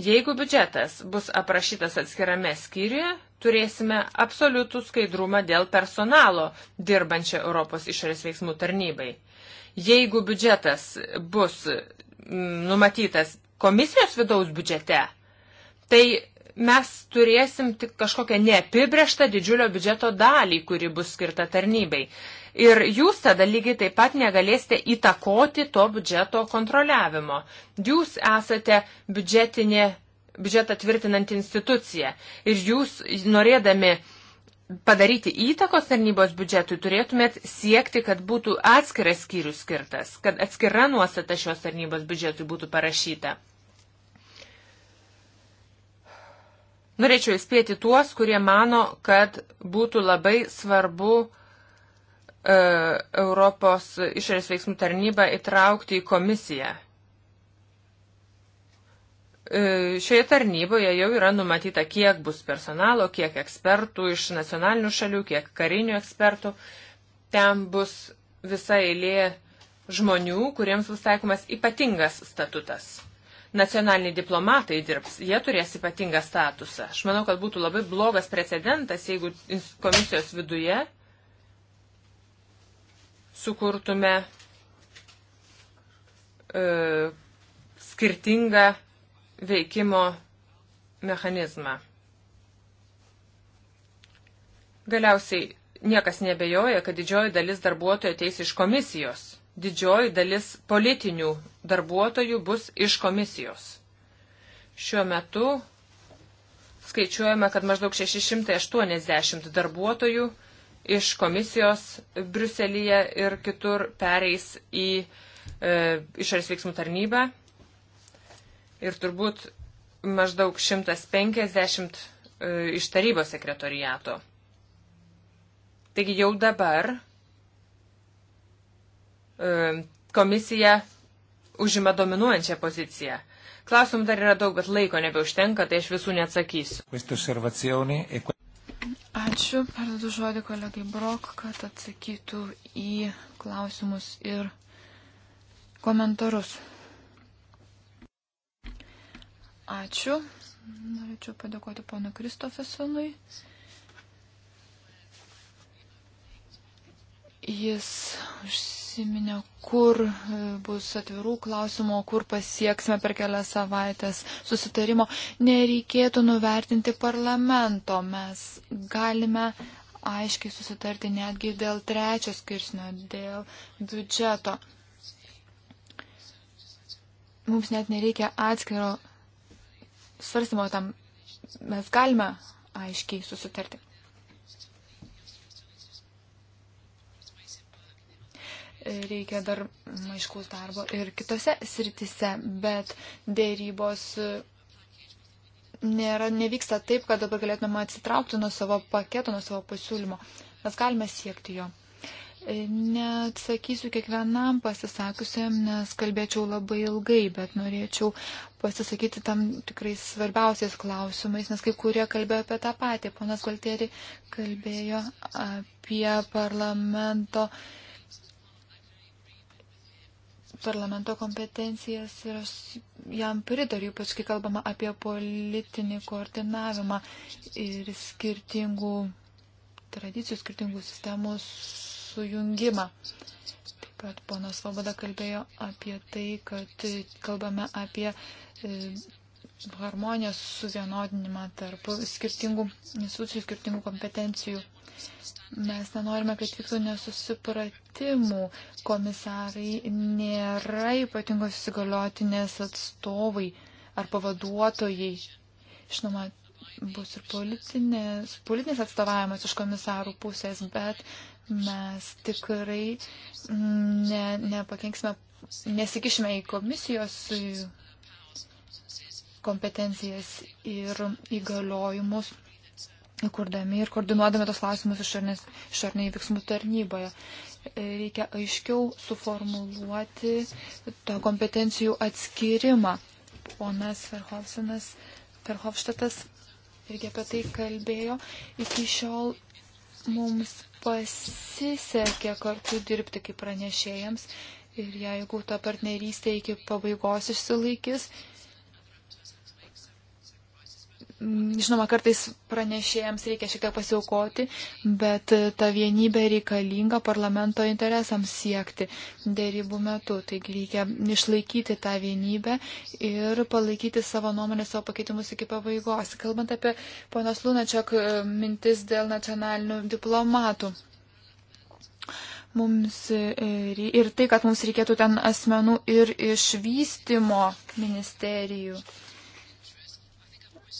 Jeigu biudžetas bus aprašytas atskirame skyriuje, turėsime absoliutų skaidrumą dėl personalo dirbančio Europos išorės veiksmų tarnybai. Jeigu biudžetas bus mm, numatytas komisijos vidaus biudžete, tai mes turėsim tik kažkokią neapibrėžtą didžiulio biudžeto dalį, kuri bus skirta tarnybai. Ir jūs tada lygiai taip pat negalėsite įtakoti to biudžeto kontroliavimo. Jūs esate biudžetinė, biudžetą tvirtinanti institucija. Ir jūs norėdami padaryti įtakos tarnybos biudžetui turėtumėt siekti, kad būtų atskiras skyrius skirtas, kad atskira nuostata šios tarnybos biudžetui būtų parašyta. Norėčiau įspėti tuos, kurie mano, kad būtų labai svarbu e, Europos išorės veiksmų tarnybą įtraukti į komisiją. E, šioje tarnyboje jau yra numatyta, kiek bus personalo, kiek ekspertų iš nacionalinių šalių, kiek karinių ekspertų. Ten bus visa eilė žmonių, kuriems bus taikomas ypatingas statutas nacionaliniai diplomatai dirbs, jie turės ypatingą statusą. Aš manau, kad būtų labai blogas precedentas, jeigu komisijos viduje sukurtume e, skirtingą veikimo mechanizmą. Galiausiai niekas nebejoja, kad didžioji dalis darbuotojų ateis iš komisijos didžioji dalis politinių darbuotojų bus iš komisijos. Šiuo metu skaičiuojame, kad maždaug 680 darbuotojų iš komisijos Briuselyje ir kitur pereis į e, išorės veiksmų tarnybą. Ir turbūt maždaug 150 e, iš tarybos sekretoriato. Taigi jau dabar E, komisija užima dominuojančią poziciją. Klausimų dar yra daug, bet laiko nebeužtenka, tai aš visų neatsakysiu. E Ačiū, perdodu žodį kolegai Brok, kad atsakytų į klausimus ir komentarus. Ačiū. Norėčiau padėkoti pono Kristofesonui. Jis užsiminė, kur e, bus atvirų klausimų, kur pasieksime per kelias savaitės susitarimo. Nereikėtų nuvertinti parlamento. Mes galime aiškiai susitarti netgi dėl trečio skirsnio, dėl biudžeto. Mums net nereikia atskiro svarstymo tam. Mes galime aiškiai susitarti. reikia dar aiškus darbo ir kitose sritise, bet dėrybos e, nėra, nevyksta taip, kad dabar galėtume atsitraukti nuo savo paketo, nuo savo pasiūlymo. Mes galime siekti jo. E, neatsakysiu kiekvienam pasisakiusiam, nes kalbėčiau labai ilgai, bet norėčiau pasisakyti tam tikrais svarbiausiais klausimais, nes kai kurie kalbėjo apie tą patį. Ponas Galtieri kalbėjo apie parlamento uh, parlamento kompetencijas ir aš jam pritariu, ypač kai kalbama apie politinį koordinavimą ir skirtingų tradicijų, skirtingų sistemų sujungimą. Taip pat ponas Svoboda kalbėjo apie tai, kad kalbame apie e, harmonijos suvienodinimą tarp skirtingų institucijų, skirtingų kompetencijų. Mes nenorime, kad vyktų nesusipratimų. Komisarai nėra ypatingos įsigaliotinės atstovai ar pavaduotojai. Žinoma, bus ir politinės, politinės atstovavimas iš komisarų pusės, bet mes tikrai ne, nepakenksime, nesikišime į komisijos kompetencijas ir įgaliojimus kurdami ir koordinuodami tos klausimus išorniai veiksmų tarnyboje. E, Reikia aiškiau suformuluoti to kompetencijų atskirimą. Ponas Verhofsenas, Verhofštatas irgi apie tai kalbėjo. Iki šiol mums pasisekė kartu dirbti kaip pranešėjams ir jeigu ta partnerystė iki pabaigos išsilaikys, Mm, žinoma, kartais pranešėjams reikia šiek tiek pasiaukoti, bet ta vienybė reikalinga parlamento interesams siekti dėrybų metu. Taigi reikia išlaikyti tą vienybę ir palaikyti savo nuomonę, savo pakeitimus iki pabaigos. Kalbant apie ponas Lunačiak e, mintis dėl nacionalinių diplomatų. Mums e, ir tai, kad mums reikėtų ten asmenų ir išvystymo ministerijų.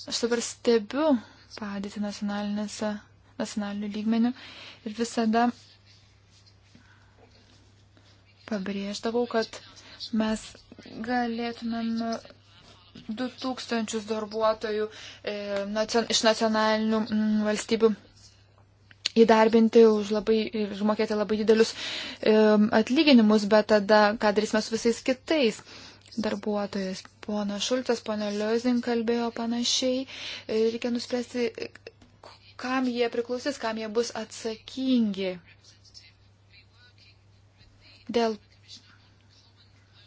Aš dabar stebiu padėti nacionaliniu lygmeniu ir visada pabrėždavau, kad mes galėtumėm 2000 darbuotojų e, nacion, iš nacionalinių m, mm, valstybių įdarbinti už labai ir mokėti labai didelius e, atlyginimus, bet tada ką darysime su visais kitais darbuotojais. Pona Šultas, pona Liozin kalbėjo panašiai. Reikia nuspręsti, kam jie priklausys, kam jie bus atsakingi. Dėl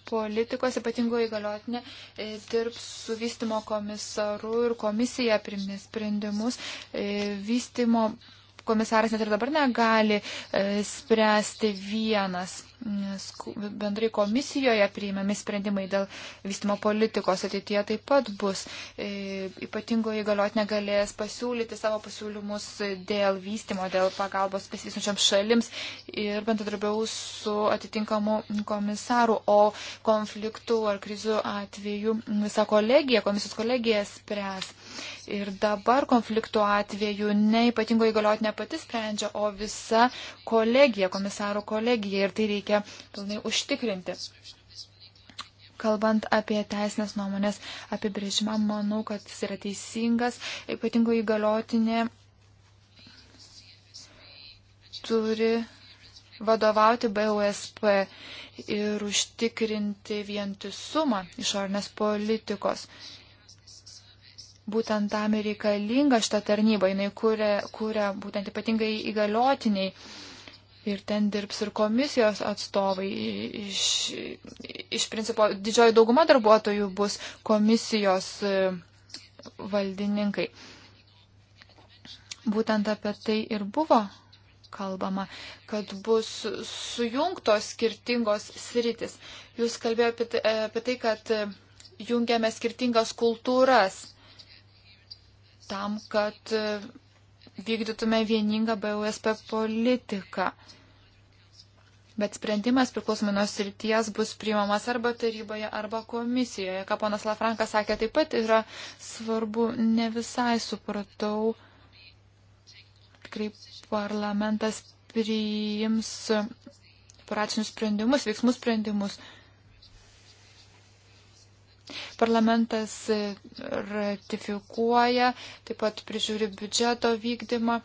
politikos ypatingo įgaliotinė e, dirbs su vystimo komisaru ir komisija primės sprendimus. E, vystimo komisaras net ir dabar negali e, spręsti vienas bendrai komisijoje priimami sprendimai dėl vystimo politikos ateityje taip pat bus. E, ypatingoji galiotinė galės pasiūlyti savo pasiūlymus dėl vystimo, dėl pagalbos besivystančiam šalims ir bendradarbiaus su atitinkamu komisaru, o konfliktų ar krizių atveju visa kolegija, komisijos kolegija spręs. Ir dabar konfliktų atveju ne ypatingoji galiotinė pati sprendžia, o visa kolegija, komisaro kolegija. Ir tai reikia reikia pilnai užtikrinti. Kalbant apie teisinės nuomonės apibrėžimą, manau, kad jis yra teisingas, ypatingai įgaliotinė turi vadovauti BUSP ir užtikrinti vientisumą išornės politikos. Būtent tam ir reikalinga šita tarnyba, jinai kūrė, kūrė būtent ypatingai įgaliotiniai ir ten dirbs ir komisijos atstovai. Iš, iš principo, didžioji dauguma darbuotojų bus komisijos e, valdininkai. Būtent apie tai ir buvo kalbama, kad bus sujungtos skirtingos sritis. Jūs kalbėjote apie, tai, apie tai, kad e, jungiame skirtingas kultūras tam, kad e, vykdytume vieningą BUSP politiką. Bet sprendimas priklausomai nuo srities bus priimamas arba taryboje, arba komisijoje. Ką ponas Lafrankas sakė, taip pat yra svarbu, ne visai supratau, tikrai parlamentas priims operacinius sprendimus, veiksmų sprendimus. Parlamentas ratifikuoja, taip pat prižiūri biudžeto vykdymą.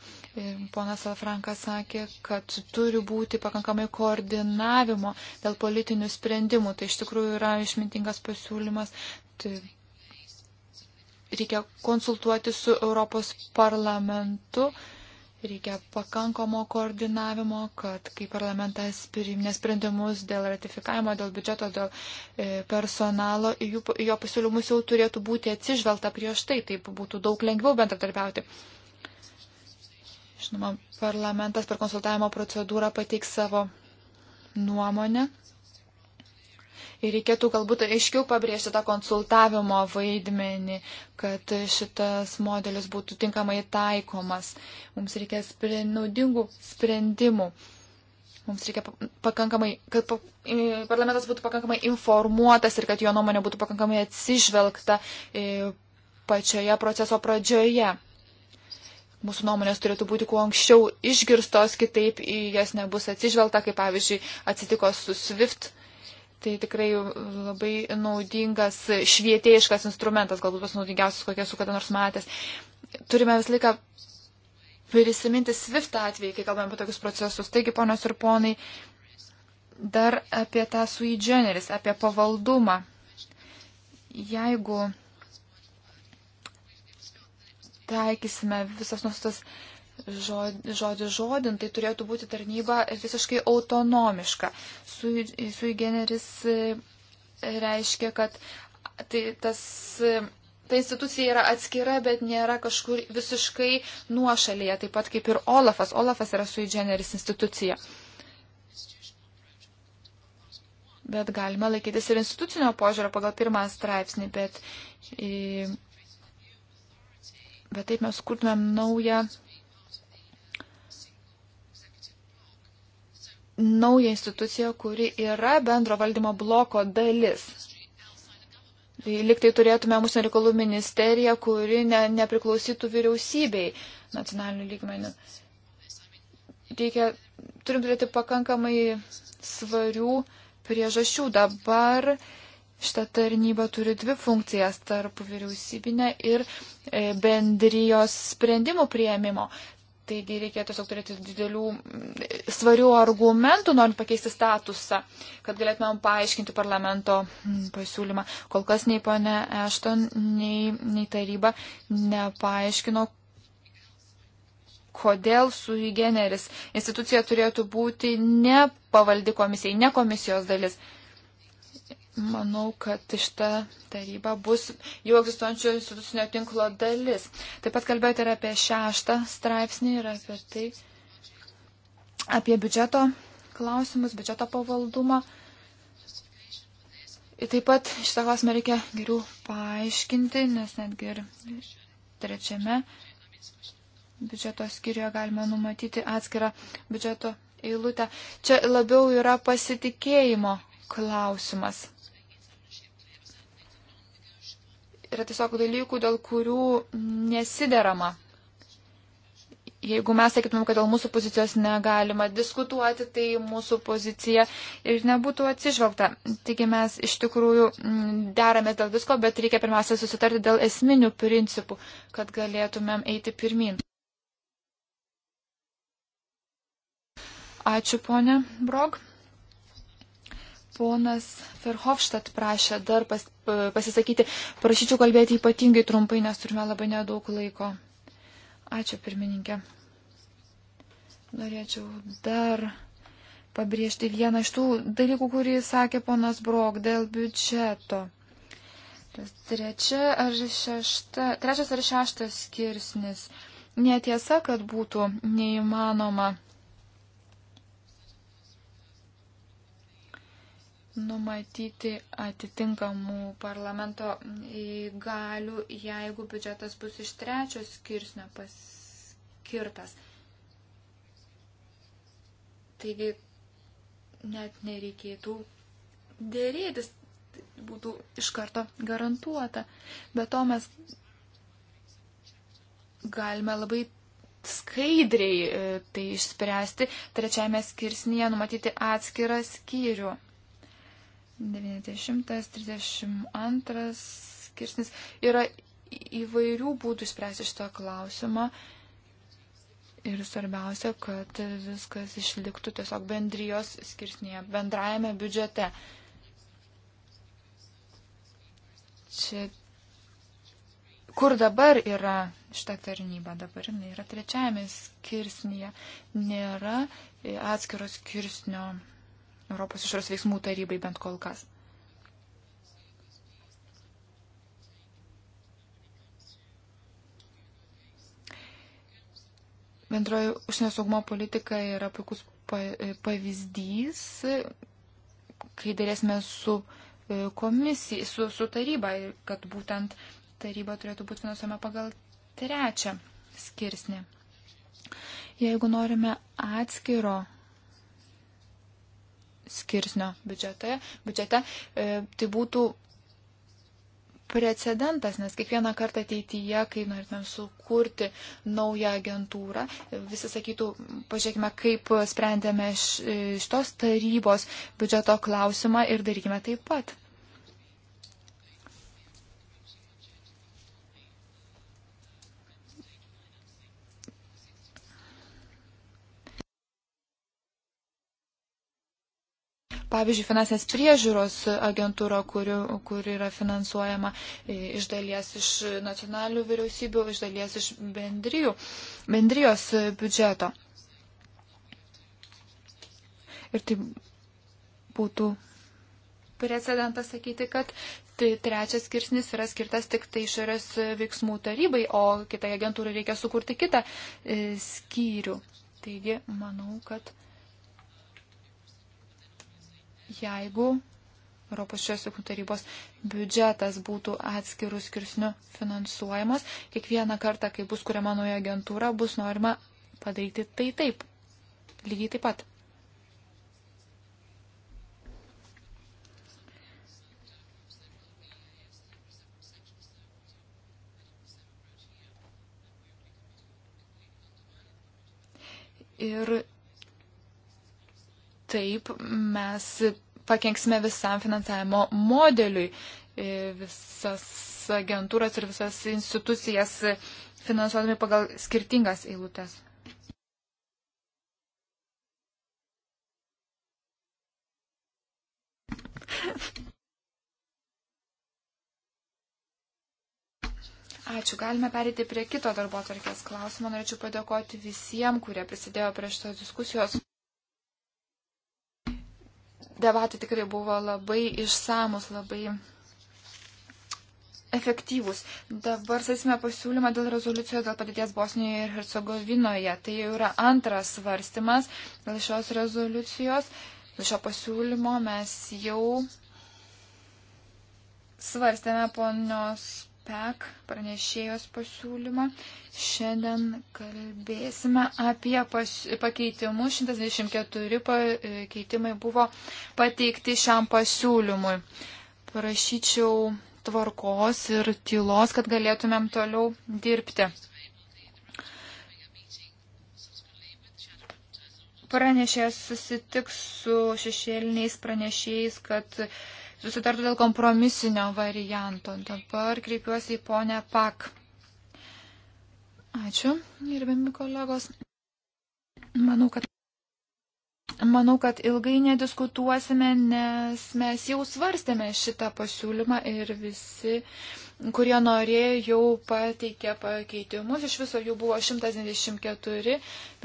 Ponas Alfrankas sakė, kad turi būti pakankamai koordinavimo dėl politinių sprendimų. Tai iš tikrųjų yra išmintingas pasiūlymas. Tai reikia konsultuoti su Europos parlamentu Reikia pakankamo koordinavimo, kad kai parlamentas priimė sprendimus dėl ratifikavimo, dėl biudžeto, dėl e, personalo, jų, jo pasiūlymus jau turėtų būti atsižvelgta prieš tai, taip būtų daug lengviau bendradarbiauti. Žinoma, parlamentas per konsultavimo procedūrą pateiks savo nuomonę Ir reikėtų galbūt aiškiau pabrėžti tą konsultavimo vaidmenį, kad šitas modelis būtų tinkamai taikomas. Mums reikia naudingų sprendimų. Mums reikia pakankamai, kad parlamentas būtų pakankamai informuotas ir kad jo nuomonė būtų pakankamai atsižvelgta pačioje proceso pradžioje. Mūsų nuomonės turėtų būti kuo anksčiau išgirstos, kitaip į jas nebus atsižvelgta, kaip pavyzdžiui atsitiko su SWIFT Tai tikrai labai naudingas švietėjiškas instrumentas, galbūt pas naudingiausias, kokias esu kada nors matęs. Turime visą laiką prisiminti SWIFT atvejį, kai kalbame apie tokius procesus. Taigi, ponios ir ponai, dar apie tą sui generis, apie pavaldumą. Jeigu taikysime visas nusitas žodį, žodį žodin, tai turėtų būti tarnyba visiškai autonomiška. Sui, sui generis e, reiškia, kad tai, tas, ta institucija yra atskira, bet nėra kažkur visiškai nuošalėje, taip pat kaip ir Olafas. Olafas yra sui generis institucija. Bet galima laikytis ir institucinio požiūrio pagal pirmą straipsnį, bet, bet taip mes kurtumėm naują naują instituciją, kuri yra bendro valdymo bloko dalis. Tai liktai turėtume mūsų reikalų ministeriją, kuri ne, nepriklausytų vyriausybei nacionaliniu lygmeniu. Reikia, turim turėti pakankamai svarių priežasčių. Dabar šitą tarnybą turi dvi funkcijas tarp vyriausybinę ir e, bendrijos sprendimų prieimimo. Taigi reikia tiesiog turėti didelių mm, svarių argumentų, norint pakeisti statusą, kad galėtumėm paaiškinti parlamento mm, pasiūlymą. Kol kas nei ponė Ešton, nei, nei taryba nepaaiškino, kodėl su generis institucija turėtų būti ne pavaldi komisijai, ne komisijos dalis. Manau, kad šita taryba bus jų egzistuojančio institucinio tinklo dalis. Taip pat kalbėjote ir apie šeštą straipsnį ir apie tai, apie biudžeto klausimus, biudžeto pavaldumą. Ir taip pat šitą klausimą reikia geriau paaiškinti, nes netgi ir trečiame biudžeto skyriuje galima numatyti atskirą biudžeto eilutę. Čia labiau yra pasitikėjimo klausimas. yra tiesiog dalykų, dėl kurių nesiderama. Jeigu mes sakytumėm, kad dėl mūsų pozicijos negalima diskutuoti, tai mūsų pozicija ir nebūtų atsižvelgta. Taigi mes iš tikrųjų mm, deramės dėl visko, bet reikia pirmiausia susitarti dėl esminių principų, kad galėtumėm eiti pirmin. Ačiū, ponė Brog. Ponas Ferhofštat prašė dar pas, e, pasisakyti. Prašyčiau kalbėti ypatingai trumpai, nes turime labai nedaug laiko. Ačiū, pirmininkė. Norėčiau dar pabrėžti vieną iš tų dalykų, kurį sakė ponas Brok dėl biudžeto. Tas trečia ar šešta, trečias ar šeštas skirsnis. Netiesa, kad būtų neįmanoma numatyti atitinkamų parlamento įgalių, jeigu biudžetas bus iš trečio skirsnio paskirtas. Taigi net nereikėtų dėrėtis, tai būtų iš karto garantuota. Be to mes galime labai skaidriai e, tai išspręsti, trečiame skirsnyje numatyti atskirą skyrių. 932 skirsnis. Yra įvairių būdų spręsti šitą klausimą. Ir svarbiausia, kad viskas išliktų tiesiog bendrijos skirsnėje, bendrajame biudžete. Čia, kur dabar yra šita tarnyba, dabar jinai yra trečiajame skirsnėje, nėra atskiros skirsnio Europos išros veiksmų tarybai bent kol kas. Bendroji užsienio saugumo politika yra puikus pavyzdys, kai dėlėsime su e, komisija, su, su taryba ir kad būtent taryba turėtų būti finansuojama pagal trečią skirsnį. Jeigu norime atskiro skirsnio biudžete, biudžete e, tai būtų precedentas, nes kiekvieną kartą ateityje, kai norėtumėm sukurti naują agentūrą, visi sakytų, pažiūrėkime, kaip sprendėme šitos tarybos biudžeto klausimą ir darykime taip pat. pavyzdžiui, finansinės priežiūros agentūra, kuri, kuri yra finansuojama e, iš dalies iš nacionalių vyriausybių, iš dalies iš bendrijų, bendrijos biudžeto. Ir tai būtų precedentas sakyti, kad tai trečias skirsnis yra skirtas tik tai išorės veiksmų tarybai, o kitai agentūrai reikia sukurti kitą e, skyrių. Taigi, manau, kad jeigu Europos šiosių tarybos biudžetas būtų atskirų skirsnių finansuojamas, kiekvieną kartą, kai bus kuriama nauja agentūra, bus norima padaryti tai taip. Lygiai taip pat. Ir taip mes pakenksime visam finansavimo modeliui. E, visas agentūras ir visas institucijas finansuodami pagal skirtingas eilutes. Ačiū. Galime perėti prie kito darbo atvarkės klausimo. Norėčiau padėkoti visiems, kurie prisidėjo prie šitos diskusijos debatai tikrai buvo labai išsamus, labai efektyvūs. Dabar, sakysime, pasiūlymą dėl rezoliucijos dėl padėties Bosnijoje ir Hercegovinoje. Tai jau yra antras svarstymas dėl šios rezoliucijos, dėl šio pasiūlymo mes jau svarstėme ponios PEC pranešėjos pasiūlymą. Šiandien kalbėsime apie pas, pakeitimus. 124 pakeitimai e, buvo pateikti šiam pasiūlymui. Prašyčiau tvarkos ir tylos, kad galėtumėm toliau dirbti. Pranešėjas susitiks su šešėliniais pranešėjais, kad susitartų dėl kompromisinio varianto. Dabar kreipiuosi į ponę Pak. Ačiū, gerbimi kolegos. Manau, kad. Manau, kad ilgai nediskutuosime, nes mes jau svarstėme šitą pasiūlymą ir visi kurie norėjo pateikė pakeitimus. Iš viso jų buvo 194.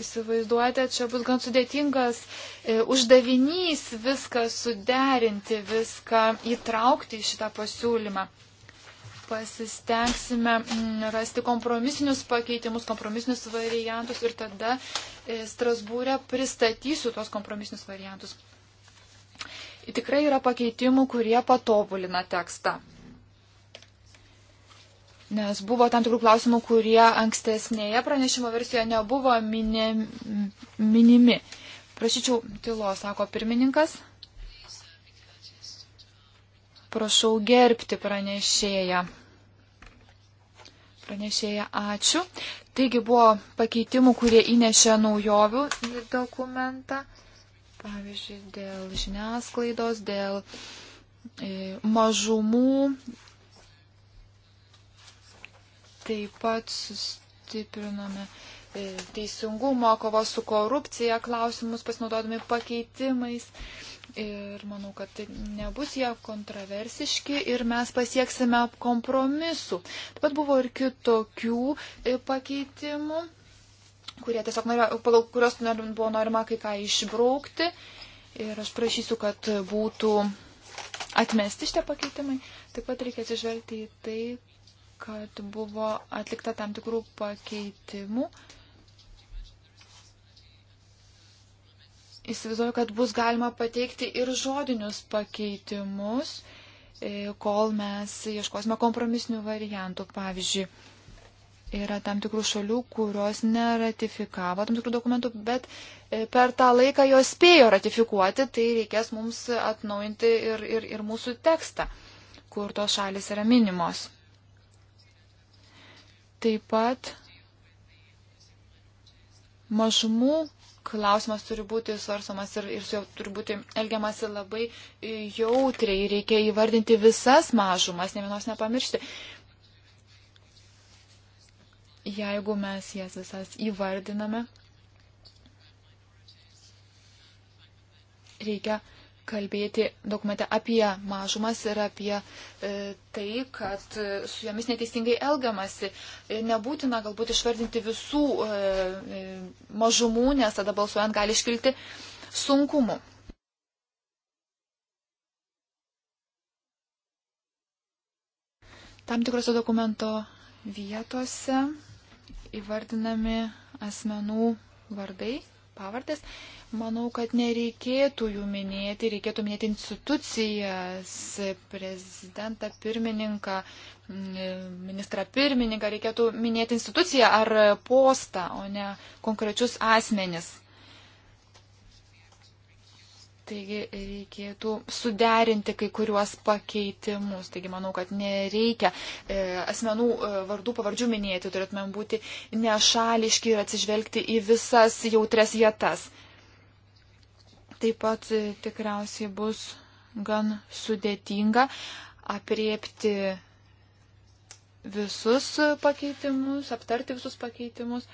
Įsivaizduojate, čia bus gan sudėtingas e, uždavinys viską suderinti, viską įtraukti į šitą pasiūlymą pasistengsime mm, rasti kompromisinius pakeitimus, kompromisinius variantus ir tada e, Strasbūrė pristatysiu tos kompromisinius variantus. Tikrai yra pakeitimų, kurie patobulina tekstą. Nes buvo tam tikrų klausimų, kurie ankstesnėje pranešimo versijoje nebuvo minė, minimi. Prašyčiau, tylo, sako pirmininkas. Prašau gerbti pranešėją. Pranešėja, ačiū. Taigi buvo pakeitimų, kurie įnešė naujovių į dokumentą. Pavyzdžiui, dėl žiniasklaidos, dėl e, mažumų Taip pat sustiprinome e, teisingumo, kovos su korupcija klausimus, pasinaudodami pakeitimais. Ir manau, kad tai nebus jie kontroversiški ir mes pasieksime kompromisų. Taip pat buvo ir kitokių e, pakeitimų, kurie tiesiog norėjo, pagal kurios buvo norima kai ką išbraukti. Ir aš prašysiu, kad būtų atmesti šitie pakeitimai. Taip pat reikia atsižvelgti į tai, kad buvo atlikta tam tikrų pakeitimų. Įsivaizduoju, kad bus galima pateikti ir žodinius pakeitimus, e, kol mes ieškosime kompromisinių variantų. Pavyzdžiui, yra tam tikrų šalių, kurios neratifikavo tam tikrų dokumentų, bet e, per tą laiką jos spėjo ratifikuoti, tai reikės mums atnaujinti ir, ir, ir mūsų tekstą, kur tos šalis yra minimos. Taip pat mažumų klausimas turi būti svarstomas ir, ir su jau turi būti elgiamasi labai jautriai. Reikia įvardinti visas mažumas, ne vienos nepamiršti. Jeigu mes jas visas įvardiname, reikia kalbėti dokumente apie mažumas ir apie e, tai, kad e, su jomis neteisingai elgiamasi. Nebūtina galbūt išvardinti visų e, e, mažumų, nes tada balsuojant gali iškilti sunkumų. Tam tikrose dokumento vietose įvardinami asmenų vardai pavardės. Manau, kad nereikėtų jų minėti, reikėtų minėti institucijas, prezidentą, pirmininką, ministrą pirmininką, reikėtų minėti instituciją ar postą, o ne konkrečius asmenis. Taigi reikėtų suderinti kai kuriuos pakeitimus. Taigi manau, kad nereikia e, asmenų e, vardų pavardžių minėti, turėtumėm būti nešališki ir atsižvelgti į visas jautres vietas. Taip pat e, tikriausiai bus gan sudėtinga apriepti visus pakeitimus, aptarti visus pakeitimus.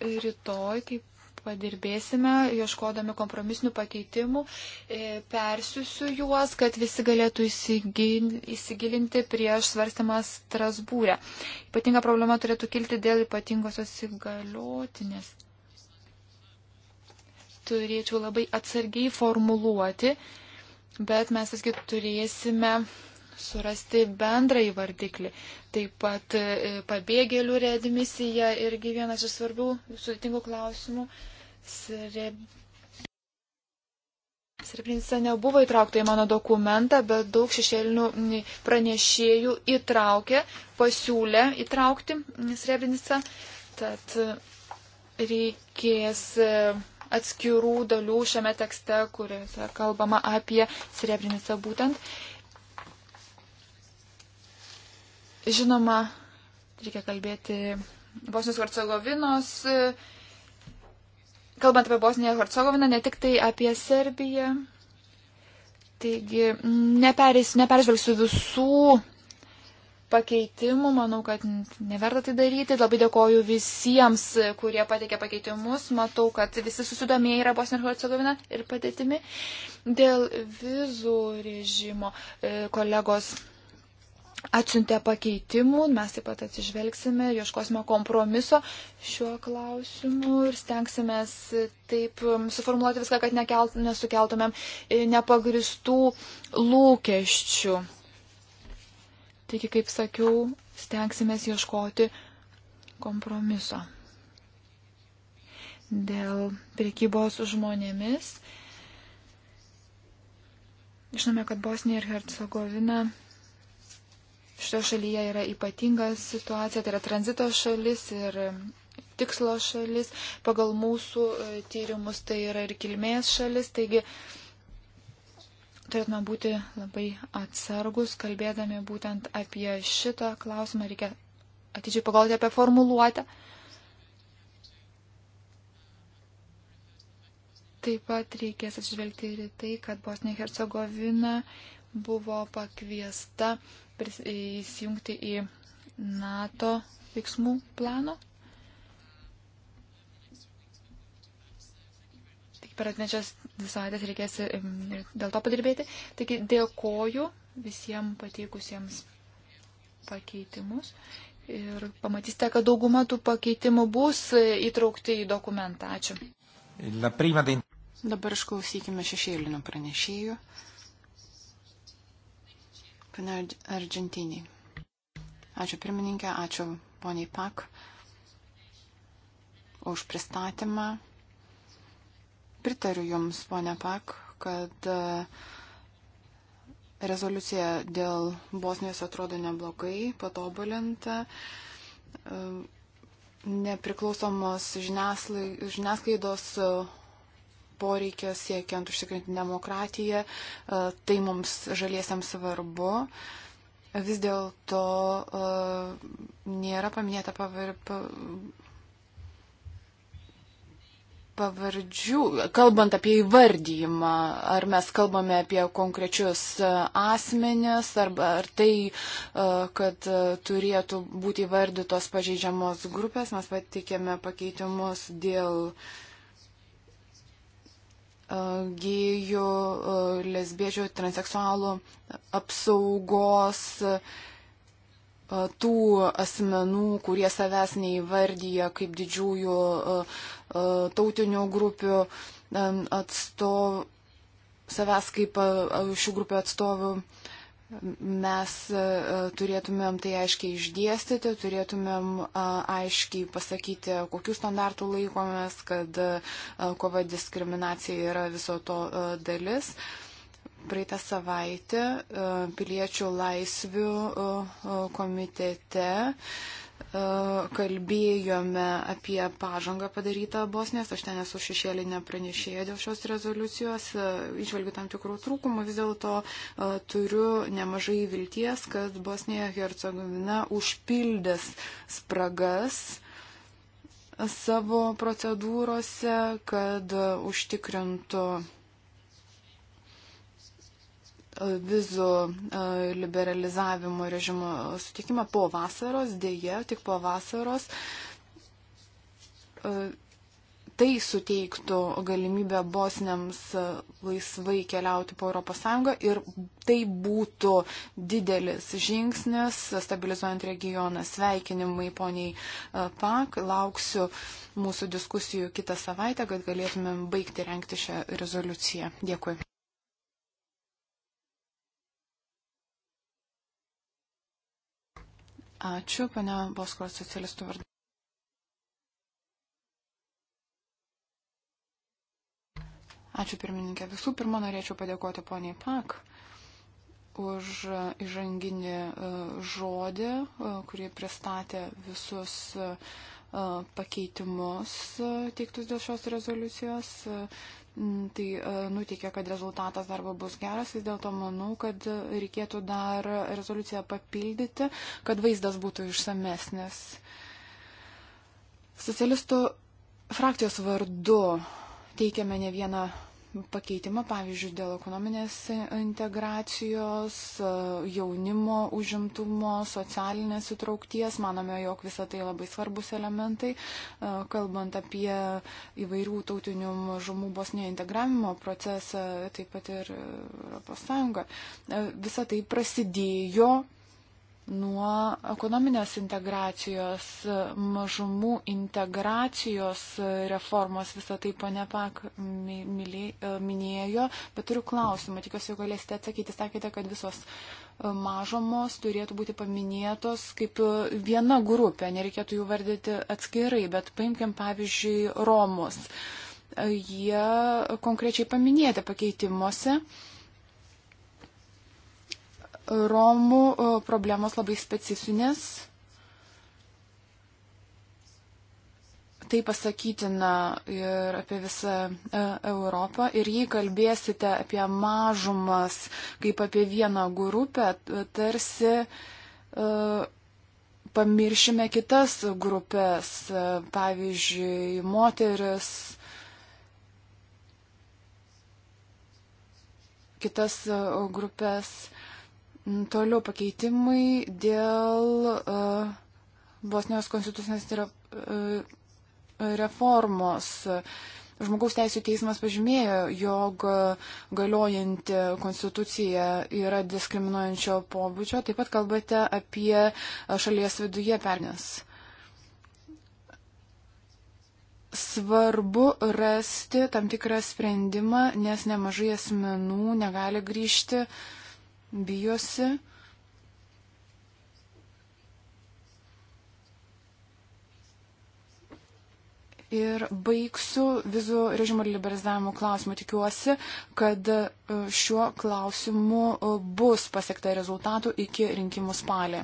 Rytoj, kaip padirbėsime, ieškodami kompromisinių pakeitimų, e, persiusiu juos, kad visi galėtų įsigilinti prieš svarstymą Strasbūrę. Ypatinga problema turėtų kilti dėl ypatingosios įgaliotinės. Turėčiau labai atsargiai formuluoti, bet mes visgi turėsime surasti bendrą įvardiklį. Taip pat e, pabėgėlių readmisija irgi vienas iš svarbių sudėtingų klausimų. Sreb... Srebrenica nebuvo įtraukta į mano dokumentą, bet daug šešėlinių pranešėjų įtraukė, pasiūlė įtraukti Srebrenicą. Tad reikės e, atskirų dalių šiame tekste, kuriuose kalbama apie Srebrenicą būtent. Žinoma, reikia kalbėti Bosnijos Hercegovinos e, kalbant apie Bosniją ir Hercegoviną, ne tik tai apie Serbiją. Taigi, neperės, neperžvelgsiu visų pakeitimų, manau, kad neverta tai daryti. Labai dėkoju visiems, kurie pateikė pakeitimus. Matau, kad visi susidomėjai yra Bosnija ir Hercegovina ir padėtimi. Dėl vizų režimo e, kolegos atsiuntė pakeitimų, mes taip pat atsižvelgsime, ieškosime kompromiso šiuo klausimu ir stengsime taip um, suformuoluoti viską, kad nekelt, nesukeltumėm e, nepagristų lūkesčių. Taigi, kaip sakiau, stengsime ieškoti kompromiso. Dėl priekybos žmonėmis. Žinome, kad Bosnija ir Hercegovina šitoje šalyje yra ypatinga situacija, tai yra tranzito šalis ir tikslo šalis, pagal mūsų e, tyrimus tai yra ir kilmės šalis, taigi turėtume būti labai atsargus, kalbėdami būtent apie šitą klausimą, reikia atidžiai pagalvoti apie formuluotę. Taip pat reikės atžvelgti ir tai, kad Bosnija Hercegovina buvo pakviesta įsijungti į NATO veiksmų plano. Tik per atnečias dvi savaitės reikės dėl to padirbėti. Taigi dėkoju visiems pateikusiems pakeitimus. Ir pamatysite, kad dauguma tų pakeitimų bus įtraukti į dokumentą. Ačiū. Dabar išklausykime šešėlinių pranešėjų. Pana Argentinį. Ačiū pirmininkė, ačiū poniai Pak už pristatymą. Pritariu Jums, ponia Pak, kad e, rezoliucija dėl Bosnijos atrodo neblogai, patobulinta. E, nepriklausomos žiniasklaidos e, poreikio siekiant užtikrinti demokratiją. E, tai mums žaliesiam svarbu. Vis dėlto e, nėra paminėta pavar, pa, pavardžių, kalbant apie įvardyjimą, ar mes kalbame apie konkrečius asmenis, arba ar tai, e, kad turėtų būti įvardytos pažeidžiamos grupės, mes patikėme pakeitimus dėl uh, gėjų, e, lesbiečių, transeksualų apsaugos e, tų asmenų, kurie savęs neįvardyja kaip didžiųjų e, tautinių grupių atstovų, savęs kaip šių grupių atstovų mes e, e, turėtumėm tai aiškiai išdėstyti, turėtumėm e, aiškiai pasakyti, kokiu standartu laikomės, kad kova diskriminacija yra viso to dalis. Praeitą savaitę piliečių laisvių komitete E, kalbėjome apie pažangą padarytą Bosnės, aš ten esu šešėlinė pranešėja dėl šios rezoliucijos, e, išvelgiu tam tikrų trūkumų, vis dėlto e, turiu nemažai vilties, kad Bosnija Hercegovina užpildės spragas savo procedūrose, kad užtikrintų vizų e, liberalizavimo režimo sutikimą po vasaros, dėje, tik po vasaros. E, tai suteiktų galimybę bosniams e, laisvai keliauti po ES ir tai būtų didelis žingsnis, stabilizuojant regioną. Sveikinimai poniai PAK, lauksiu mūsų diskusijų kitą savaitę, kad galėtumėm baigti renkti šią rezoliuciją. Dėkui. Ačiū, pane Boskos socialistų vardu. Ačiū pirmininkė. Visų pirma, norėčiau padėkoti poniai Pak už įžanginį e, žodį, e, kurį pristatė visus e, pakeitimus teiktus dėl šios rezoliucijos. Mm, tai e, nutikė, kad rezultatas darbo bus geras, vis dėlto manau, kad reikėtų dar rezoliuciją papildyti, kad vaizdas būtų išsamesnis. Socialistų frakcijos vardu teikiame ne vieną pakeitimą, pavyzdžiui, dėl ekonominės integracijos, jaunimo užimtumo, socialinės įtraukties. Manome, jog visą tai labai svarbus elementai, kalbant apie įvairių tautinių mažumų Bosnijoje integravimo procesą, taip pat ir ES. E, visą tai prasidėjo nuo ekonominės integracijos, mažumų integracijos reformos, visą tai pane Pak e, minėjo, bet turiu klausimą, tikiuosi, jau galėsite atsakyti, sakėte, kad visos e, mažomos turėtų būti paminėtos kaip e, viena grupė, nereikėtų jų vardyti atskirai, bet paimkim pavyzdžiui Romus. Jie konkrečiai paminėti pakeitimuose. Uh, Romų e, problemos labai specifinės. Tai pasakytina ir apie visą e, Europą. Ir jei kalbėsite apie mažumas kaip apie vieną grupę, tarsi e, pamiršime kitas grupės, pavyzdžiui, moteris, kitas grupės. Mm, toliau pakeitimai dėl uh, Bosnijos konstitucinės re, uh, reformos. Žmogaus teisų teismas pažymėjo, jog galiojanti konstitucija yra diskriminuojančio pobūdžio. Taip pat kalbate apie šalies viduje pernės. Svarbu rasti tam tikrą sprendimą, nes nemažai asmenų negali grįžti uh, bijosi. Ir baigsiu vizų režimo liberalizavimo klausimu. Tikiuosi, kad e, šiuo klausimu e, bus pasiekta rezultatų iki rinkimų spalį.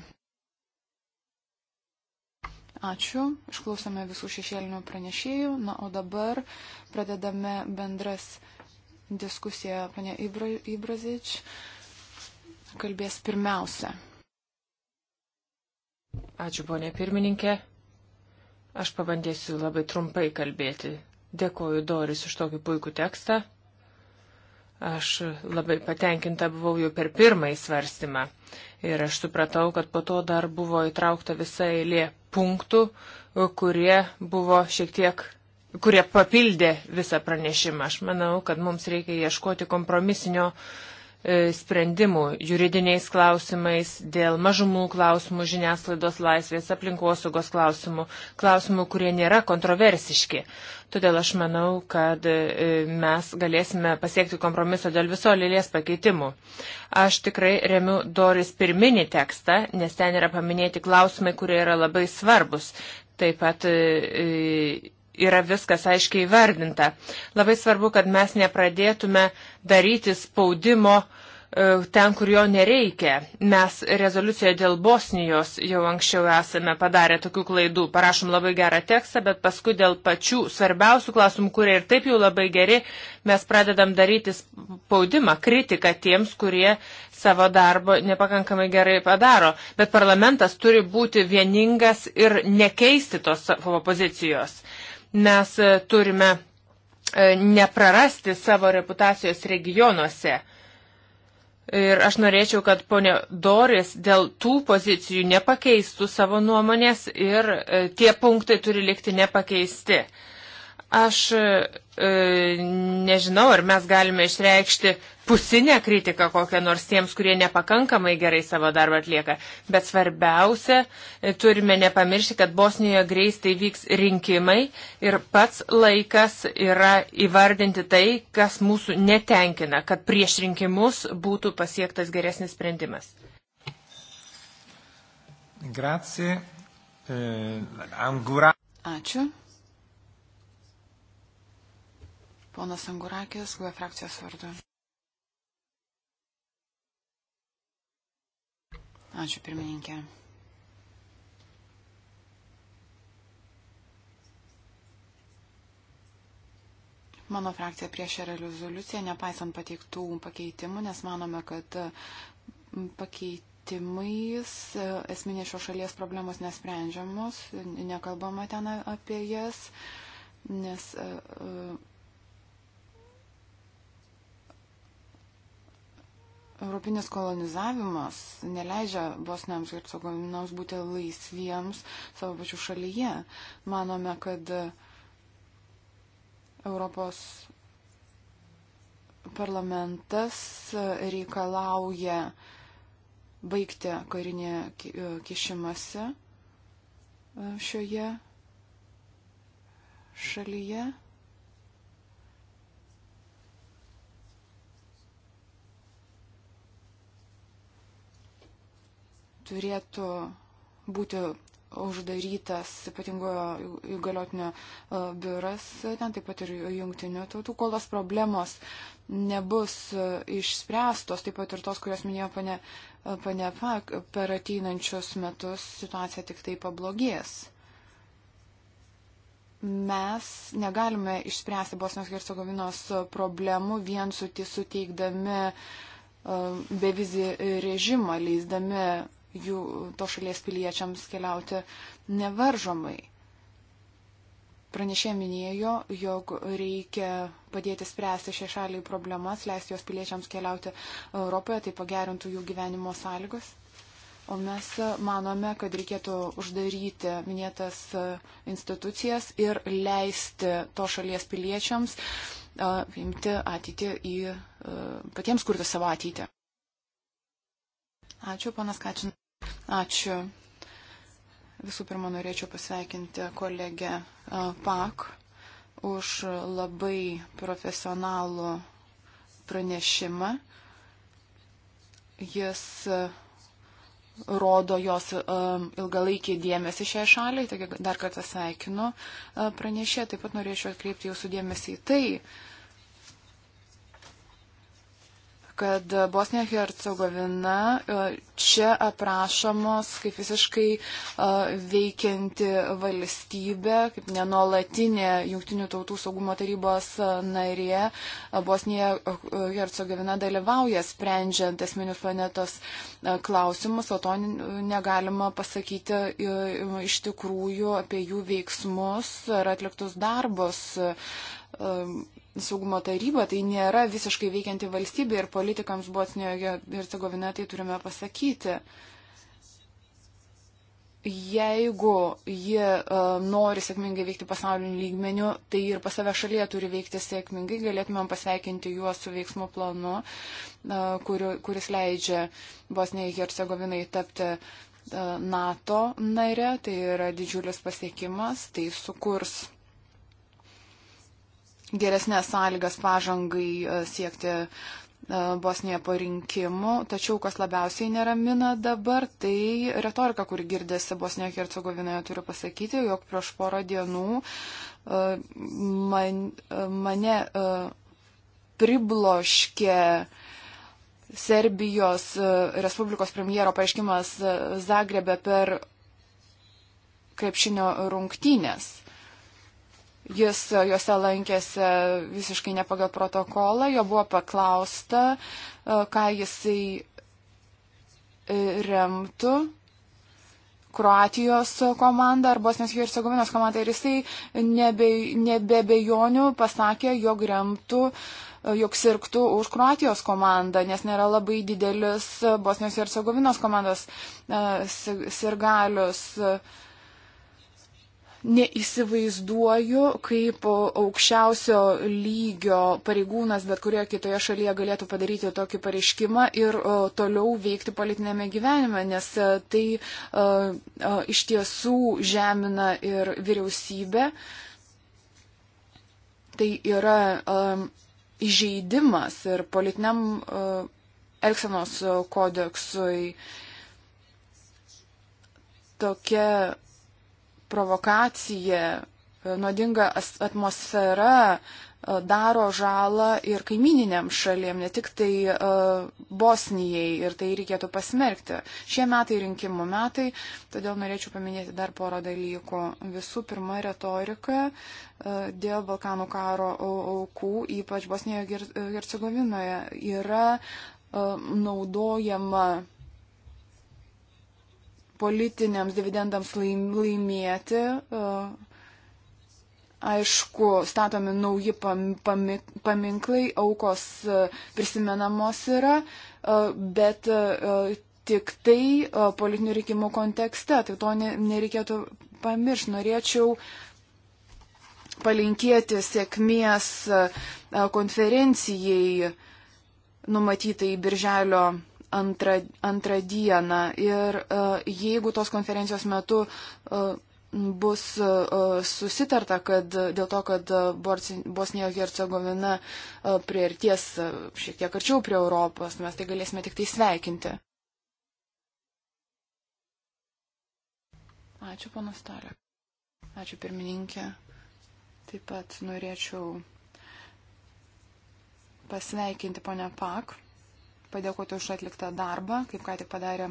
Ačiū. Išklausome visų šešėlinių pranešėjų. Na, o dabar pradedame bendras diskusiją, panė Ibrazič. Ibra kalbės pirmiausia. Ačiū, ponė pirmininkė. Aš pabandysiu labai trumpai kalbėti. Dėkoju Doris už tokį puikų tekstą. Aš labai patenkinta buvau jau per pirmąjį svarstymą. Ir aš supratau, kad po to dar buvo įtraukta visa eilė punktų, kurie buvo šiek tiek kurie papildė visą pranešimą. Aš manau, kad mums reikia ieškoti kompromisinio uh, E, sprendimų juridiniais klausimais, dėl mažumų klausimų, žiniasklaidos laisvės, aplinkosaugos klausimų, klausimų, kurie nėra kontroversiški. Todėl aš manau, kad e, mes galėsime pasiekti kompromiso dėl viso lėlės pakeitimų. Aš tikrai remiu Doris pirminį tekstą, nes ten yra paminėti klausimai, kurie yra labai svarbus. Taip pat e, yra viskas aiškiai įvardinta. Labai svarbu, kad mes nepradėtume daryti spaudimo e, ten, kur jo nereikia. Mes rezoliucijoje dėl Bosnijos jau anksčiau esame padarę tokių klaidų. Parašom labai gerą tekstą, bet paskui dėl pačių svarbiausių klausimų, kurie ir taip jau labai geri, mes pradedam daryti spaudimą, kritiką tiems, kurie savo darbo nepakankamai gerai padaro. Bet parlamentas turi būti vieningas ir nekeisti tos savo pozicijos. Mes e, turime e, neprarasti savo reputacijos regionuose. Ir aš norėčiau, kad ponė Doris dėl tų pozicijų nepakeistų savo nuomonės ir e, tie punktai turi likti nepakeisti. Aš e, nežinau, ar mes galime išreikšti pusinę kritiką kokią nors tiems, kurie nepakankamai gerai savo darbą atlieka. Bet svarbiausia, e, turime nepamiršti, kad Bosnijoje greitai vyks rinkimai ir pats laikas yra įvardinti tai, kas mūsų netenkina, kad prieš rinkimus būtų pasiektas geresnis sprendimas. Grazie. Eh, angura... Ačiū. Ponas Angurakis, GUE frakcijos vardu. Ačiū pirmininkė. Mano frakcija prieš šią rezoliuciją, nepaisant pateiktų pakeitimų, nes manome, kad pakeitimais esminės šios šalies problemos nesprendžiamos, nekalbama ten apie jas, nes. Uh, Europinis kolonizavimas neleidžia bosniams ir cogovinams būti laisviems savo pačių šalyje. Manome, kad Europos parlamentas reikalauja baigti karinį kišimąsi e, šioje šalyje. turėtų būti uždarytas ypatingojo įgaliotinio e, biuras, e, ten taip pat ir jungtinių tautų, kol tos problemos nebus e, išspręstos, taip pat ir tos, kurias minėjo pane, pane Fak, per ateinančius metus situacija tik tai pablogės. Mes negalime išspręsti Bosnijos Hercegovinos problemų vien suteikdami bevizį režimą, leisdami jų to šalies piliečiams keliauti nevaržomai. Pranešė minėjo, jog reikia padėti spręsti šią šalį problemas, leisti jos piliečiams keliauti Europoje, tai pagerintų jų gyvenimo sąlygas. O mes manome, kad reikėtų uždaryti minėtas institucijas ir leisti to šalies piliečiams imti ateitį į patiems kurti savo ateitį. Ačiū, panas Kačin. Ačiū. Visų pirma, norėčiau pasveikinti kolegę Pak už labai profesionalų pranešimą. Jis rodo jos ilgalaikį dėmesį šiai šaliai, taigi dar kartą sveikinu pranešę. Taip pat norėčiau atkreipti jūsų dėmesį į tai, kad Bosnija Hercegovina e, čia aprašomos kaip visiškai e, veikianti valstybė, kaip nenolatinė Junktinių tautų saugumo tarybos e, narė. Bosnija Hercegovina dalyvauja sprendžiant esminius planetos klausimus, o to negalima pasakyti iš tikrųjų apie jų veiksmus ar atliktus darbus saugumo taryba tai nėra visiškai veikianti valstybė ir politikams Bosnijoje ir Cegovina tai turime pasakyti. Jeigu jie uh, nori sėkmingai veikti pasauliniu lygmeniu, tai ir pas save šalyje turi veikti sėkmingai. Galėtumėm pasveikinti juos su veiksmo planu, uh, kuriu, kuris leidžia Bosnijai ir Hercegovinai tapti uh, NATO nare. Tai yra didžiulis pasiekimas. Tai sukurs geresnės sąlygas pažangai e, siekti e, Bosnijoje po rinkimų, tačiau kas labiausiai neramina dabar, tai retorika, kuri girdėsi Bosnijoje ir Hercegovinoje, turiu pasakyti, jog prieš porą dienų e, man, mane pribloškė Serbijos Respublikos premjero pareiškimas Zagrebe per krepšinio rungtynės. Jis e, juose lankėsi visiškai ne pagal protokolą, jo buvo paklausta, e, ką jisai e, remtų Kroatijos komanda ar Bosnijos ir Hercegovinos komanda ir jisai nebe, nebebejonių pasakė, jog remtų, jog sirgtų už Kroatijos komandą, nes nėra labai didelis Bosnijos ir Hercegovinos komandos sirgalius. Uh, neįsivaizduoju, kaip aukščiausio lygio pareigūnas bet kurioje kitoje šalyje galėtų padaryti tokį pareiškimą ir e, toliau veikti politinėme gyvenime, nes e, tai e, iš tiesų žemina ir vyriausybė. Tai yra įžeidimas ir politiniam Elksenos kodeksui tokia provokacija, e, nuodinga atmosfera e, daro žalą ir kaimininiam šalim, ne tik tai e, Bosnijai ir tai reikėtų pasmerkti. Šie metai rinkimų metai, todėl norėčiau paminėti dar porą dalykų. Visų pirma, retorika dėl Balkanų karo aukų, ypač Bosnijoje ir Hercegovinoje, yra naudojama politiniams dividendams laimėti. E, aišku, statomi nauji paminklai, aukos e, prisimenamos yra, e, bet tik tai politinių reikimų kontekste. Tai to nereikėtų pamiršti. Norėčiau palinkėti sėkmės konferencijai numatytai birželio antrą, antrą dieną. Ir e, jeigu tos konferencijos metu e, bus e, susitarta, kad dėl to, kad Bosnija Hercegovina priearties šiek tiek arčiau prie Europos, mes tai galėsime tik tai sveikinti. Ačiū, panas Tarek. Ačiū, pirmininkė. Taip pat norėčiau pasveikinti ponę Pak padėkoti už atliktą darbą, kaip ką tik padarė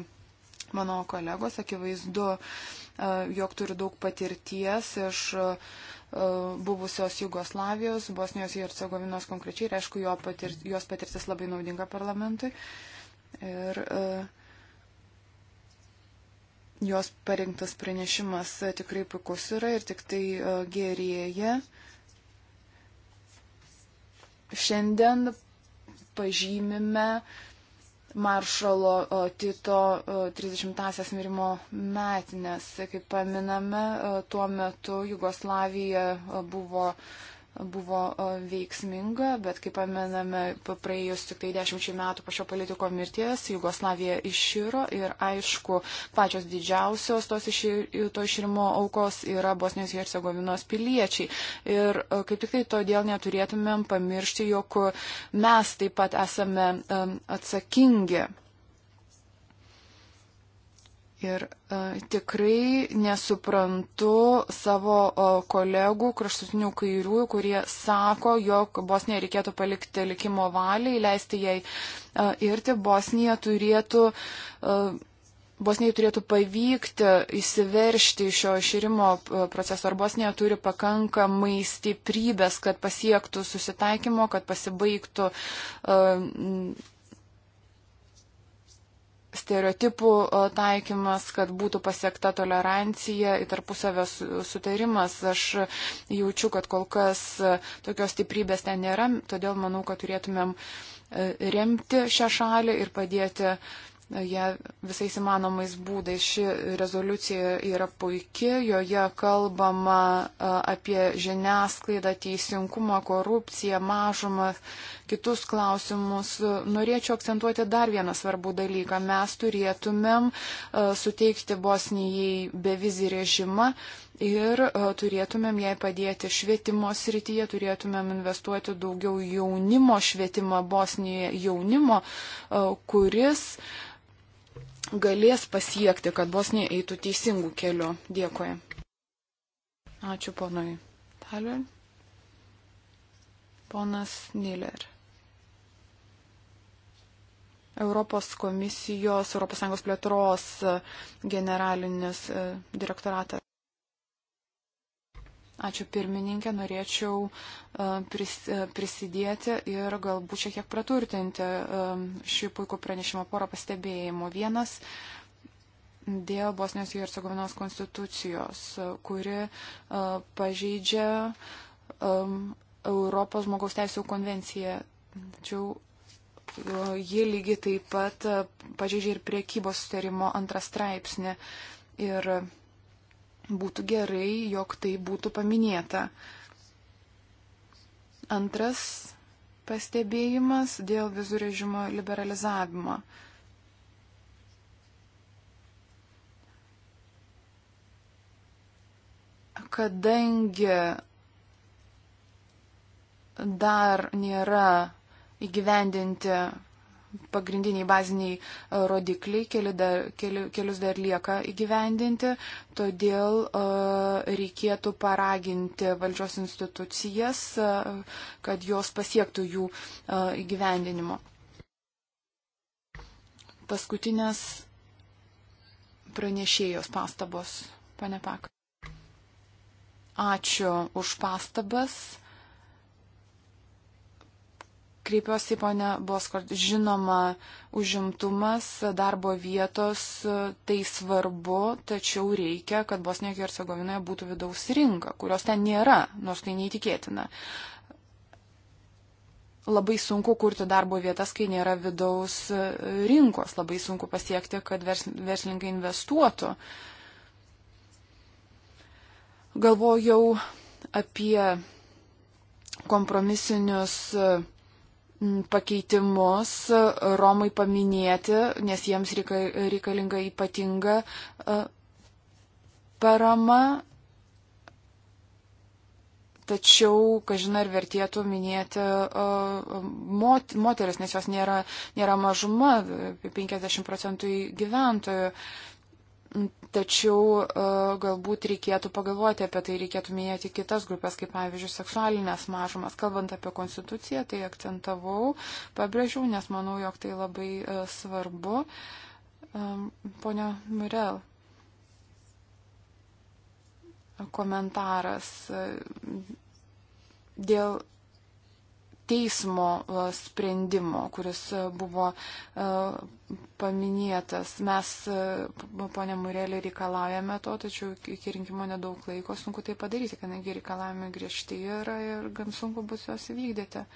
mano kolegos. Akivaizdu, e, jog turi daug patirties iš e, buvusios Jugoslavijos, Bosnijos ir Hercegovinos konkrečiai ir aišku, jo patir, jos patirtis labai naudinga parlamentui. Ir e, jos parinktas pranešimas tikrai puikus yra ir tik tai gerėja. Šiandien pažymime maršalo Tito 30-asias mirimo metinės. Kaip paminame, tuo metu Jugoslavija buvo buvo e, veiksminga, bet kaip pamename, praėjus tik tai dešimčiai metų po šio politiko mirties, Jugoslavija iširo ir aišku, pačios didžiausios tos iš, to išrimo aukos yra Bosnijos Hercegovinos piliečiai. Ir e, kaip tik tai todėl neturėtumėm pamiršti, jog mes taip pat esame um, atsakingi Ir a, e, tikrai nesuprantu savo a, kolegų kraštutinių kairiųjų, kurie sako, jog Bosniją reikėtų palikti likimo valiai, leisti jai a, e, irti. Bosnija turėtų. A, e, Bosnijai turėtų pavykti įsiveršti iš šio širimo proceso, ar Bosnija turi pakankamai stiprybės, kad pasiektų susitaikymo, kad pasibaigtų uh, stereotipų taikymas, kad būtų pasiekta tolerancija, į tarpusavę sutarimas. Aš jaučiu, kad kol kas e, tokios stiprybės ten nėra, todėl manau, kad turėtumėm e, remti šią šalį ir padėti uh, ją visais įmanomais būdais. Ši rezoliucija yra puikia, joje kalbama apie žiniasklaidą, teisingumą, korupciją, mažumą, kitus klausimus. Norėčiau akcentuoti dar vieną svarbų dalyką. Mes turėtumėm suteikti Bosnijai bevizį režimą. Ir turėtumėm jai padėti švietimo srityje, turėtumėm investuoti daugiau jaunimo švietimą Bosnijoje, jaunimo, kuris uh, galės pasiekti, kad Bosnija eitų teisingų kelių. Dėkui. Ačiū ponui Taler. Ponas Niller. Europos komisijos, ES plėtros e, generalinis e, direktoratas. Ačiū pirmininkė, norėčiau e, e, prisidėti ir galbūt šiek tiek praturtinti e, šį puikų pranešimą porą pastebėjimų. Vienas dėl Bosnijos ir Hercegovinos konstitucijos, kuri pažeidžia Europos žmogaus teisų konvenciją. Tačiau ji lygiai taip pat pažeidžia ir priekybos sutarimo antrą straipsnį. Ir būtų gerai, jog tai būtų paminėta. Antras pastebėjimas dėl vizų režimo liberalizavimo. Kadangi dar nėra įgyvendinti pagrindiniai baziniai e, rodikliai, keli dar, keli, kelius dar lieka įgyvendinti, todėl e, reikėtų paraginti valdžios institucijas, e, kad jos pasiektų jų įgyvendinimo. Paskutinės pranešėjos pastabos, pane Pak. Ačiū už pastabas Kreipiuosi, ponia Boskort, žinoma, užimtumas, darbo vietos, tai svarbu, tačiau reikia, kad Bosnijoje ir Hercegovinoje būtų vidaus rinka, kurios ten nėra, nors tai neįtikėtina. Labai sunku kurti darbo vietas, kai nėra vidaus rinkos, labai sunku pasiekti, kad verslininkai investuotų. Galvojau apie kompromisinius Mm, pakeitimus Romai paminėti, nes jiems reikalinga ypatinga e, parama. Tačiau, kažin ar vertėtų minėti e, mot, moteris, nes jos nėra, nėra mažuma, 50 procentų gyventojų. Tačiau e, galbūt reikėtų pagalvoti apie tai, reikėtų minėti kitas grupės, kaip pavyzdžiui, seksualinės mažumas. Kalbant apie konstituciją, tai akcentavau, pabrėžiau, nes manau, jog tai labai e, svarbu. E, Pone Murel, komentaras dėl teismo e, sprendimo, kuris e, buvo e, paminėtas. Mes, ponė Murelė, reikalaujame to, tačiau iki rinkimo nedaug laiko sunku tai padaryti, kadangi reikalavimai griežti yra ir gan sunku bus juos įvykdyti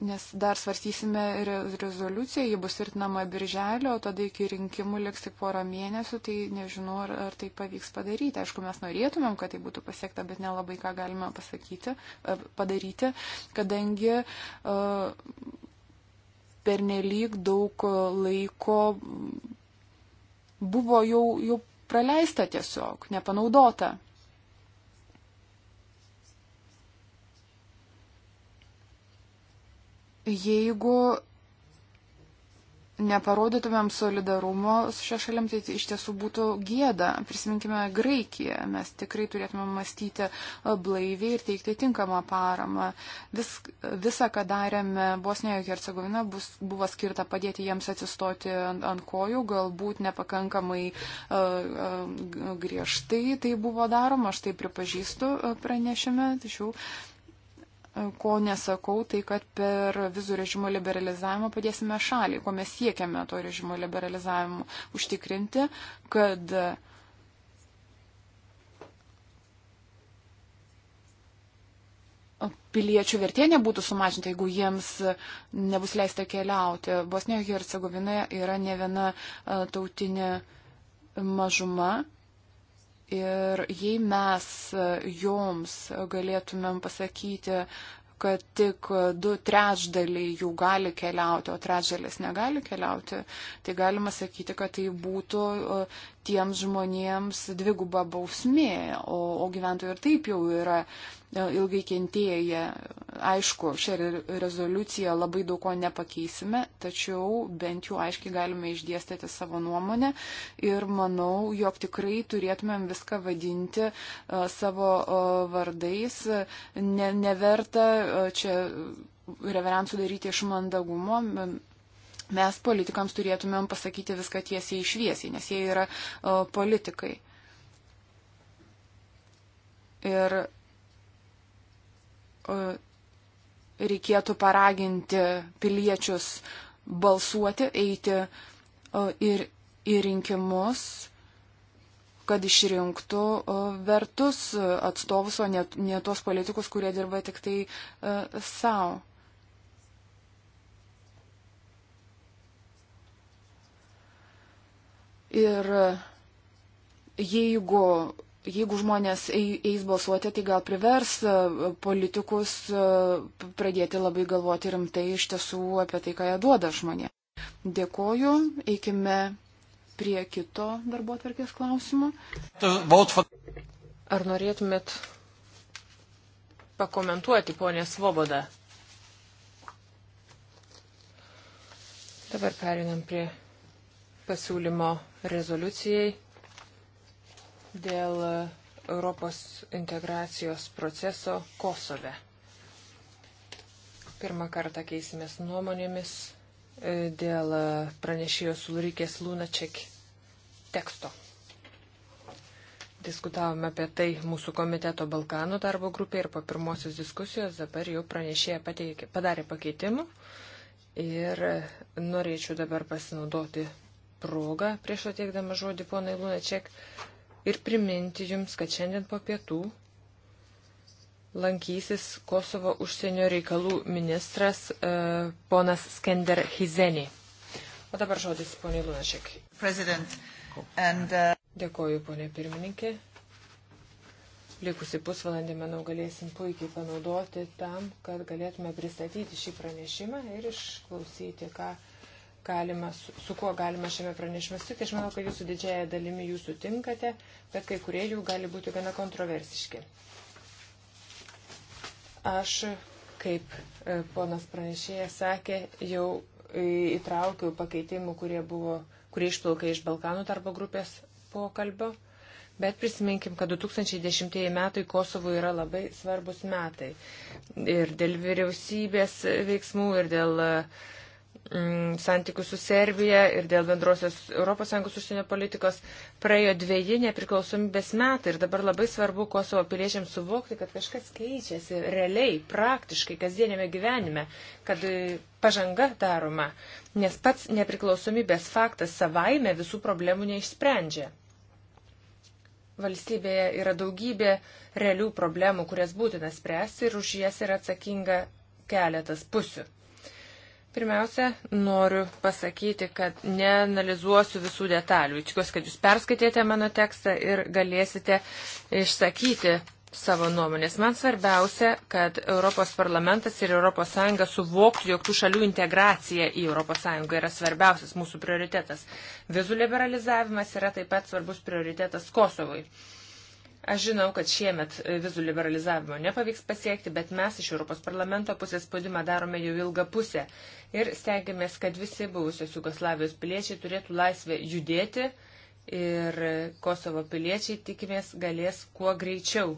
nes dar svarstysime rezoliuciją, ji bus tvirtinama birželio, o tada iki rinkimų liks tik porą mėnesių, tai nežinau, ar, ar tai pavyks padaryti. Aišku, mes norėtumėm, kad tai būtų pasiekta, bet nelabai ką galime pasakyti, e, padaryti, kadangi uh, pernelyg daug laiko buvo jau, jau praleista tiesiog, nepanaudota. jeigu neparodytumėm solidarumo su šia šalim, tai iš tiesų būtų gėda. Prisiminkime Graikiją. Mes tikrai turėtume mąstyti blaiviai ir teikti tinkamą paramą. Vis, visa, ką darėme Bosnijoje ir Hercegovina, bus, buvo skirta padėti jiems atsistoti ant, ant kojų, galbūt nepakankamai uh, uh, griežtai tai buvo daroma, aš tai pripažįstu e, pranešime, tačiau ko nesakau, tai kad per vizų režimo liberalizavimą padėsime šaliai, ko mes siekiame to režimo liberalizavimu, užtikrinti, kad piliečių vertė nebūtų sumažinta, jeigu jiems nebus leista keliauti. Bosnijoje ir Hercegovinoje yra ne viena e, tautinė mažuma Ir jei mes joms galėtumėm pasakyti, kad tik du trečdaliai jų gali keliauti, o trečdalis negali keliauti, tai galima sakyti, kad tai būtų tiems žmonėms dviguba bausmė, o, o gyventojai ir taip jau yra e, ilgai kentėję. Aišku, šią rezoliuciją labai daug ko nepakeisime, tačiau bent jau aiškiai galime išdėstyti savo nuomonę ir manau, jog tikrai turėtumėm viską vadinti e, savo e, vardais. Ne, neverta čia reverencijų daryti iš mandagumo, mes politikams turėtumėm pasakyti viską tiesiai išviesiai, nes jie yra o, politikai. Ir o, reikėtų paraginti piliečius balsuoti, eiti o, ir į rinkimus, kad išrinktų vertus atstovus, o ne, ne tuos politikus, kurie dirba tik tai e, savo. Ir jeigu, jeigu žmonės eis balsuoti, tai gal privers e, politikus e, pradėti labai galvoti rimtai iš tiesų apie tai, ką jie duoda žmonė. Dėkoju, eikime prie kito darbo atvarkės klausimo. Ar norėtumėt pakomentuoti, ponė Svoboda? Dabar perinam prie pasiūlymo rezoliucijai dėl Europos integracijos proceso Kosove. Pirmą kartą keisimės nuomonėmis e, dėl e, pranešėjos Lurikės Lunaček teksto. Diskutavome apie tai mūsų komiteto Balkanų darbo grupė ir po pirmosios diskusijos dabar jau pranešėja pateikė, padarė pakeitimų ir e, norėčiau dabar pasinaudoti progą, prieš ateikdama žodį ponai Lunačiek, ir priminti jums, kad šiandien po pietų lankysis Kosovo užsienio reikalų ministras uh, ponas Skender Hizeni. O dabar žodis poniai Lunačiek. And, uh... Dėkoju, ponė pirmininkė. Likusi pusvalandį, manau, galėsim puikiai panaudoti tam, kad galėtume pristatyti šį pranešimą ir išklausyti, ką. Ka galima, su, su kuo galima šiame pranešime sutikti. Aš manau, kad jūsų didžiaja dalimi jūs sutinkate, bet kai kurie jų gali būti gana kontroversiški. Aš, kaip e, ponas pranešėjas sakė, jau įtraukiau pakeitimų, kurie, buvo, kurie išplaukė iš Balkanų darbo grupės pokalbio. Bet prisiminkim, kad 2010 metai Kosovui yra labai svarbus metai. Ir dėl vyriausybės veiksmų, ir dėl uh, mm, santykių su Serbija ir dėl bendrosios ES užsienio politikos praėjo dviejį nepriklausomybės metai ir dabar labai svarbu Kosovo piliečiams suvokti, kad kažkas keičiasi realiai, praktiškai, kasdienėme gyvenime, kad e, pažanga daroma, nes pats nepriklausomybės faktas savaime visų problemų neišsprendžia. Valstybėje yra daugybė realių problemų, kurias būtina spręsti ir už jas yra atsakinga keletas pusių. Pirmiausia, noriu pasakyti, kad neanalizuosiu visų detalių. Tikiuosi, kad jūs perskaitėte mano tekstą ir galėsite išsakyti savo nuomonės. Man svarbiausia, kad Europos parlamentas ir ES suvoktų, jog tų šalių integracija į ES yra svarbiausias mūsų prioritetas. Vizų liberalizavimas yra taip pat svarbus prioritetas Kosovui. Aš žinau, kad šiemet e, vizų liberalizavimo nepavyks pasiekti, bet mes iš Europos parlamento pusės spaudimą darome jau ilgą pusę ir stengiamės, kad visi buvusios Jugoslavijos piliečiai turėtų laisvę judėti ir Kosovo piliečiai tikimės galės kuo greičiau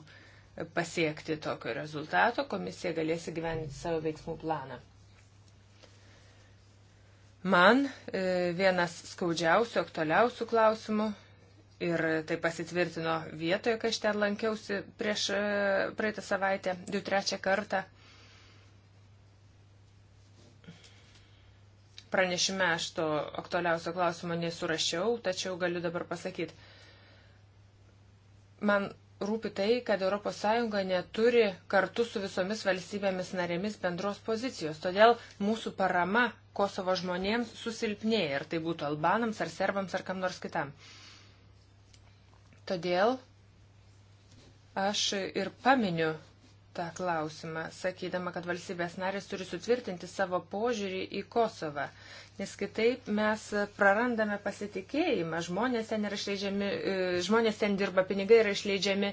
pasiekti tokio rezultato, komisija galės įgyveninti savo veiksmų planą. Man e, vienas skaudžiausių, aktualiausių klausimų ir tai pasitvirtino vietoje, kai aš ten lankiausi prieš e, praeitą savaitę, jau trečią kartą. Pranešime aš to aktualiausio klausimo nesurašiau, tačiau galiu dabar pasakyti. Man rūpi tai, kad ES neturi kartu su visomis valstybėmis narėmis bendros pozicijos. Todėl mūsų parama Kosovo žmonėms susilpnėja, ar tai būtų albanams, ar serbams, ar kam nors kitam. Uh, Todėl aš ir paminiu tą klausimą, sakydama, kad valstybės narės turi sutvirtinti savo požiūrį į Kosovą, nes kitaip mes prarandame pasitikėjimą, žmonės ten, e, žmonės ten dirba, pinigai yra išleidžiami,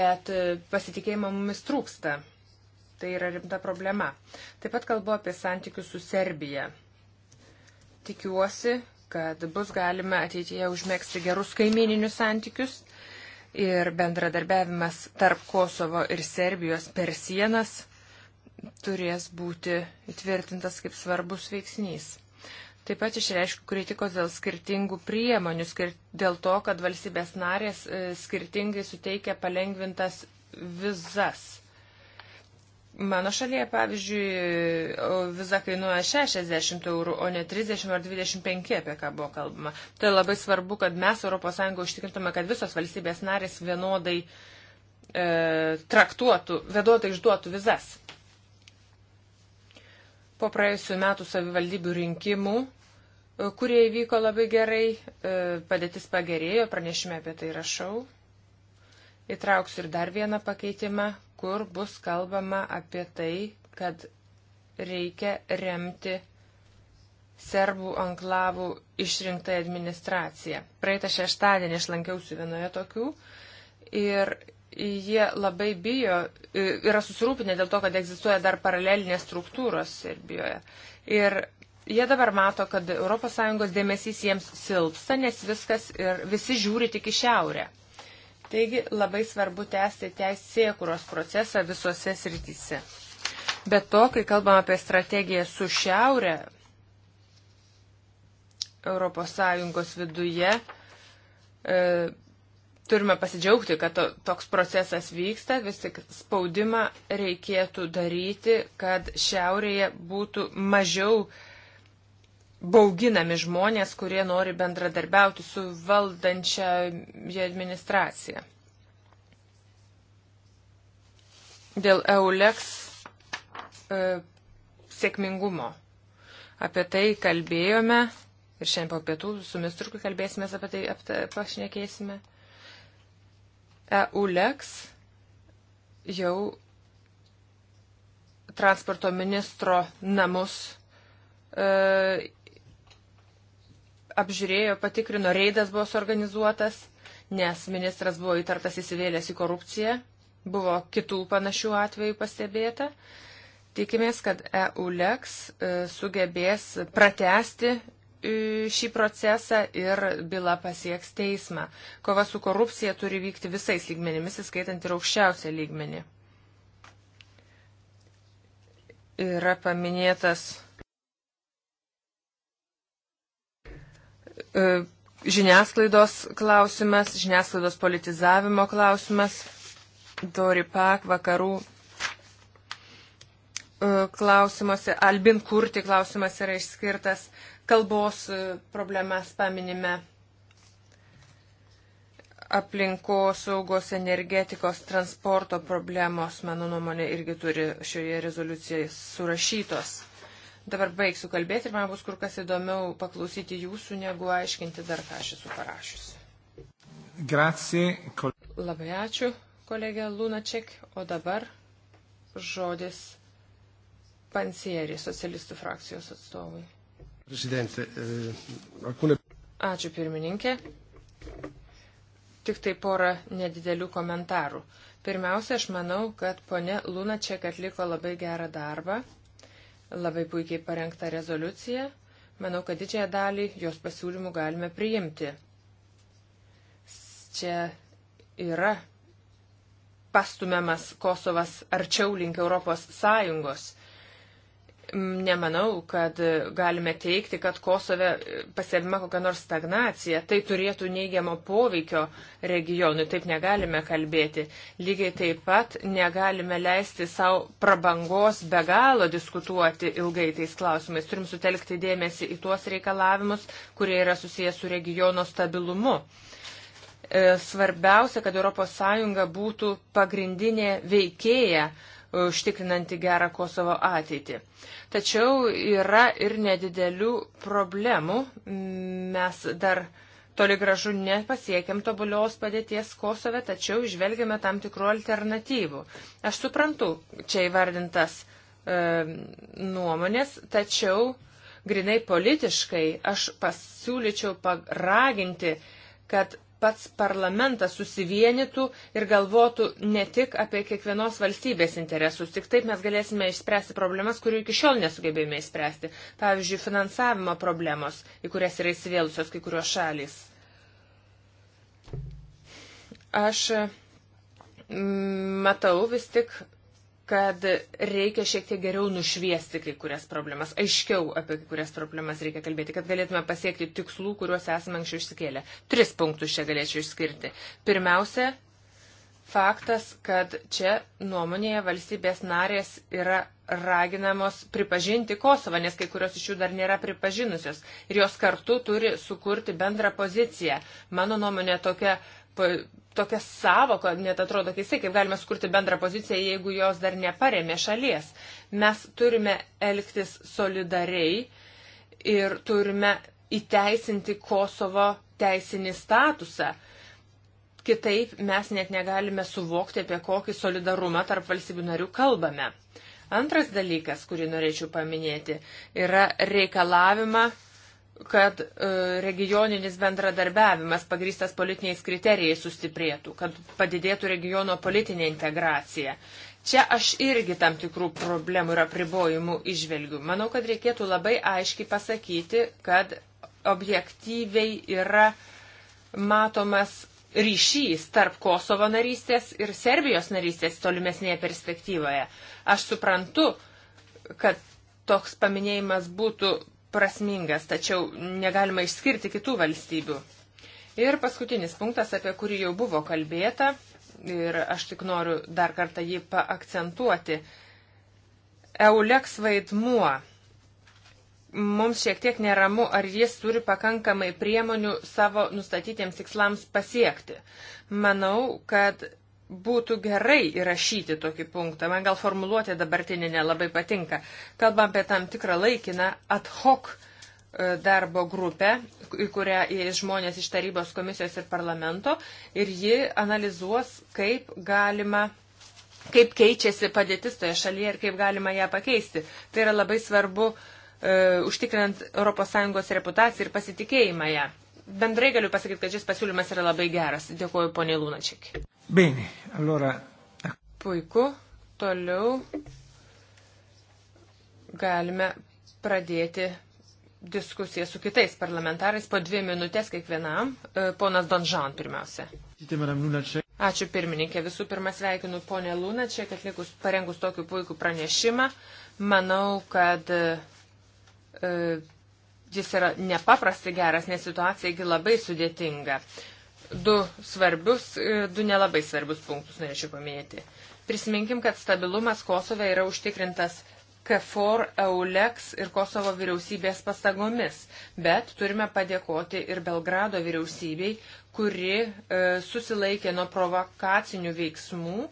bet e, pasitikėjimo mumis trūksta. Tai yra rimta problema. Taip pat kalbu apie santykius su Serbija. Tikiuosi, kad bus galima ateityje užmėgsti gerus kaimininius santykius ir bendradarbiavimas tarp Kosovo ir Serbijos per sienas turės būti įtvirtintas kaip svarbus veiksnys. Taip pat išreiškiu kritikos dėl skirtingų priemonių, skir dėl to, kad valstybės narės e, skirtingai suteikia palengvintas vizas. Mano šalyje, pavyzdžiui, viza kainuoja 60 eurų, o ne 30 ar 25, apie ką buvo kalbama. Tai labai svarbu, kad mes ES užtikrintume, kad visos valstybės narės vienodai e, traktuotų, vienodai išduotų vizas. Po praėjusių metų savivaldybių rinkimų, e, kurie įvyko labai gerai, e, padėtis pagerėjo, pranešime apie tai rašau. Įtrauksiu ir dar vieną pakeitimą, kur bus kalbama apie tai, kad reikia remti serbų anklavų išrinktą administraciją. Praeitą šeštadienį aš lankiausi vienoje tokių ir jie labai bijo, yra susirūpinę dėl to, kad egzistuoja dar paralelinės struktūros Serbijoje. Ir jie dabar mato, kad ES dėmesys jiems silpsta, nes viskas ir visi žiūri tik į šiaurę. Taigi labai svarbu tęsti teisėkuros procesą visose srityse. Bet to, kai kalbam apie strategiją su šiaurė ES viduje, e, turime pasidžiaugti, kad to, toks procesas vyksta, vis tik spaudimą reikėtų daryti, kad šiaurėje būtų mažiau e, bauginami žmonės, kurie nori bendradarbiauti su valdančia administracija. Dėl EULEX e, sėkmingumo. Apie tai kalbėjome ir šiandien po pietų su ministru kalbėsime apie tai, apta, pašnekėsime. EULEX jau transporto ministro namus e, apžiūrėjo, patikrino, reidas buvo suorganizuotas, nes ministras buvo įtartas įsivėlęs į korupciją, buvo kitų panašių atvejų pastebėta. Tikimės, kad EULEX e, sugebės pratesti e, šį procesą ir byla pasieks teismą. Kova su korupcija turi vykti visais lygmenimis, įskaitant ir aukščiausią lygmenį. Yra paminėtas E, žiniasklaidos klausimas, žiniasklaidos politizavimo klausimas, Dori Pak vakarų e, klausimuose, Albin Kurti klausimas yra išskirtas, kalbos e, problemas paminime aplinkos saugos, energetikos, transporto problemos, mano nuomonė, irgi turi šioje rezoliucijoje surašytos. Dabar baigsiu kalbėti ir man bus kur kas įdomiau paklausyti jūsų, negu aiškinti dar, ką aš esu parašiusi. Grazie. Kol... Labai ačiū, kolegė Lunaček. O dabar žodis Pansieri, socialistų frakcijos atstovui. Prezidentė, eh, alkūnė. Ačiū pirmininkė. Tik tai porą nedidelių komentarų. Pirmiausia, aš manau, kad ponė Lunaček atliko labai gerą darbą labai puikiai parengtą rezoliuciją. Manau, kad didžiąją dalį jos pasiūlymų galime priimti. Čia yra pastumiamas Kosovas arčiau link Europos Sąjungos nemanau, kad galime teikti, kad Kosove pasiebima kokia nors stagnacija. Tai turėtų neigiamo poveikio regionui. Taip negalime kalbėti. Lygiai taip pat negalime leisti savo prabangos be galo diskutuoti ilgai tais klausimais. Turim sutelkti dėmesį į tuos reikalavimus, kurie yra susijęs su regiono stabilumu. E, svarbiausia, kad ES būtų pagrindinė veikėja užtikrinanti gerą Kosovo ateitį. Tačiau yra ir nedidelių problemų. Mes dar toli gražu nepasiekėm tobulios padėties Kosove, tačiau išvelgiame tam tikrų alternatyvų. Aš suprantu čia įvardintas e, nuomonės, tačiau grinai politiškai aš pasiūlyčiau paraginti, kad pats parlamentas susivienytų ir galvotų ne tik apie kiekvienos valstybės interesus. Tik taip mes galėsime išspręsti problemas, kurių iki šiol nesugebėjome išspręsti. Pavyzdžiui, finansavimo problemos, į kurias yra įsivėlusios kai kurios šalys. Aš mm, matau vis tik, kad reikia šiek tiek geriau nušviesti kai kurias problemas, aiškiau apie kai kurias problemas reikia kalbėti, kad galėtume pasiekti tikslų, kuriuos esame anksčiau išsikėlę. Tris punktus čia galėčiau išskirti. Pirmiausia, faktas, kad čia nuomonėje valstybės narės yra raginamos pripažinti Kosovą, nes kai kurios iš jų dar nėra pripažinusios. Ir jos kartu turi sukurti bendrą poziciją. Mano nuomonė tokia tokia savoka net atrodo keistai, kaip galime skurti bendrą poziciją, jeigu jos dar neparemė šalies. Mes turime elgtis solidariai ir turime įteisinti Kosovo teisinį statusą. Kitaip mes net negalime suvokti, apie kokį solidarumą tarp valstybių narių kalbame. Antras dalykas, kurį norėčiau paminėti, yra reikalavimą kad e, regioninis bendradarbiavimas pagrįstas politiniais kriterijais sustiprėtų, kad padidėtų regiono politinė integracija. Čia aš irgi tam tikrų problemų ir apribojimų išvelgiu. Manau, kad reikėtų labai aiškiai pasakyti, kad objektyviai yra matomas ryšys tarp Kosovo narystės ir Serbijos narystės tolimesnėje perspektyvoje. Aš suprantu, kad toks paminėjimas būtų prasmingas, tačiau negalima išskirti kitų valstybių. Ir paskutinis punktas, apie kurį jau buvo kalbėta, ir aš tik noriu dar kartą jį paakcentuoti. Euleks vaidmuo. Mums šiek tiek neramu, ar jis turi pakankamai priemonių savo nustatytiems tikslams pasiekti. Manau, kad būtų gerai įrašyti tokį punktą, man gal formuluotė dabartinė nelabai patinka, kalbam apie tam tikrą laikiną ad hoc e, darbo grupę, į kurią įeis žmonės iš tarybos komisijos ir parlamento ir ji analizuos, kaip galima, kaip keičiasi padėtis toje šalyje ir kaip galima ją pakeisti. Tai yra labai svarbu e, užtikrinant ES reputaciją ir pasitikėjimą ją bendrai galiu pasakyti, kad šis pasiūlymas yra labai geras. Dėkuoju poniai Lunačiak. Bene, allora. Puiku, toliau galime pradėti diskusiją su kitais parlamentarais po dvi minutės kiekvienam. E, ponas Donžan pirmiausia. Ačiū pirmininkė. Visų pirma sveikinu ponę Lunačiak, atlikus parengus tokių puikų pranešimą. Manau, kad e, jis yra nepaprastai geras, nes situacijagi labai sudėtinga. Du svarbius, e, du nelabai svarbius punktus norėčiau paminėti. Prisiminkim, kad stabilumas Kosove yra užtikrintas KFOR, EULEX ir Kosovo vyriausybės pastagomis, bet turime padėkoti ir Belgrado vyriausybei, kuri e, susilaikė nuo provokacinių veiksmų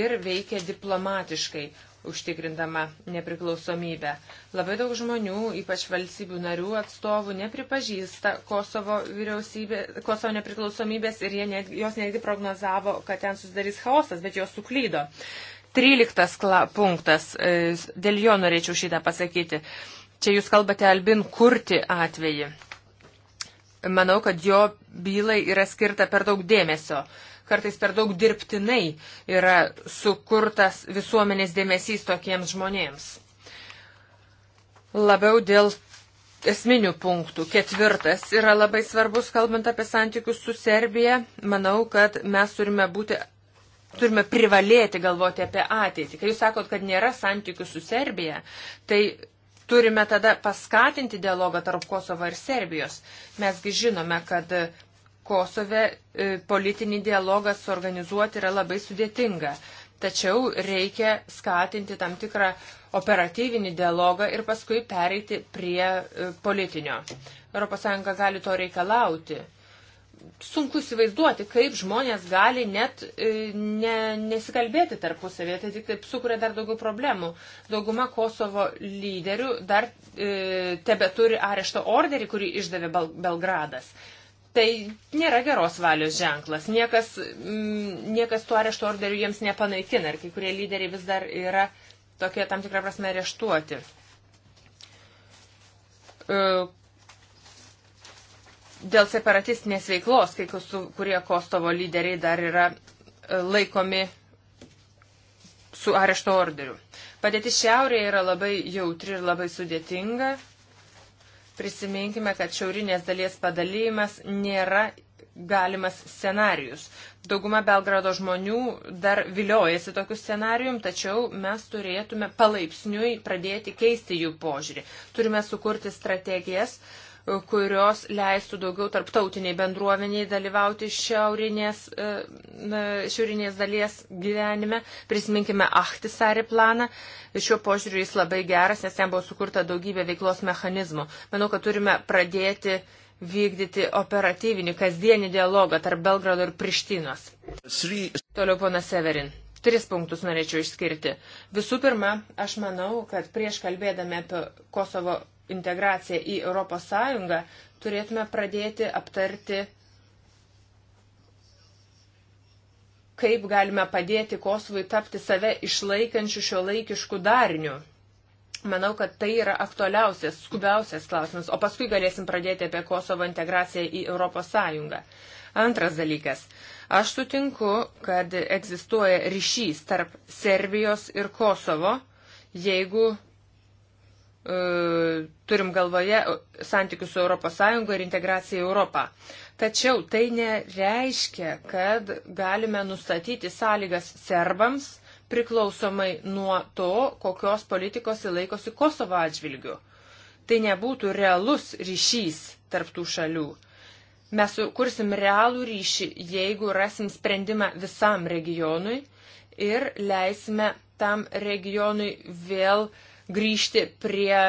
ir veikė diplomatiškai, užtikrindama nepriklausomybę. Labai daug žmonių, ypač valstybių narių atstovų, nepripažįsta Kosovo, Kosovo nepriklausomybės ir net, jos netgi prognozavo, kad ten susidarys chaosas, bet jos suklydo. Tryliktas punktas, e, dėl jo norėčiau šitą pasakyti. Čia jūs kalbate Albin kurti atvejį. Manau, kad jo bylai yra skirta per daug dėmesio. Uh, kartais per daug dirbtinai yra sukurtas visuomenės dėmesys tokiems žmonėms. Labiau dėl esminių punktų. Ketvirtas yra labai svarbus, kalbant apie santykius su Serbija. Manau, kad mes turime būti. Turime privalėti galvoti apie ateitį. Kai jūs sakot, kad nėra santykių su Serbija, tai turime tada paskatinti dialogą tarp Kosovo ir Serbijos. Mesgi žinome, kad Kosove e, politinį dialogą suorganizuoti yra labai sudėtinga. Tačiau reikia skatinti tam tikrą operatyvinį dialogą ir paskui pereiti prie e, politinio. ES gali to reikalauti. Sunku įsivaizduoti, kaip žmonės gali net e, ne, nesikalbėti tarpusavėje, tai tik taip sukuria dar daugiau problemų. Dauguma Kosovo lyderių dar e, tebe turi arešto orderį, kurį išdavė Bel Belgradas. Tai nėra geros valios ženklas. Niekas, m, mm, niekas tų arešto orderių jiems nepanaikina ir kai kurie lyderiai vis dar yra tokie tam tikrą prasme areštuoti. E, dėl separatistinės veiklos, kai kurie Kostovo lyderiai dar yra e, laikomi su arešto orderiu. Padėti šiaurėje yra labai jautri ir labai sudėtinga. Prisiminkime, kad šiaurinės dalies padalymas nėra galimas scenarius. Dauguma Belgrado žmonių dar viliojasi tokiu scenarium, tačiau mes turėtume palaipsniui pradėti keisti jų požiūrį. Turime sukurti strategijas, uh, kurios leistų daugiau tarptautiniai bendruomeniai dalyvauti šiaurinės, e, šiaurinės dalies gyvenime. Prisiminkime Achtisari planą. Šiuo požiūriu jis labai geras, nes ten buvo sukurta daugybė veiklos mechanizmų. Manau, kad turime pradėti vykdyti operatyvinį, kasdienį dialogą tarp Belgrado ir Prištinos. Toliau ponas Severin tris punktus norėčiau išskirti. Visų pirma, aš manau, kad prieš kalbėdami apie Kosovo integraciją į ES, turėtume pradėti aptarti, kaip galime padėti Kosovui tapti save išlaikančių šio laikiškų darinių. Manau, kad tai yra aktualiausias, skubiausias klausimas, o paskui galėsim pradėti apie Kosovo integraciją į ES. Antras dalykas. Aš sutinku, kad egzistuoja ryšys tarp Serbijos ir Kosovo, jeigu turim galvoje santykius su ES ir integraciją į Europą. Tačiau tai nereiškia, kad galime nustatyti sąlygas serbams priklausomai nuo to, kokios politikos įlaikosi Kosovo atžvilgiu. Tai nebūtų realus ryšys tarptų šalių. Mes kursim realų ryšį, jeigu rasim sprendimą visam regionui ir leisime tam regionui vėl uh, grįžti prie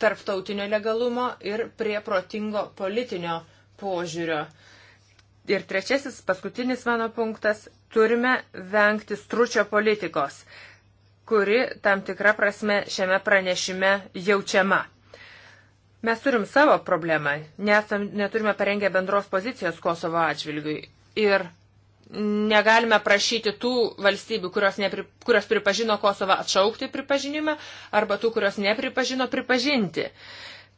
tarptautinio legalumo ir prie protingo politinio požiūrio. Ir trečiasis, paskutinis mano punktas - turime vengti stručio politikos, kuri tam tikra prasme šiame pranešime jaučiama. Mes turim savo problemą, nesam, neturime parengę bendros pozicijos Kosovo atžvilgiui. Ir negalime prašyti tų valstybių, kurios, nepri, kurios pripažino Kosovą atšaukti pripažinimą arba tų, kurios nepripažino pripažinti.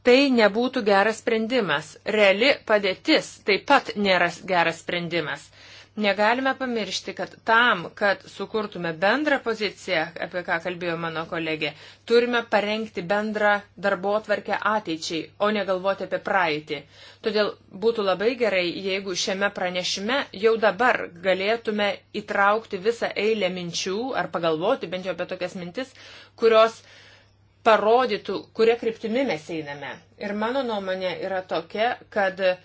Tai nebūtų geras sprendimas. Reali padėtis taip pat nėra geras sprendimas. Negalime pamiršti, kad tam, kad sukurtume bendrą poziciją, apie ką kalbėjo mano kolegė, turime parengti bendrą darbo atvarkę ateičiai, o ne galvoti apie praeitį. Todėl būtų labai gerai, jeigu šiame pranešime jau dabar galėtume įtraukti visą eilę minčių ar pagalvoti bent jau apie tokias mintis, kurios parodytų, kuria kryptimi mes einame. Ir mano nuomonė yra tokia, kad uh,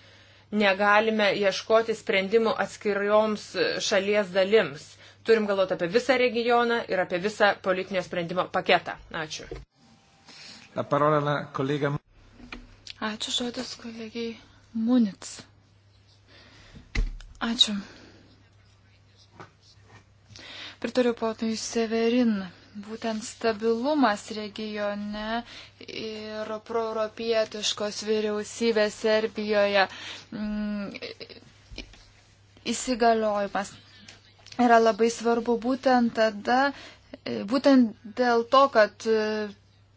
negalime ieškoti sprendimų atskirioms šalies dalims. Turim galvoti apie visą regioną ir apie visą politinio sprendimo paketą. Ačiū. La parola la kolega. Ačiū žodis kolegijai Munic. Ačiū. Pritariu ponui Severinui būtent stabilumas regione ir proeuropietiškos vyriausybės Serbijoje mm, įsigaliojimas yra labai svarbu būtent tada, būtent dėl to, kad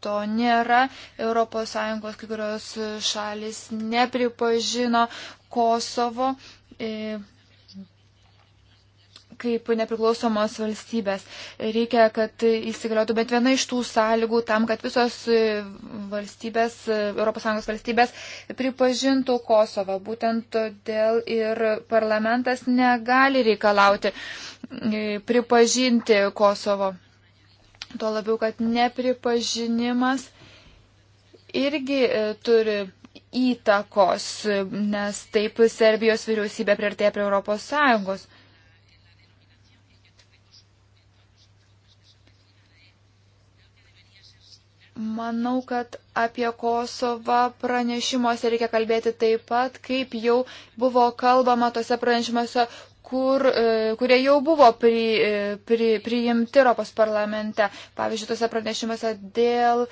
to nėra, ES kai kurios šalis nepripažino Kosovo kaip nepriklausomos valstybės. Reikia, kad įsigaliotų bent viena iš tų sąlygų tam, kad visos e, valstybės, ES valstybės pripažintų Kosovą. Būtent todėl ir parlamentas negali reikalauti e, pripažinti Kosovo. Tuo labiau, kad nepripažinimas irgi e, turi įtakos, nes taip Serbijos vyriausybė prieartėja prie Europos Sąjungos. Manau, kad apie Kosovą pranešimuose reikia kalbėti taip pat, kaip jau buvo kalbama tose pranešimuose, kur, e, kurie jau buvo pri, e, pri, priimti Europos parlamente. Pavyzdžiui, tose pranešimuose dėl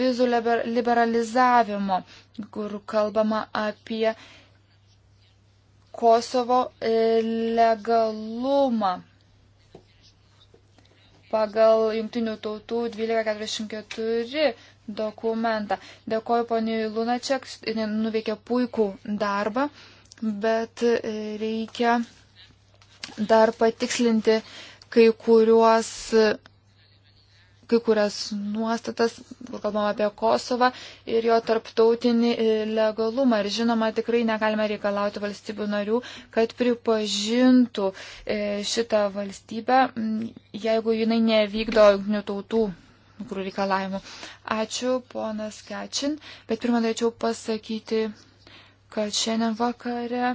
vizų liberalizavimo, kur kalbama apie Kosovo e, legalumą pagal Junktinių tautų 1244 dokumentą. Dėkoju poniai Lunačiak, nuveikė puikų darbą, bet e, reikia dar patikslinti kai kuriuos kai kurias nuostatas, kur kalbam apie Kosovą ir jo tarptautinį e, legalumą. Ir žinoma, tikrai negalime reikalauti valstybių narių, kad pripažintų e, šitą valstybę, jeigu jinai nevykdo jungtinių tautų nu, kurių reikalavimų. Ačiū, ponas Kečin, bet pirmą norėčiau pasakyti, kad šiandien vakare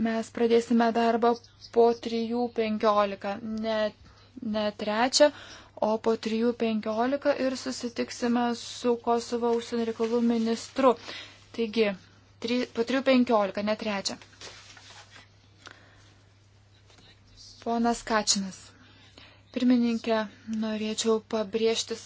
mes pradėsime darbą po 3.15, ne, ne trečią, o po 3.15 ir susitiksime su Kosovo užsienio reikalų ministru. Taigi, 3, po 3.15, ne trečią. Ponas Kačinas. Pirmininkė, norėčiau pabrėžtis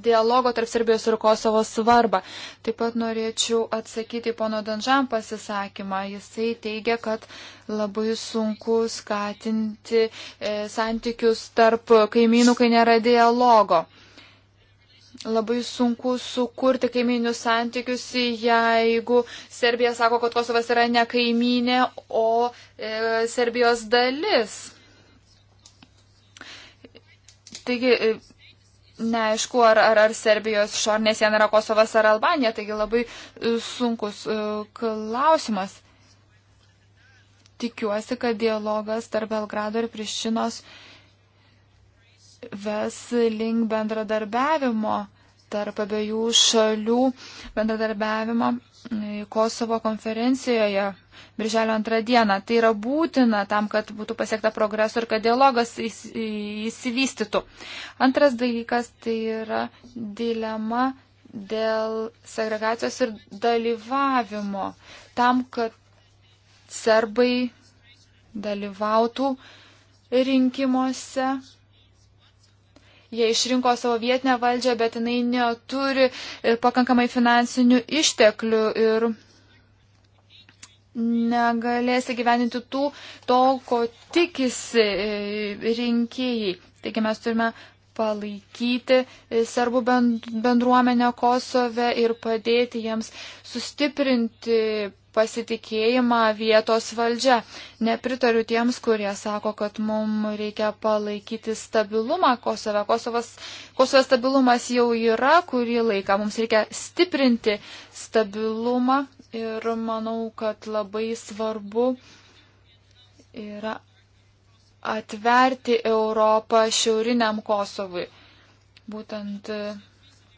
dialogo tarp Serbijos ir Kosovo svarbą. Taip pat norėčiau atsakyti pono Danžam pasisakymą. Jisai teigia, kad labai sunku skatinti e, santykius tarp kaimynų, kai nėra dialogo. Labai sunku sukurti kaiminius santykius, jeigu Serbija sako, kad Kosovas yra ne kaiminė, o e, Serbijos dalis. Taigi e, neaišku, ar, ar, ar Serbijos šarnė siena yra Kosovas ar Albanija, taigi labai e, sunkus e, klausimas. Tikiuosi, kad dialogas tarp Belgrado ir Prištinos ves link bendradarbiavimo tarp abiejų šalių bendradarbiavimo Kosovo konferencijoje birželio antrą dieną. Tai yra būtina tam, kad būtų pasiekta progreso ir kad dialogas įsivystytų. Antras dalykas tai yra dilema dėl segregacijos ir dalyvavimo. Tam, kad serbai dalyvautų rinkimuose. Jie išrinko savo vietinę valdžią, bet jinai neturi e, pakankamai finansinių išteklių ir negalės įgyveninti tų, to, ko tikisi e, rinkėjai. Taigi mes turime palaikyti e, serbų bendruomenę Kosove ir padėti jiems sustiprinti pasitikėjimą vietos valdžia. Nepritariu tiems, kurie sako, kad mums reikia palaikyti stabilumą Kosove. Kosovas, Kosovas stabilumas jau yra kurį laiką. Mums reikia stiprinti stabilumą ir manau, kad labai svarbu yra atverti Europą šiauriniam Kosovui. Būtent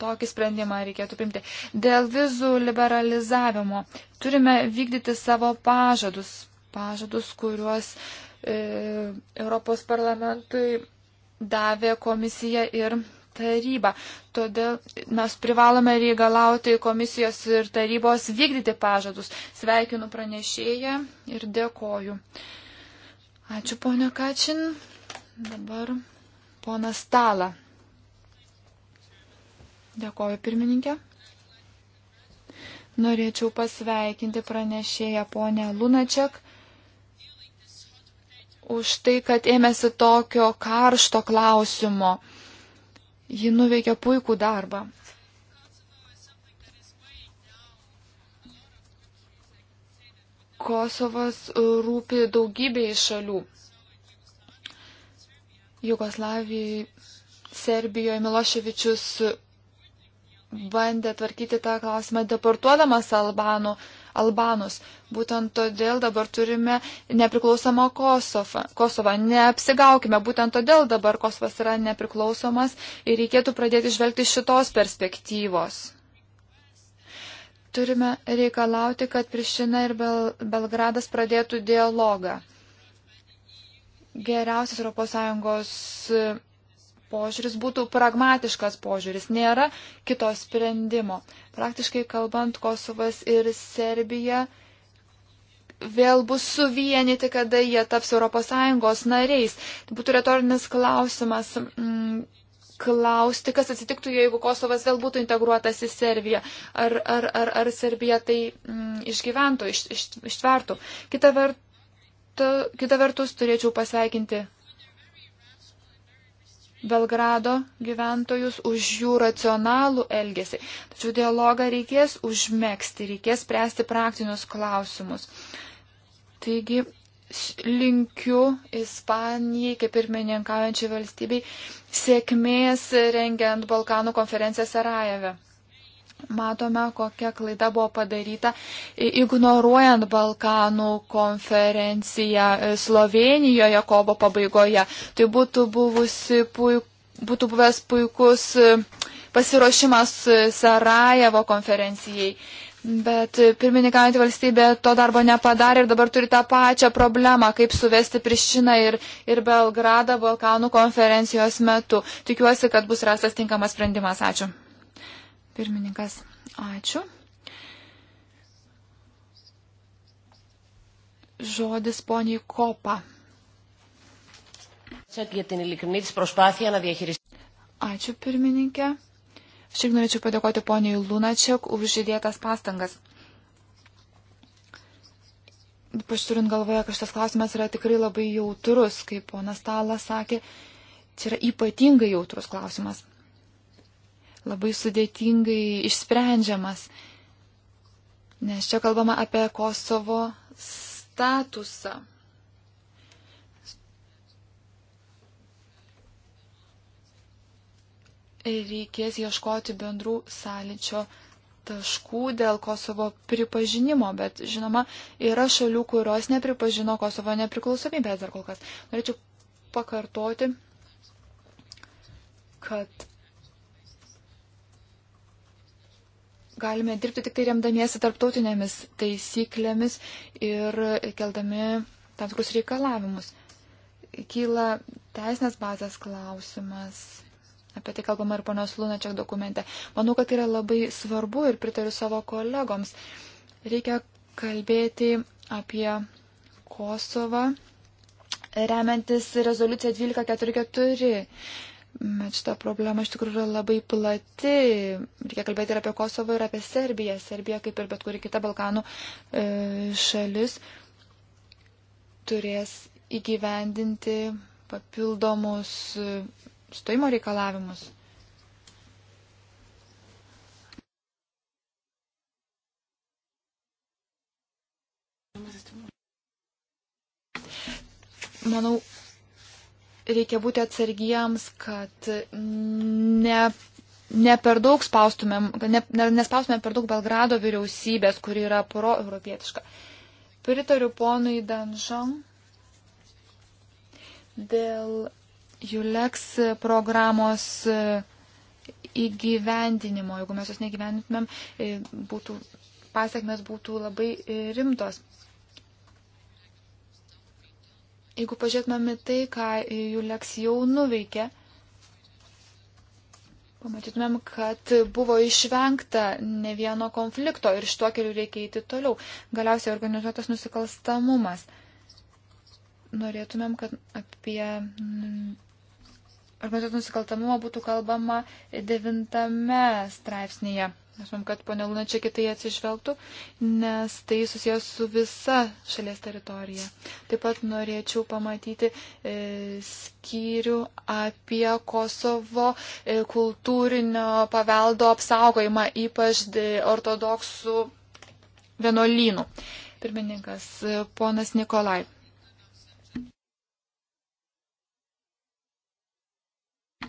tokį sprendimą reikėtų primti. Dėl vizų liberalizavimo turime vykdyti savo pažadus, pažadus, kuriuos e, Europos parlamentui davė komisija ir taryba. Todėl mes privalome reikalauti komisijos ir tarybos vykdyti pažadus. Sveikinu pranešėją ir dėkoju. Ačiū, ponia Kačin. Dabar ponas Stala. Dėkoju pirmininkė. Norėčiau pasveikinti pranešėją ponę Lunačiak už tai, kad ėmėsi tokio karšto klausimo. Ji nuveikė puikų darbą. Kosovas rūpi daugybėj šalių. Jugoslavijai, Serbijoje Miloševičius bandė tvarkyti tą klausimą deportuodamas Albanų, Albanus. Būtent todėl dabar turime nepriklausomą Kosovą. Kosovą neapsigaukime, būtent todėl dabar Kosovas yra nepriklausomas ir reikėtų pradėti žvelgti šitos perspektyvos. Turime reikalauti, kad Prišina ir Bel Belgradas pradėtų dialogą. Geriausias ES požiūris būtų pragmatiškas požiūris, nėra kito sprendimo. Praktiškai kalbant, Kosovas ir Serbija vėl bus suvienyti, kada jie taps ES nariais. Tai būtų retorinis klausimas. Mm, klausti, kas atsitiktų, jeigu Kosovas vėl būtų integruotas į Serbiją, ar, ar, ar, ar Serbija tai mm, išgyventų, iš, iš, ištvertų. Kita, vert, kita vertus turėčiau pasveikinti Belgrado gyventojus už jų racionalų elgesį. Tačiau dialogą reikės užmėgsti, reikės spręsti praktinius klausimus. Taigi linkiu Ispanijai, kaip ir meninkaujančiai valstybei, sėkmės rengiant Balkanų konferenciją Sarajeve matome, kokia klaida buvo padaryta, ignoruojant Balkanų konferenciją e, Slovenijoje kovo pabaigoje. Tai būtų, buvusi, puik, būtų buvęs puikus e, pasiruošimas e, Sarajevo konferencijai. Bet pirmininkaujantį valstybę to darbo nepadarė ir dabar turi tą pačią problemą, kaip suvesti Prištiną ir, ir Belgradą Balkanų konferencijos metu. Tikiuosi, kad bus rastas tinkamas sprendimas. Ačiū. Pirmininkas, ačiū. Žodis poniai Kopa. Ačiū pirmininkė. Šiaip norėčiau padėkoti poniai Lunačiak už įdėtas pastangas. Ypač turint galvoje, kad šitas klausimas yra tikrai labai jautrus, kaip ponas Talas sakė, čia yra ypatingai jautrus klausimas labai sudėtingai išsprendžiamas, nes čia kalbama apie Kosovo statusą. Reikės ieškoti bendrų sąlyčio taškų dėl Kosovo pripažinimo, bet žinoma, yra šalių, kurios nepripažino Kosovo nepriklausomybės dar kol kas. Norėčiau pakartoti, kad galime dirbti tik tai remdamiesi tarptautinėmis taisyklėmis ir keldami tam tikrus reikalavimus. Kyla teisinės bazės klausimas. Apie tai kalbama ir ponios Lunačiak dokumente. Manau, kad yra labai svarbu ir pritariu savo kolegoms. Reikia kalbėti apie Kosovą, remiantis rezoliucija 1244. Bet šita problema iš tikrųjų yra labai plati. Reikia kalbėti ir apie Kosovą, ir apie Serbiją. Serbija, kaip ir bet kuri kita Balkanų e, šalis, turės įgyvendinti papildomus e, stojimo reikalavimus. Manau, reikia būti atsargiems, kad ne, ne per daug spaustumėm, ne, ne, nespaustumėm per daug Belgrado vyriausybės, kuri yra proeuropietiška. Pritariu ponui Danžon dėl Juleks programos įgyvendinimo. Jeigu mes jos negyvendintumėm, e, būtų, pasiekmes būtų labai e, rimtos. Jeigu pažiūrėtumėme tai, ką Juleks jau nuveikė, pamatytumėm, kad buvo išvengta ne vieno konflikto ir šituo keliu reikia eiti toliau. Galiausiai organizuotas nusikalstamumas. Norėtumėm, kad apie mm, organizuotą nusikaltamumą būtų kalbama devintame straipsnėje. Nežinau, kad ponė Lunačiakė tai atsižvelgtų, nes tai susijęs su visa šalies teritorija. Taip pat norėčiau pamatyti e, skyrių apie Kosovo e, kultūrinio paveldo apsaugojimą, ypač ortodoksų vienuolynų. Pirmininkas, e, ponas Nikolai.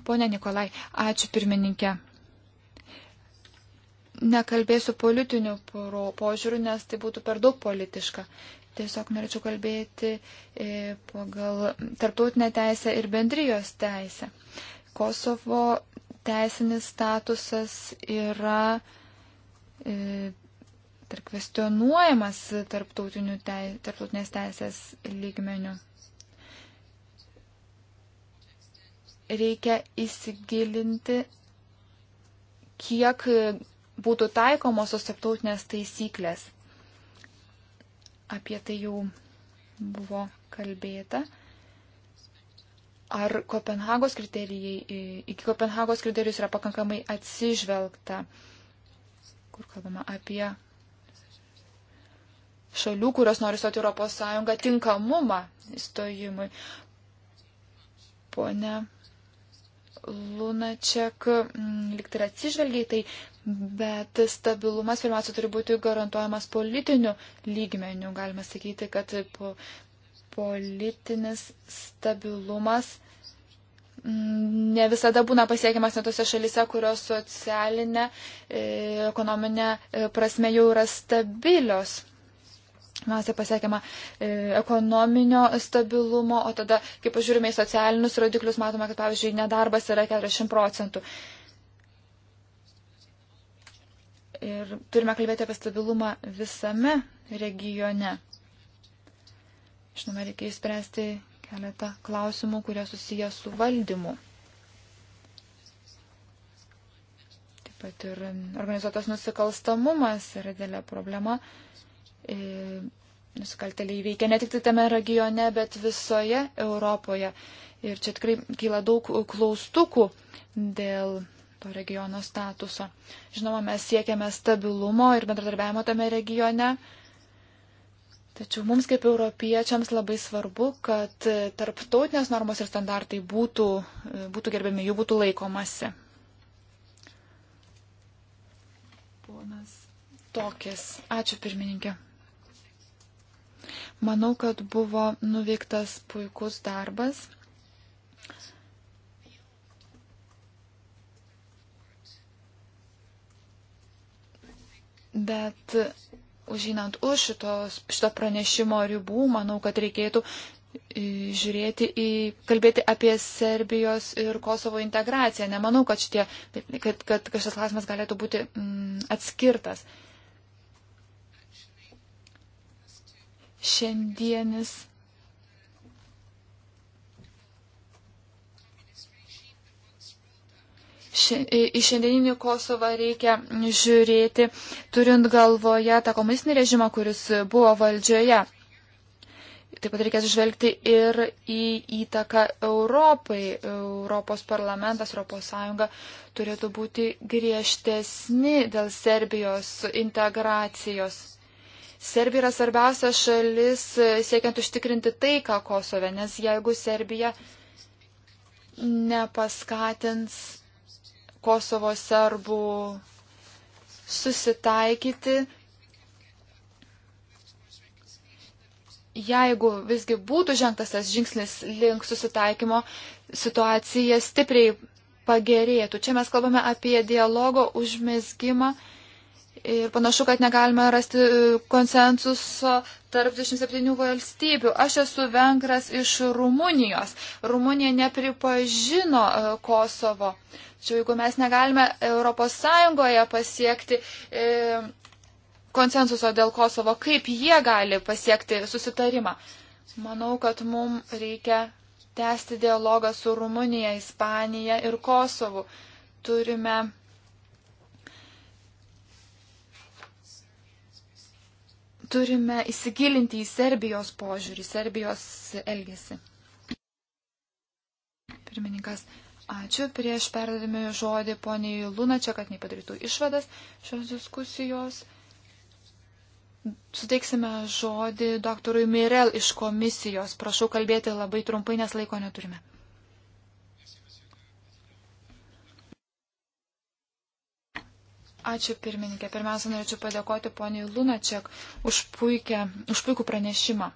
Pone Nikolai, ačiū pirmininkė nekalbėsiu politiniu požiūriu, nes tai būtų per daug politiška. Tiesiog norėčiau kalbėti e, pagal tarptautinę teisę ir bendrijos teisę. Kosovo teisinis statusas yra e, tarp kvestionuojamas teis, tarptautinės teisės lygmenių. Reikia įsigilinti, kiek būtų taikomosios tarptautinės taisyklės. Apie tai jau buvo kalbėta. Ar Kopenhagos kriterijai, iki Kopenhagos kriterijus yra pakankamai atsižvelgta, kur kalbama apie šalių, kurios nori stoti Europos Sąjungą, tinkamumą įstojimui. Pone Lunačiak mm, likt tai ir atsižvelgiai tai, bet stabilumas pirmiausia turi būti garantuojamas politiniu lygmeniu. Galima sakyti, kad po, politinis stabilumas mm, ne visada būna pasiekiamas net tose šalise, kurios socialinė, e, ekonominė e, prasme jau yra stabilios. Mes jau pasiekėme ekonominio stabilumo, o tada, kai pažiūrime į socialinius rodiklius, matome, kad, pavyzdžiui, nedarbas yra 40 procentų. Ir turime kalbėti apie stabilumą visame regione. Žinoma, reikia įspręsti keletą klausimų, kurie susiję su valdymu. Taip pat ir organizuotas nusikalstamumas yra dėlė problema. E, nusikalteliai veikia ne tik tai tame regione, bet visoje Europoje. Ir čia tikrai kyla daug klaustukų dėl to regiono statuso. Žinoma, mes siekiame stabilumo ir bendradarbiavimo tame regione. Tačiau mums kaip europiečiams labai svarbu, kad tarptautinės normos ir standartai būtų, e, būtų gerbiami, jų būtų laikomasi. Ponas Tokis. Ačiū pirmininkė. Manau, kad buvo nuveiktas puikus darbas. Bet užinant už šitos, šito pranešimo ribų, manau, kad reikėtų e, žiūrėti į, kalbėti apie Serbijos ir Kosovo integraciją. Nemanau, kad, šitie, kad, kad, kad šis klausimas galėtų būti mm, atskirtas. Uh, šiandienis į šiandieninį Kosovą reikia žiūrėti, turint galvoje tą komunistinį režimą, kuris buvo valdžioje. Taip pat reikės žvelgti ir į įtaką Europai. Europos parlamentas, Europos Sąjunga turėtų būti griežtesni dėl Serbijos integracijos. Serbija yra svarbiausia šalis e, siekiant užtikrinti taiką Kosove, nes jeigu Serbija nepaskatins Kosovo serbų susitaikyti, jeigu visgi būtų žengtas tas žingsnis link susitaikymo, situacija stipriai pagerėtų. Čia mes kalbame apie dialogo užmėsgymą Ir panašu, kad negalime rasti e, konsensuso tarp 27 valstybių. Aš esu vengras iš Rumunijos. Rumunija nepripažino e, Kosovo. Tačiau jeigu mes negalime ES pasiekti e, konsensuso dėl Kosovo, kaip jie gali pasiekti susitarimą? Manau, kad mums reikia tęsti dialogą su Rumunija, Ispanija ir Kosovu. Turime turime įsigilinti į Serbijos požiūrį, Serbijos elgesį. Pirmininkas, ačiū. Prieš perdavimi žodį poniai Lunačia, kad nepadarytų išvadas šios diskusijos. Suteiksime žodį doktorui Mirel iš komisijos. Prašau kalbėti labai trumpai, nes laiko neturime. Ačiū pirmininkė. Pirmiausia, norėčiau padėkoti poniai Lunačiak už, puikia, už puikų pranešimą.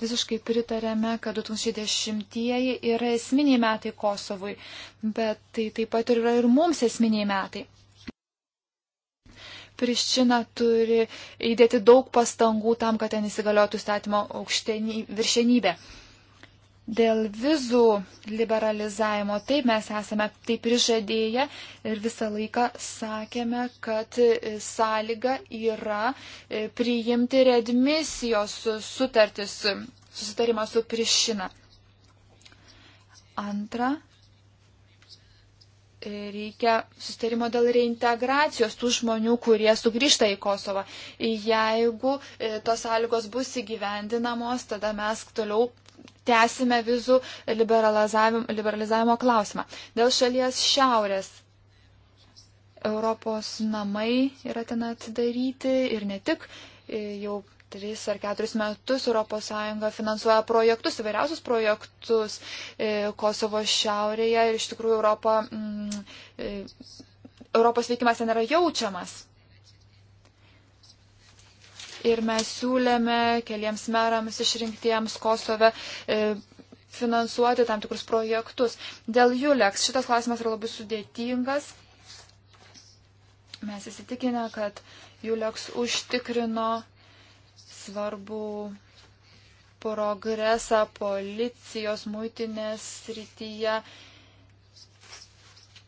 Visiškai pritarėme, kad 2010-ieji yra esminiai metai Kosovui, bet tai taip pat yra ir mums esminiai metai. Priščina turi įdėti daug pastangų tam, kad ten įsigaliotų statymo viršenybė. Dėl vizų liberalizavimo taip mes esame taip prižadėję ir visą laiką sakėme, kad e, sąlyga yra e, priimti redmisijos sutartis, susitarimą su Prišina. Antra, e, reikia sustarimo dėl reintegracijos tų žmonių, kurie sugrįžta į Kosovą. Jeigu tos sąlygos bus įgyvendinamos, tada mes toliau tęsime vizų liberalizavimo klausimą. Dėl šalies šiaurės. Europos namai yra ten atidaryti ir ne tik, jau tris ar keturis metus ES finansuoja projektus, įvairiausius projektus e, Kosovo šiaurėje ir iš tikrųjų Europa, mm, e, Europos veikimas ten yra jaučiamas ir mes siūlėme keliems merams išrinktiems Kosove e, finansuoti tam tikrus projektus. Dėl Juleks šitas klausimas yra labai sudėtingas. Mes įsitikinę, kad Juleks užtikrino svarbu progresą policijos muitinės srityje,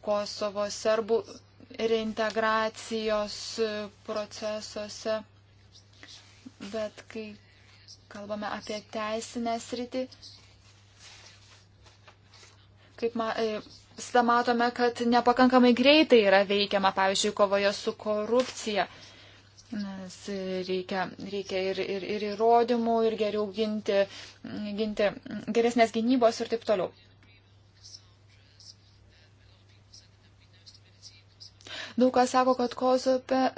Kosovo serbų reintegracijos procesuose bet kai kalbame apie teisinę sritį, kaip ma, e, matome, kad nepakankamai greitai yra veikiama, pavyzdžiui, kovoje su korupcija. Nes reikia, reikia ir, ir, ir įrodymų, ir geriau ginti, ginti geresnės gynybos ir taip toliau. Daug kas sako, kad Kozope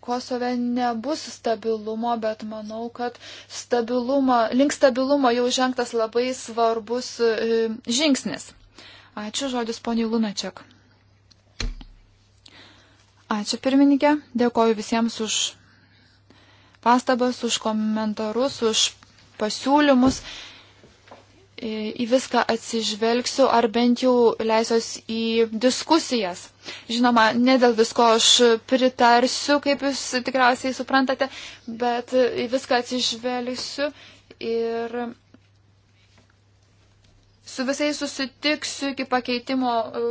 Kosove nebus stabilumo, bet manau, kad stabilumo, link stabilumo jau žengtas labai svarbus e, žingsnis. Ačiū žodis poniai Lunačiak. Ačiū pirmininkė, dėkoju visiems už pastabas, už komentarus, už pasiūlymus į viską atsižvelgsiu ar bent jau leisiuos į diskusijas. Žinoma, ne dėl visko aš pritarsiu, kaip jūs tikriausiai suprantate, bet į viską atsižvelgsiu ir su visais susitiksiu iki pakeitimo e,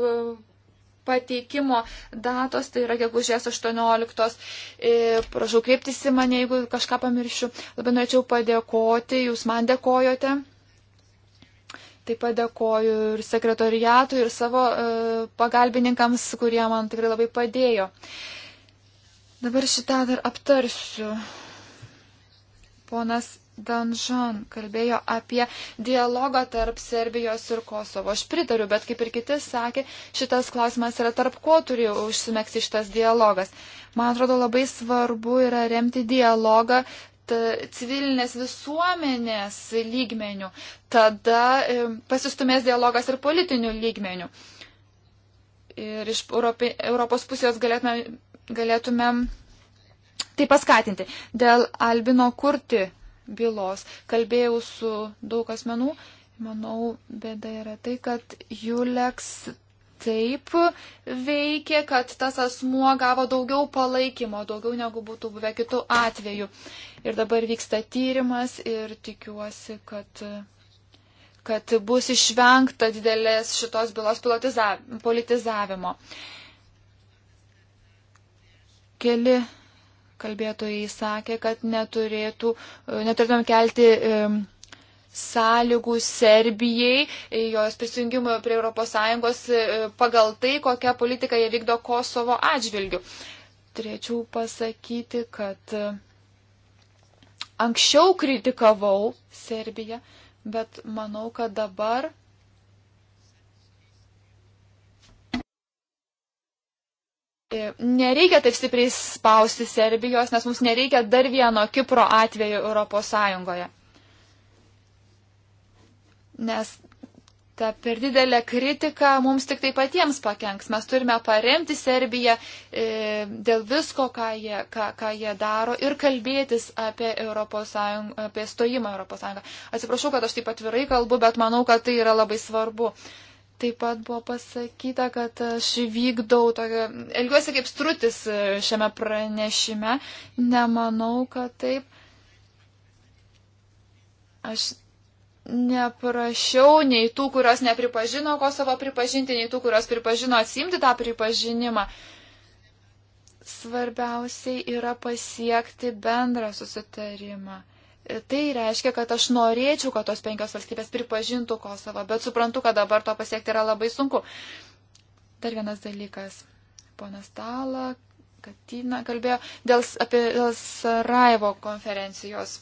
pateikimo datos, tai yra gegužės 18. E, prašau kreiptis į mane, jeigu kažką pamiršiu. Labai norėčiau padėkoti, jūs man dėkojote. Taip pat dėkoju ir sekretoriatui, ir savo e, pagalbininkams, kurie man tikrai labai padėjo. Dabar šitą dar aptarsiu. Ponas Danžan kalbėjo apie dialogą tarp Serbijos ir Kosovo. Aš pritariu, bet kaip ir kiti sakė, šitas klausimas yra tarp ko turi užsimėgsti šitas dialogas. Man atrodo, labai svarbu yra remti dialogą E, civilinės visuomenės lygmenių, tada e, pasistumės dialogas ir politinių lygmenių. Ir iš Europi, Europos pusės galėtume, galėtumėm tai paskatinti. Dėl Albino kurti bylos kalbėjau su daug asmenų. Manau, bėda yra tai, kad Juleks taip veikė, kad tas asmuo gavo daugiau palaikymo, daugiau negu būtų buvę kitų atvejų. Ir dabar vyksta tyrimas ir tikiuosi, kad kad bus išvengta didelės šitos bylos politizavimo. Keli kalbėtojai sakė, kad neturėtų, neturėtum kelti sąlygų Serbijai, jos prisijungimo prie ES e, pagal tai, kokią politiką jie vykdo Kosovo atžvilgiu. Turėčiau pasakyti, kad e, anksčiau kritikavau Serbiją, bet manau, kad dabar e, nereikia taip stipriai spausti Serbijos, nes mums nereikia dar vieno Kipro atveju Europos Sąjungoje nes ta per didelė kritika mums tik tai patiems pakenks. Mes turime paremti Serbiją e, dėl visko, ką jie, ką, ką jie daro ir kalbėtis apie, Europos Sąjung, apie stojimą Europos Sąjungą. Atsiprašau, kad aš taip atvirai kalbu, bet manau, kad tai yra labai svarbu. Taip pat buvo pasakyta, kad aš vykdau tokią, elgiuosi kaip strutis e, šiame pranešime. Nemanau, kad taip. Aš neprašiau nei tų, kurios nepripažino Kosovo pripažinti, nei tų, kurios pripažino atsimti tą pripažinimą. Svarbiausiai yra pasiekti bendrą susitarimą. Tai reiškia, kad aš norėčiau, kad tos penkios valstybės pripažintų Kosovą, bet suprantu, kad dabar to pasiekti yra labai sunku. Dar vienas dalykas. Ponas Tala, Katina kalbėjo dėl, apie dėl Sarajevo konferencijos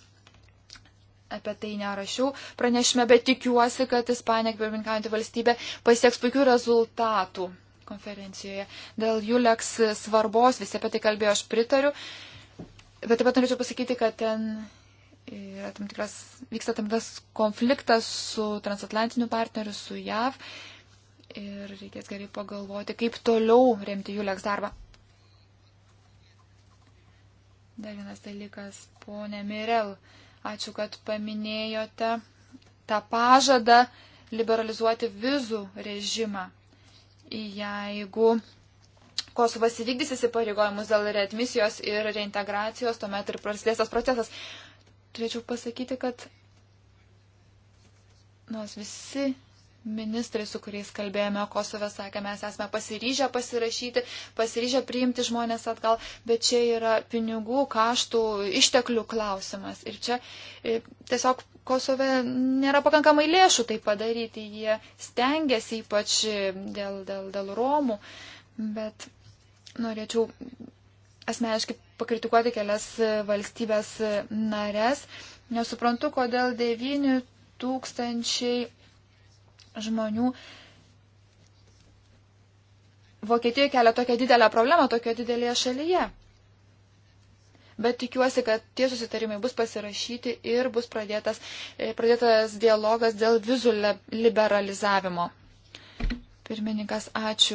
apie tai nerašiau pranešime, bet tikiuosi, kad Ispanija, pirmininkaujantį valstybę, pasieks puikių rezultatų konferencijoje. Dėl Juleks svarbos, visi apie tai kalbėjo, aš pritariu. Bet taip pat norėčiau pasakyti, kad ten yra tam tikras, vyksta tam tas konfliktas su transatlantiniu partneriu, su JAV. Ir reikės gerai pagalvoti, kaip toliau remti Juleks darbą. Dar vienas dalykas, ponė Mirel. Uh, Ačiū, kad paminėjote tą pažadą liberalizuoti vizų režimą. Jeigu Kosovas įvykdys įsipareigojimus dėl readmisijos ir reintegracijos, tuomet ir prasidės tas procesas. Turėčiau pasakyti, kad nors visi ministrai, su kuriais kalbėjome Kosove, sakė, mes esame pasiryžę pasirašyti, pasiryžę priimti žmonės atgal, bet čia yra pinigų, kaštų, išteklių klausimas. Ir čia e, tiesiog Kosove nėra pakankamai lėšų tai padaryti, jie stengiasi ypač e, dėl, dėl, dėl Romų, bet norėčiau asmeniškai pakritikuoti kelias e, valstybės nares. Nesuprantu, kodėl 9 tūkstančiai žmonių. Vokietija kelia tokią didelę problemą tokio didelėje šalyje. Bet tikiuosi, kad tie susitarimai bus pasirašyti ir bus pradėtas, e, pradėtas dialogas dėl vizų liberalizavimo. Pirmininkas, ačiū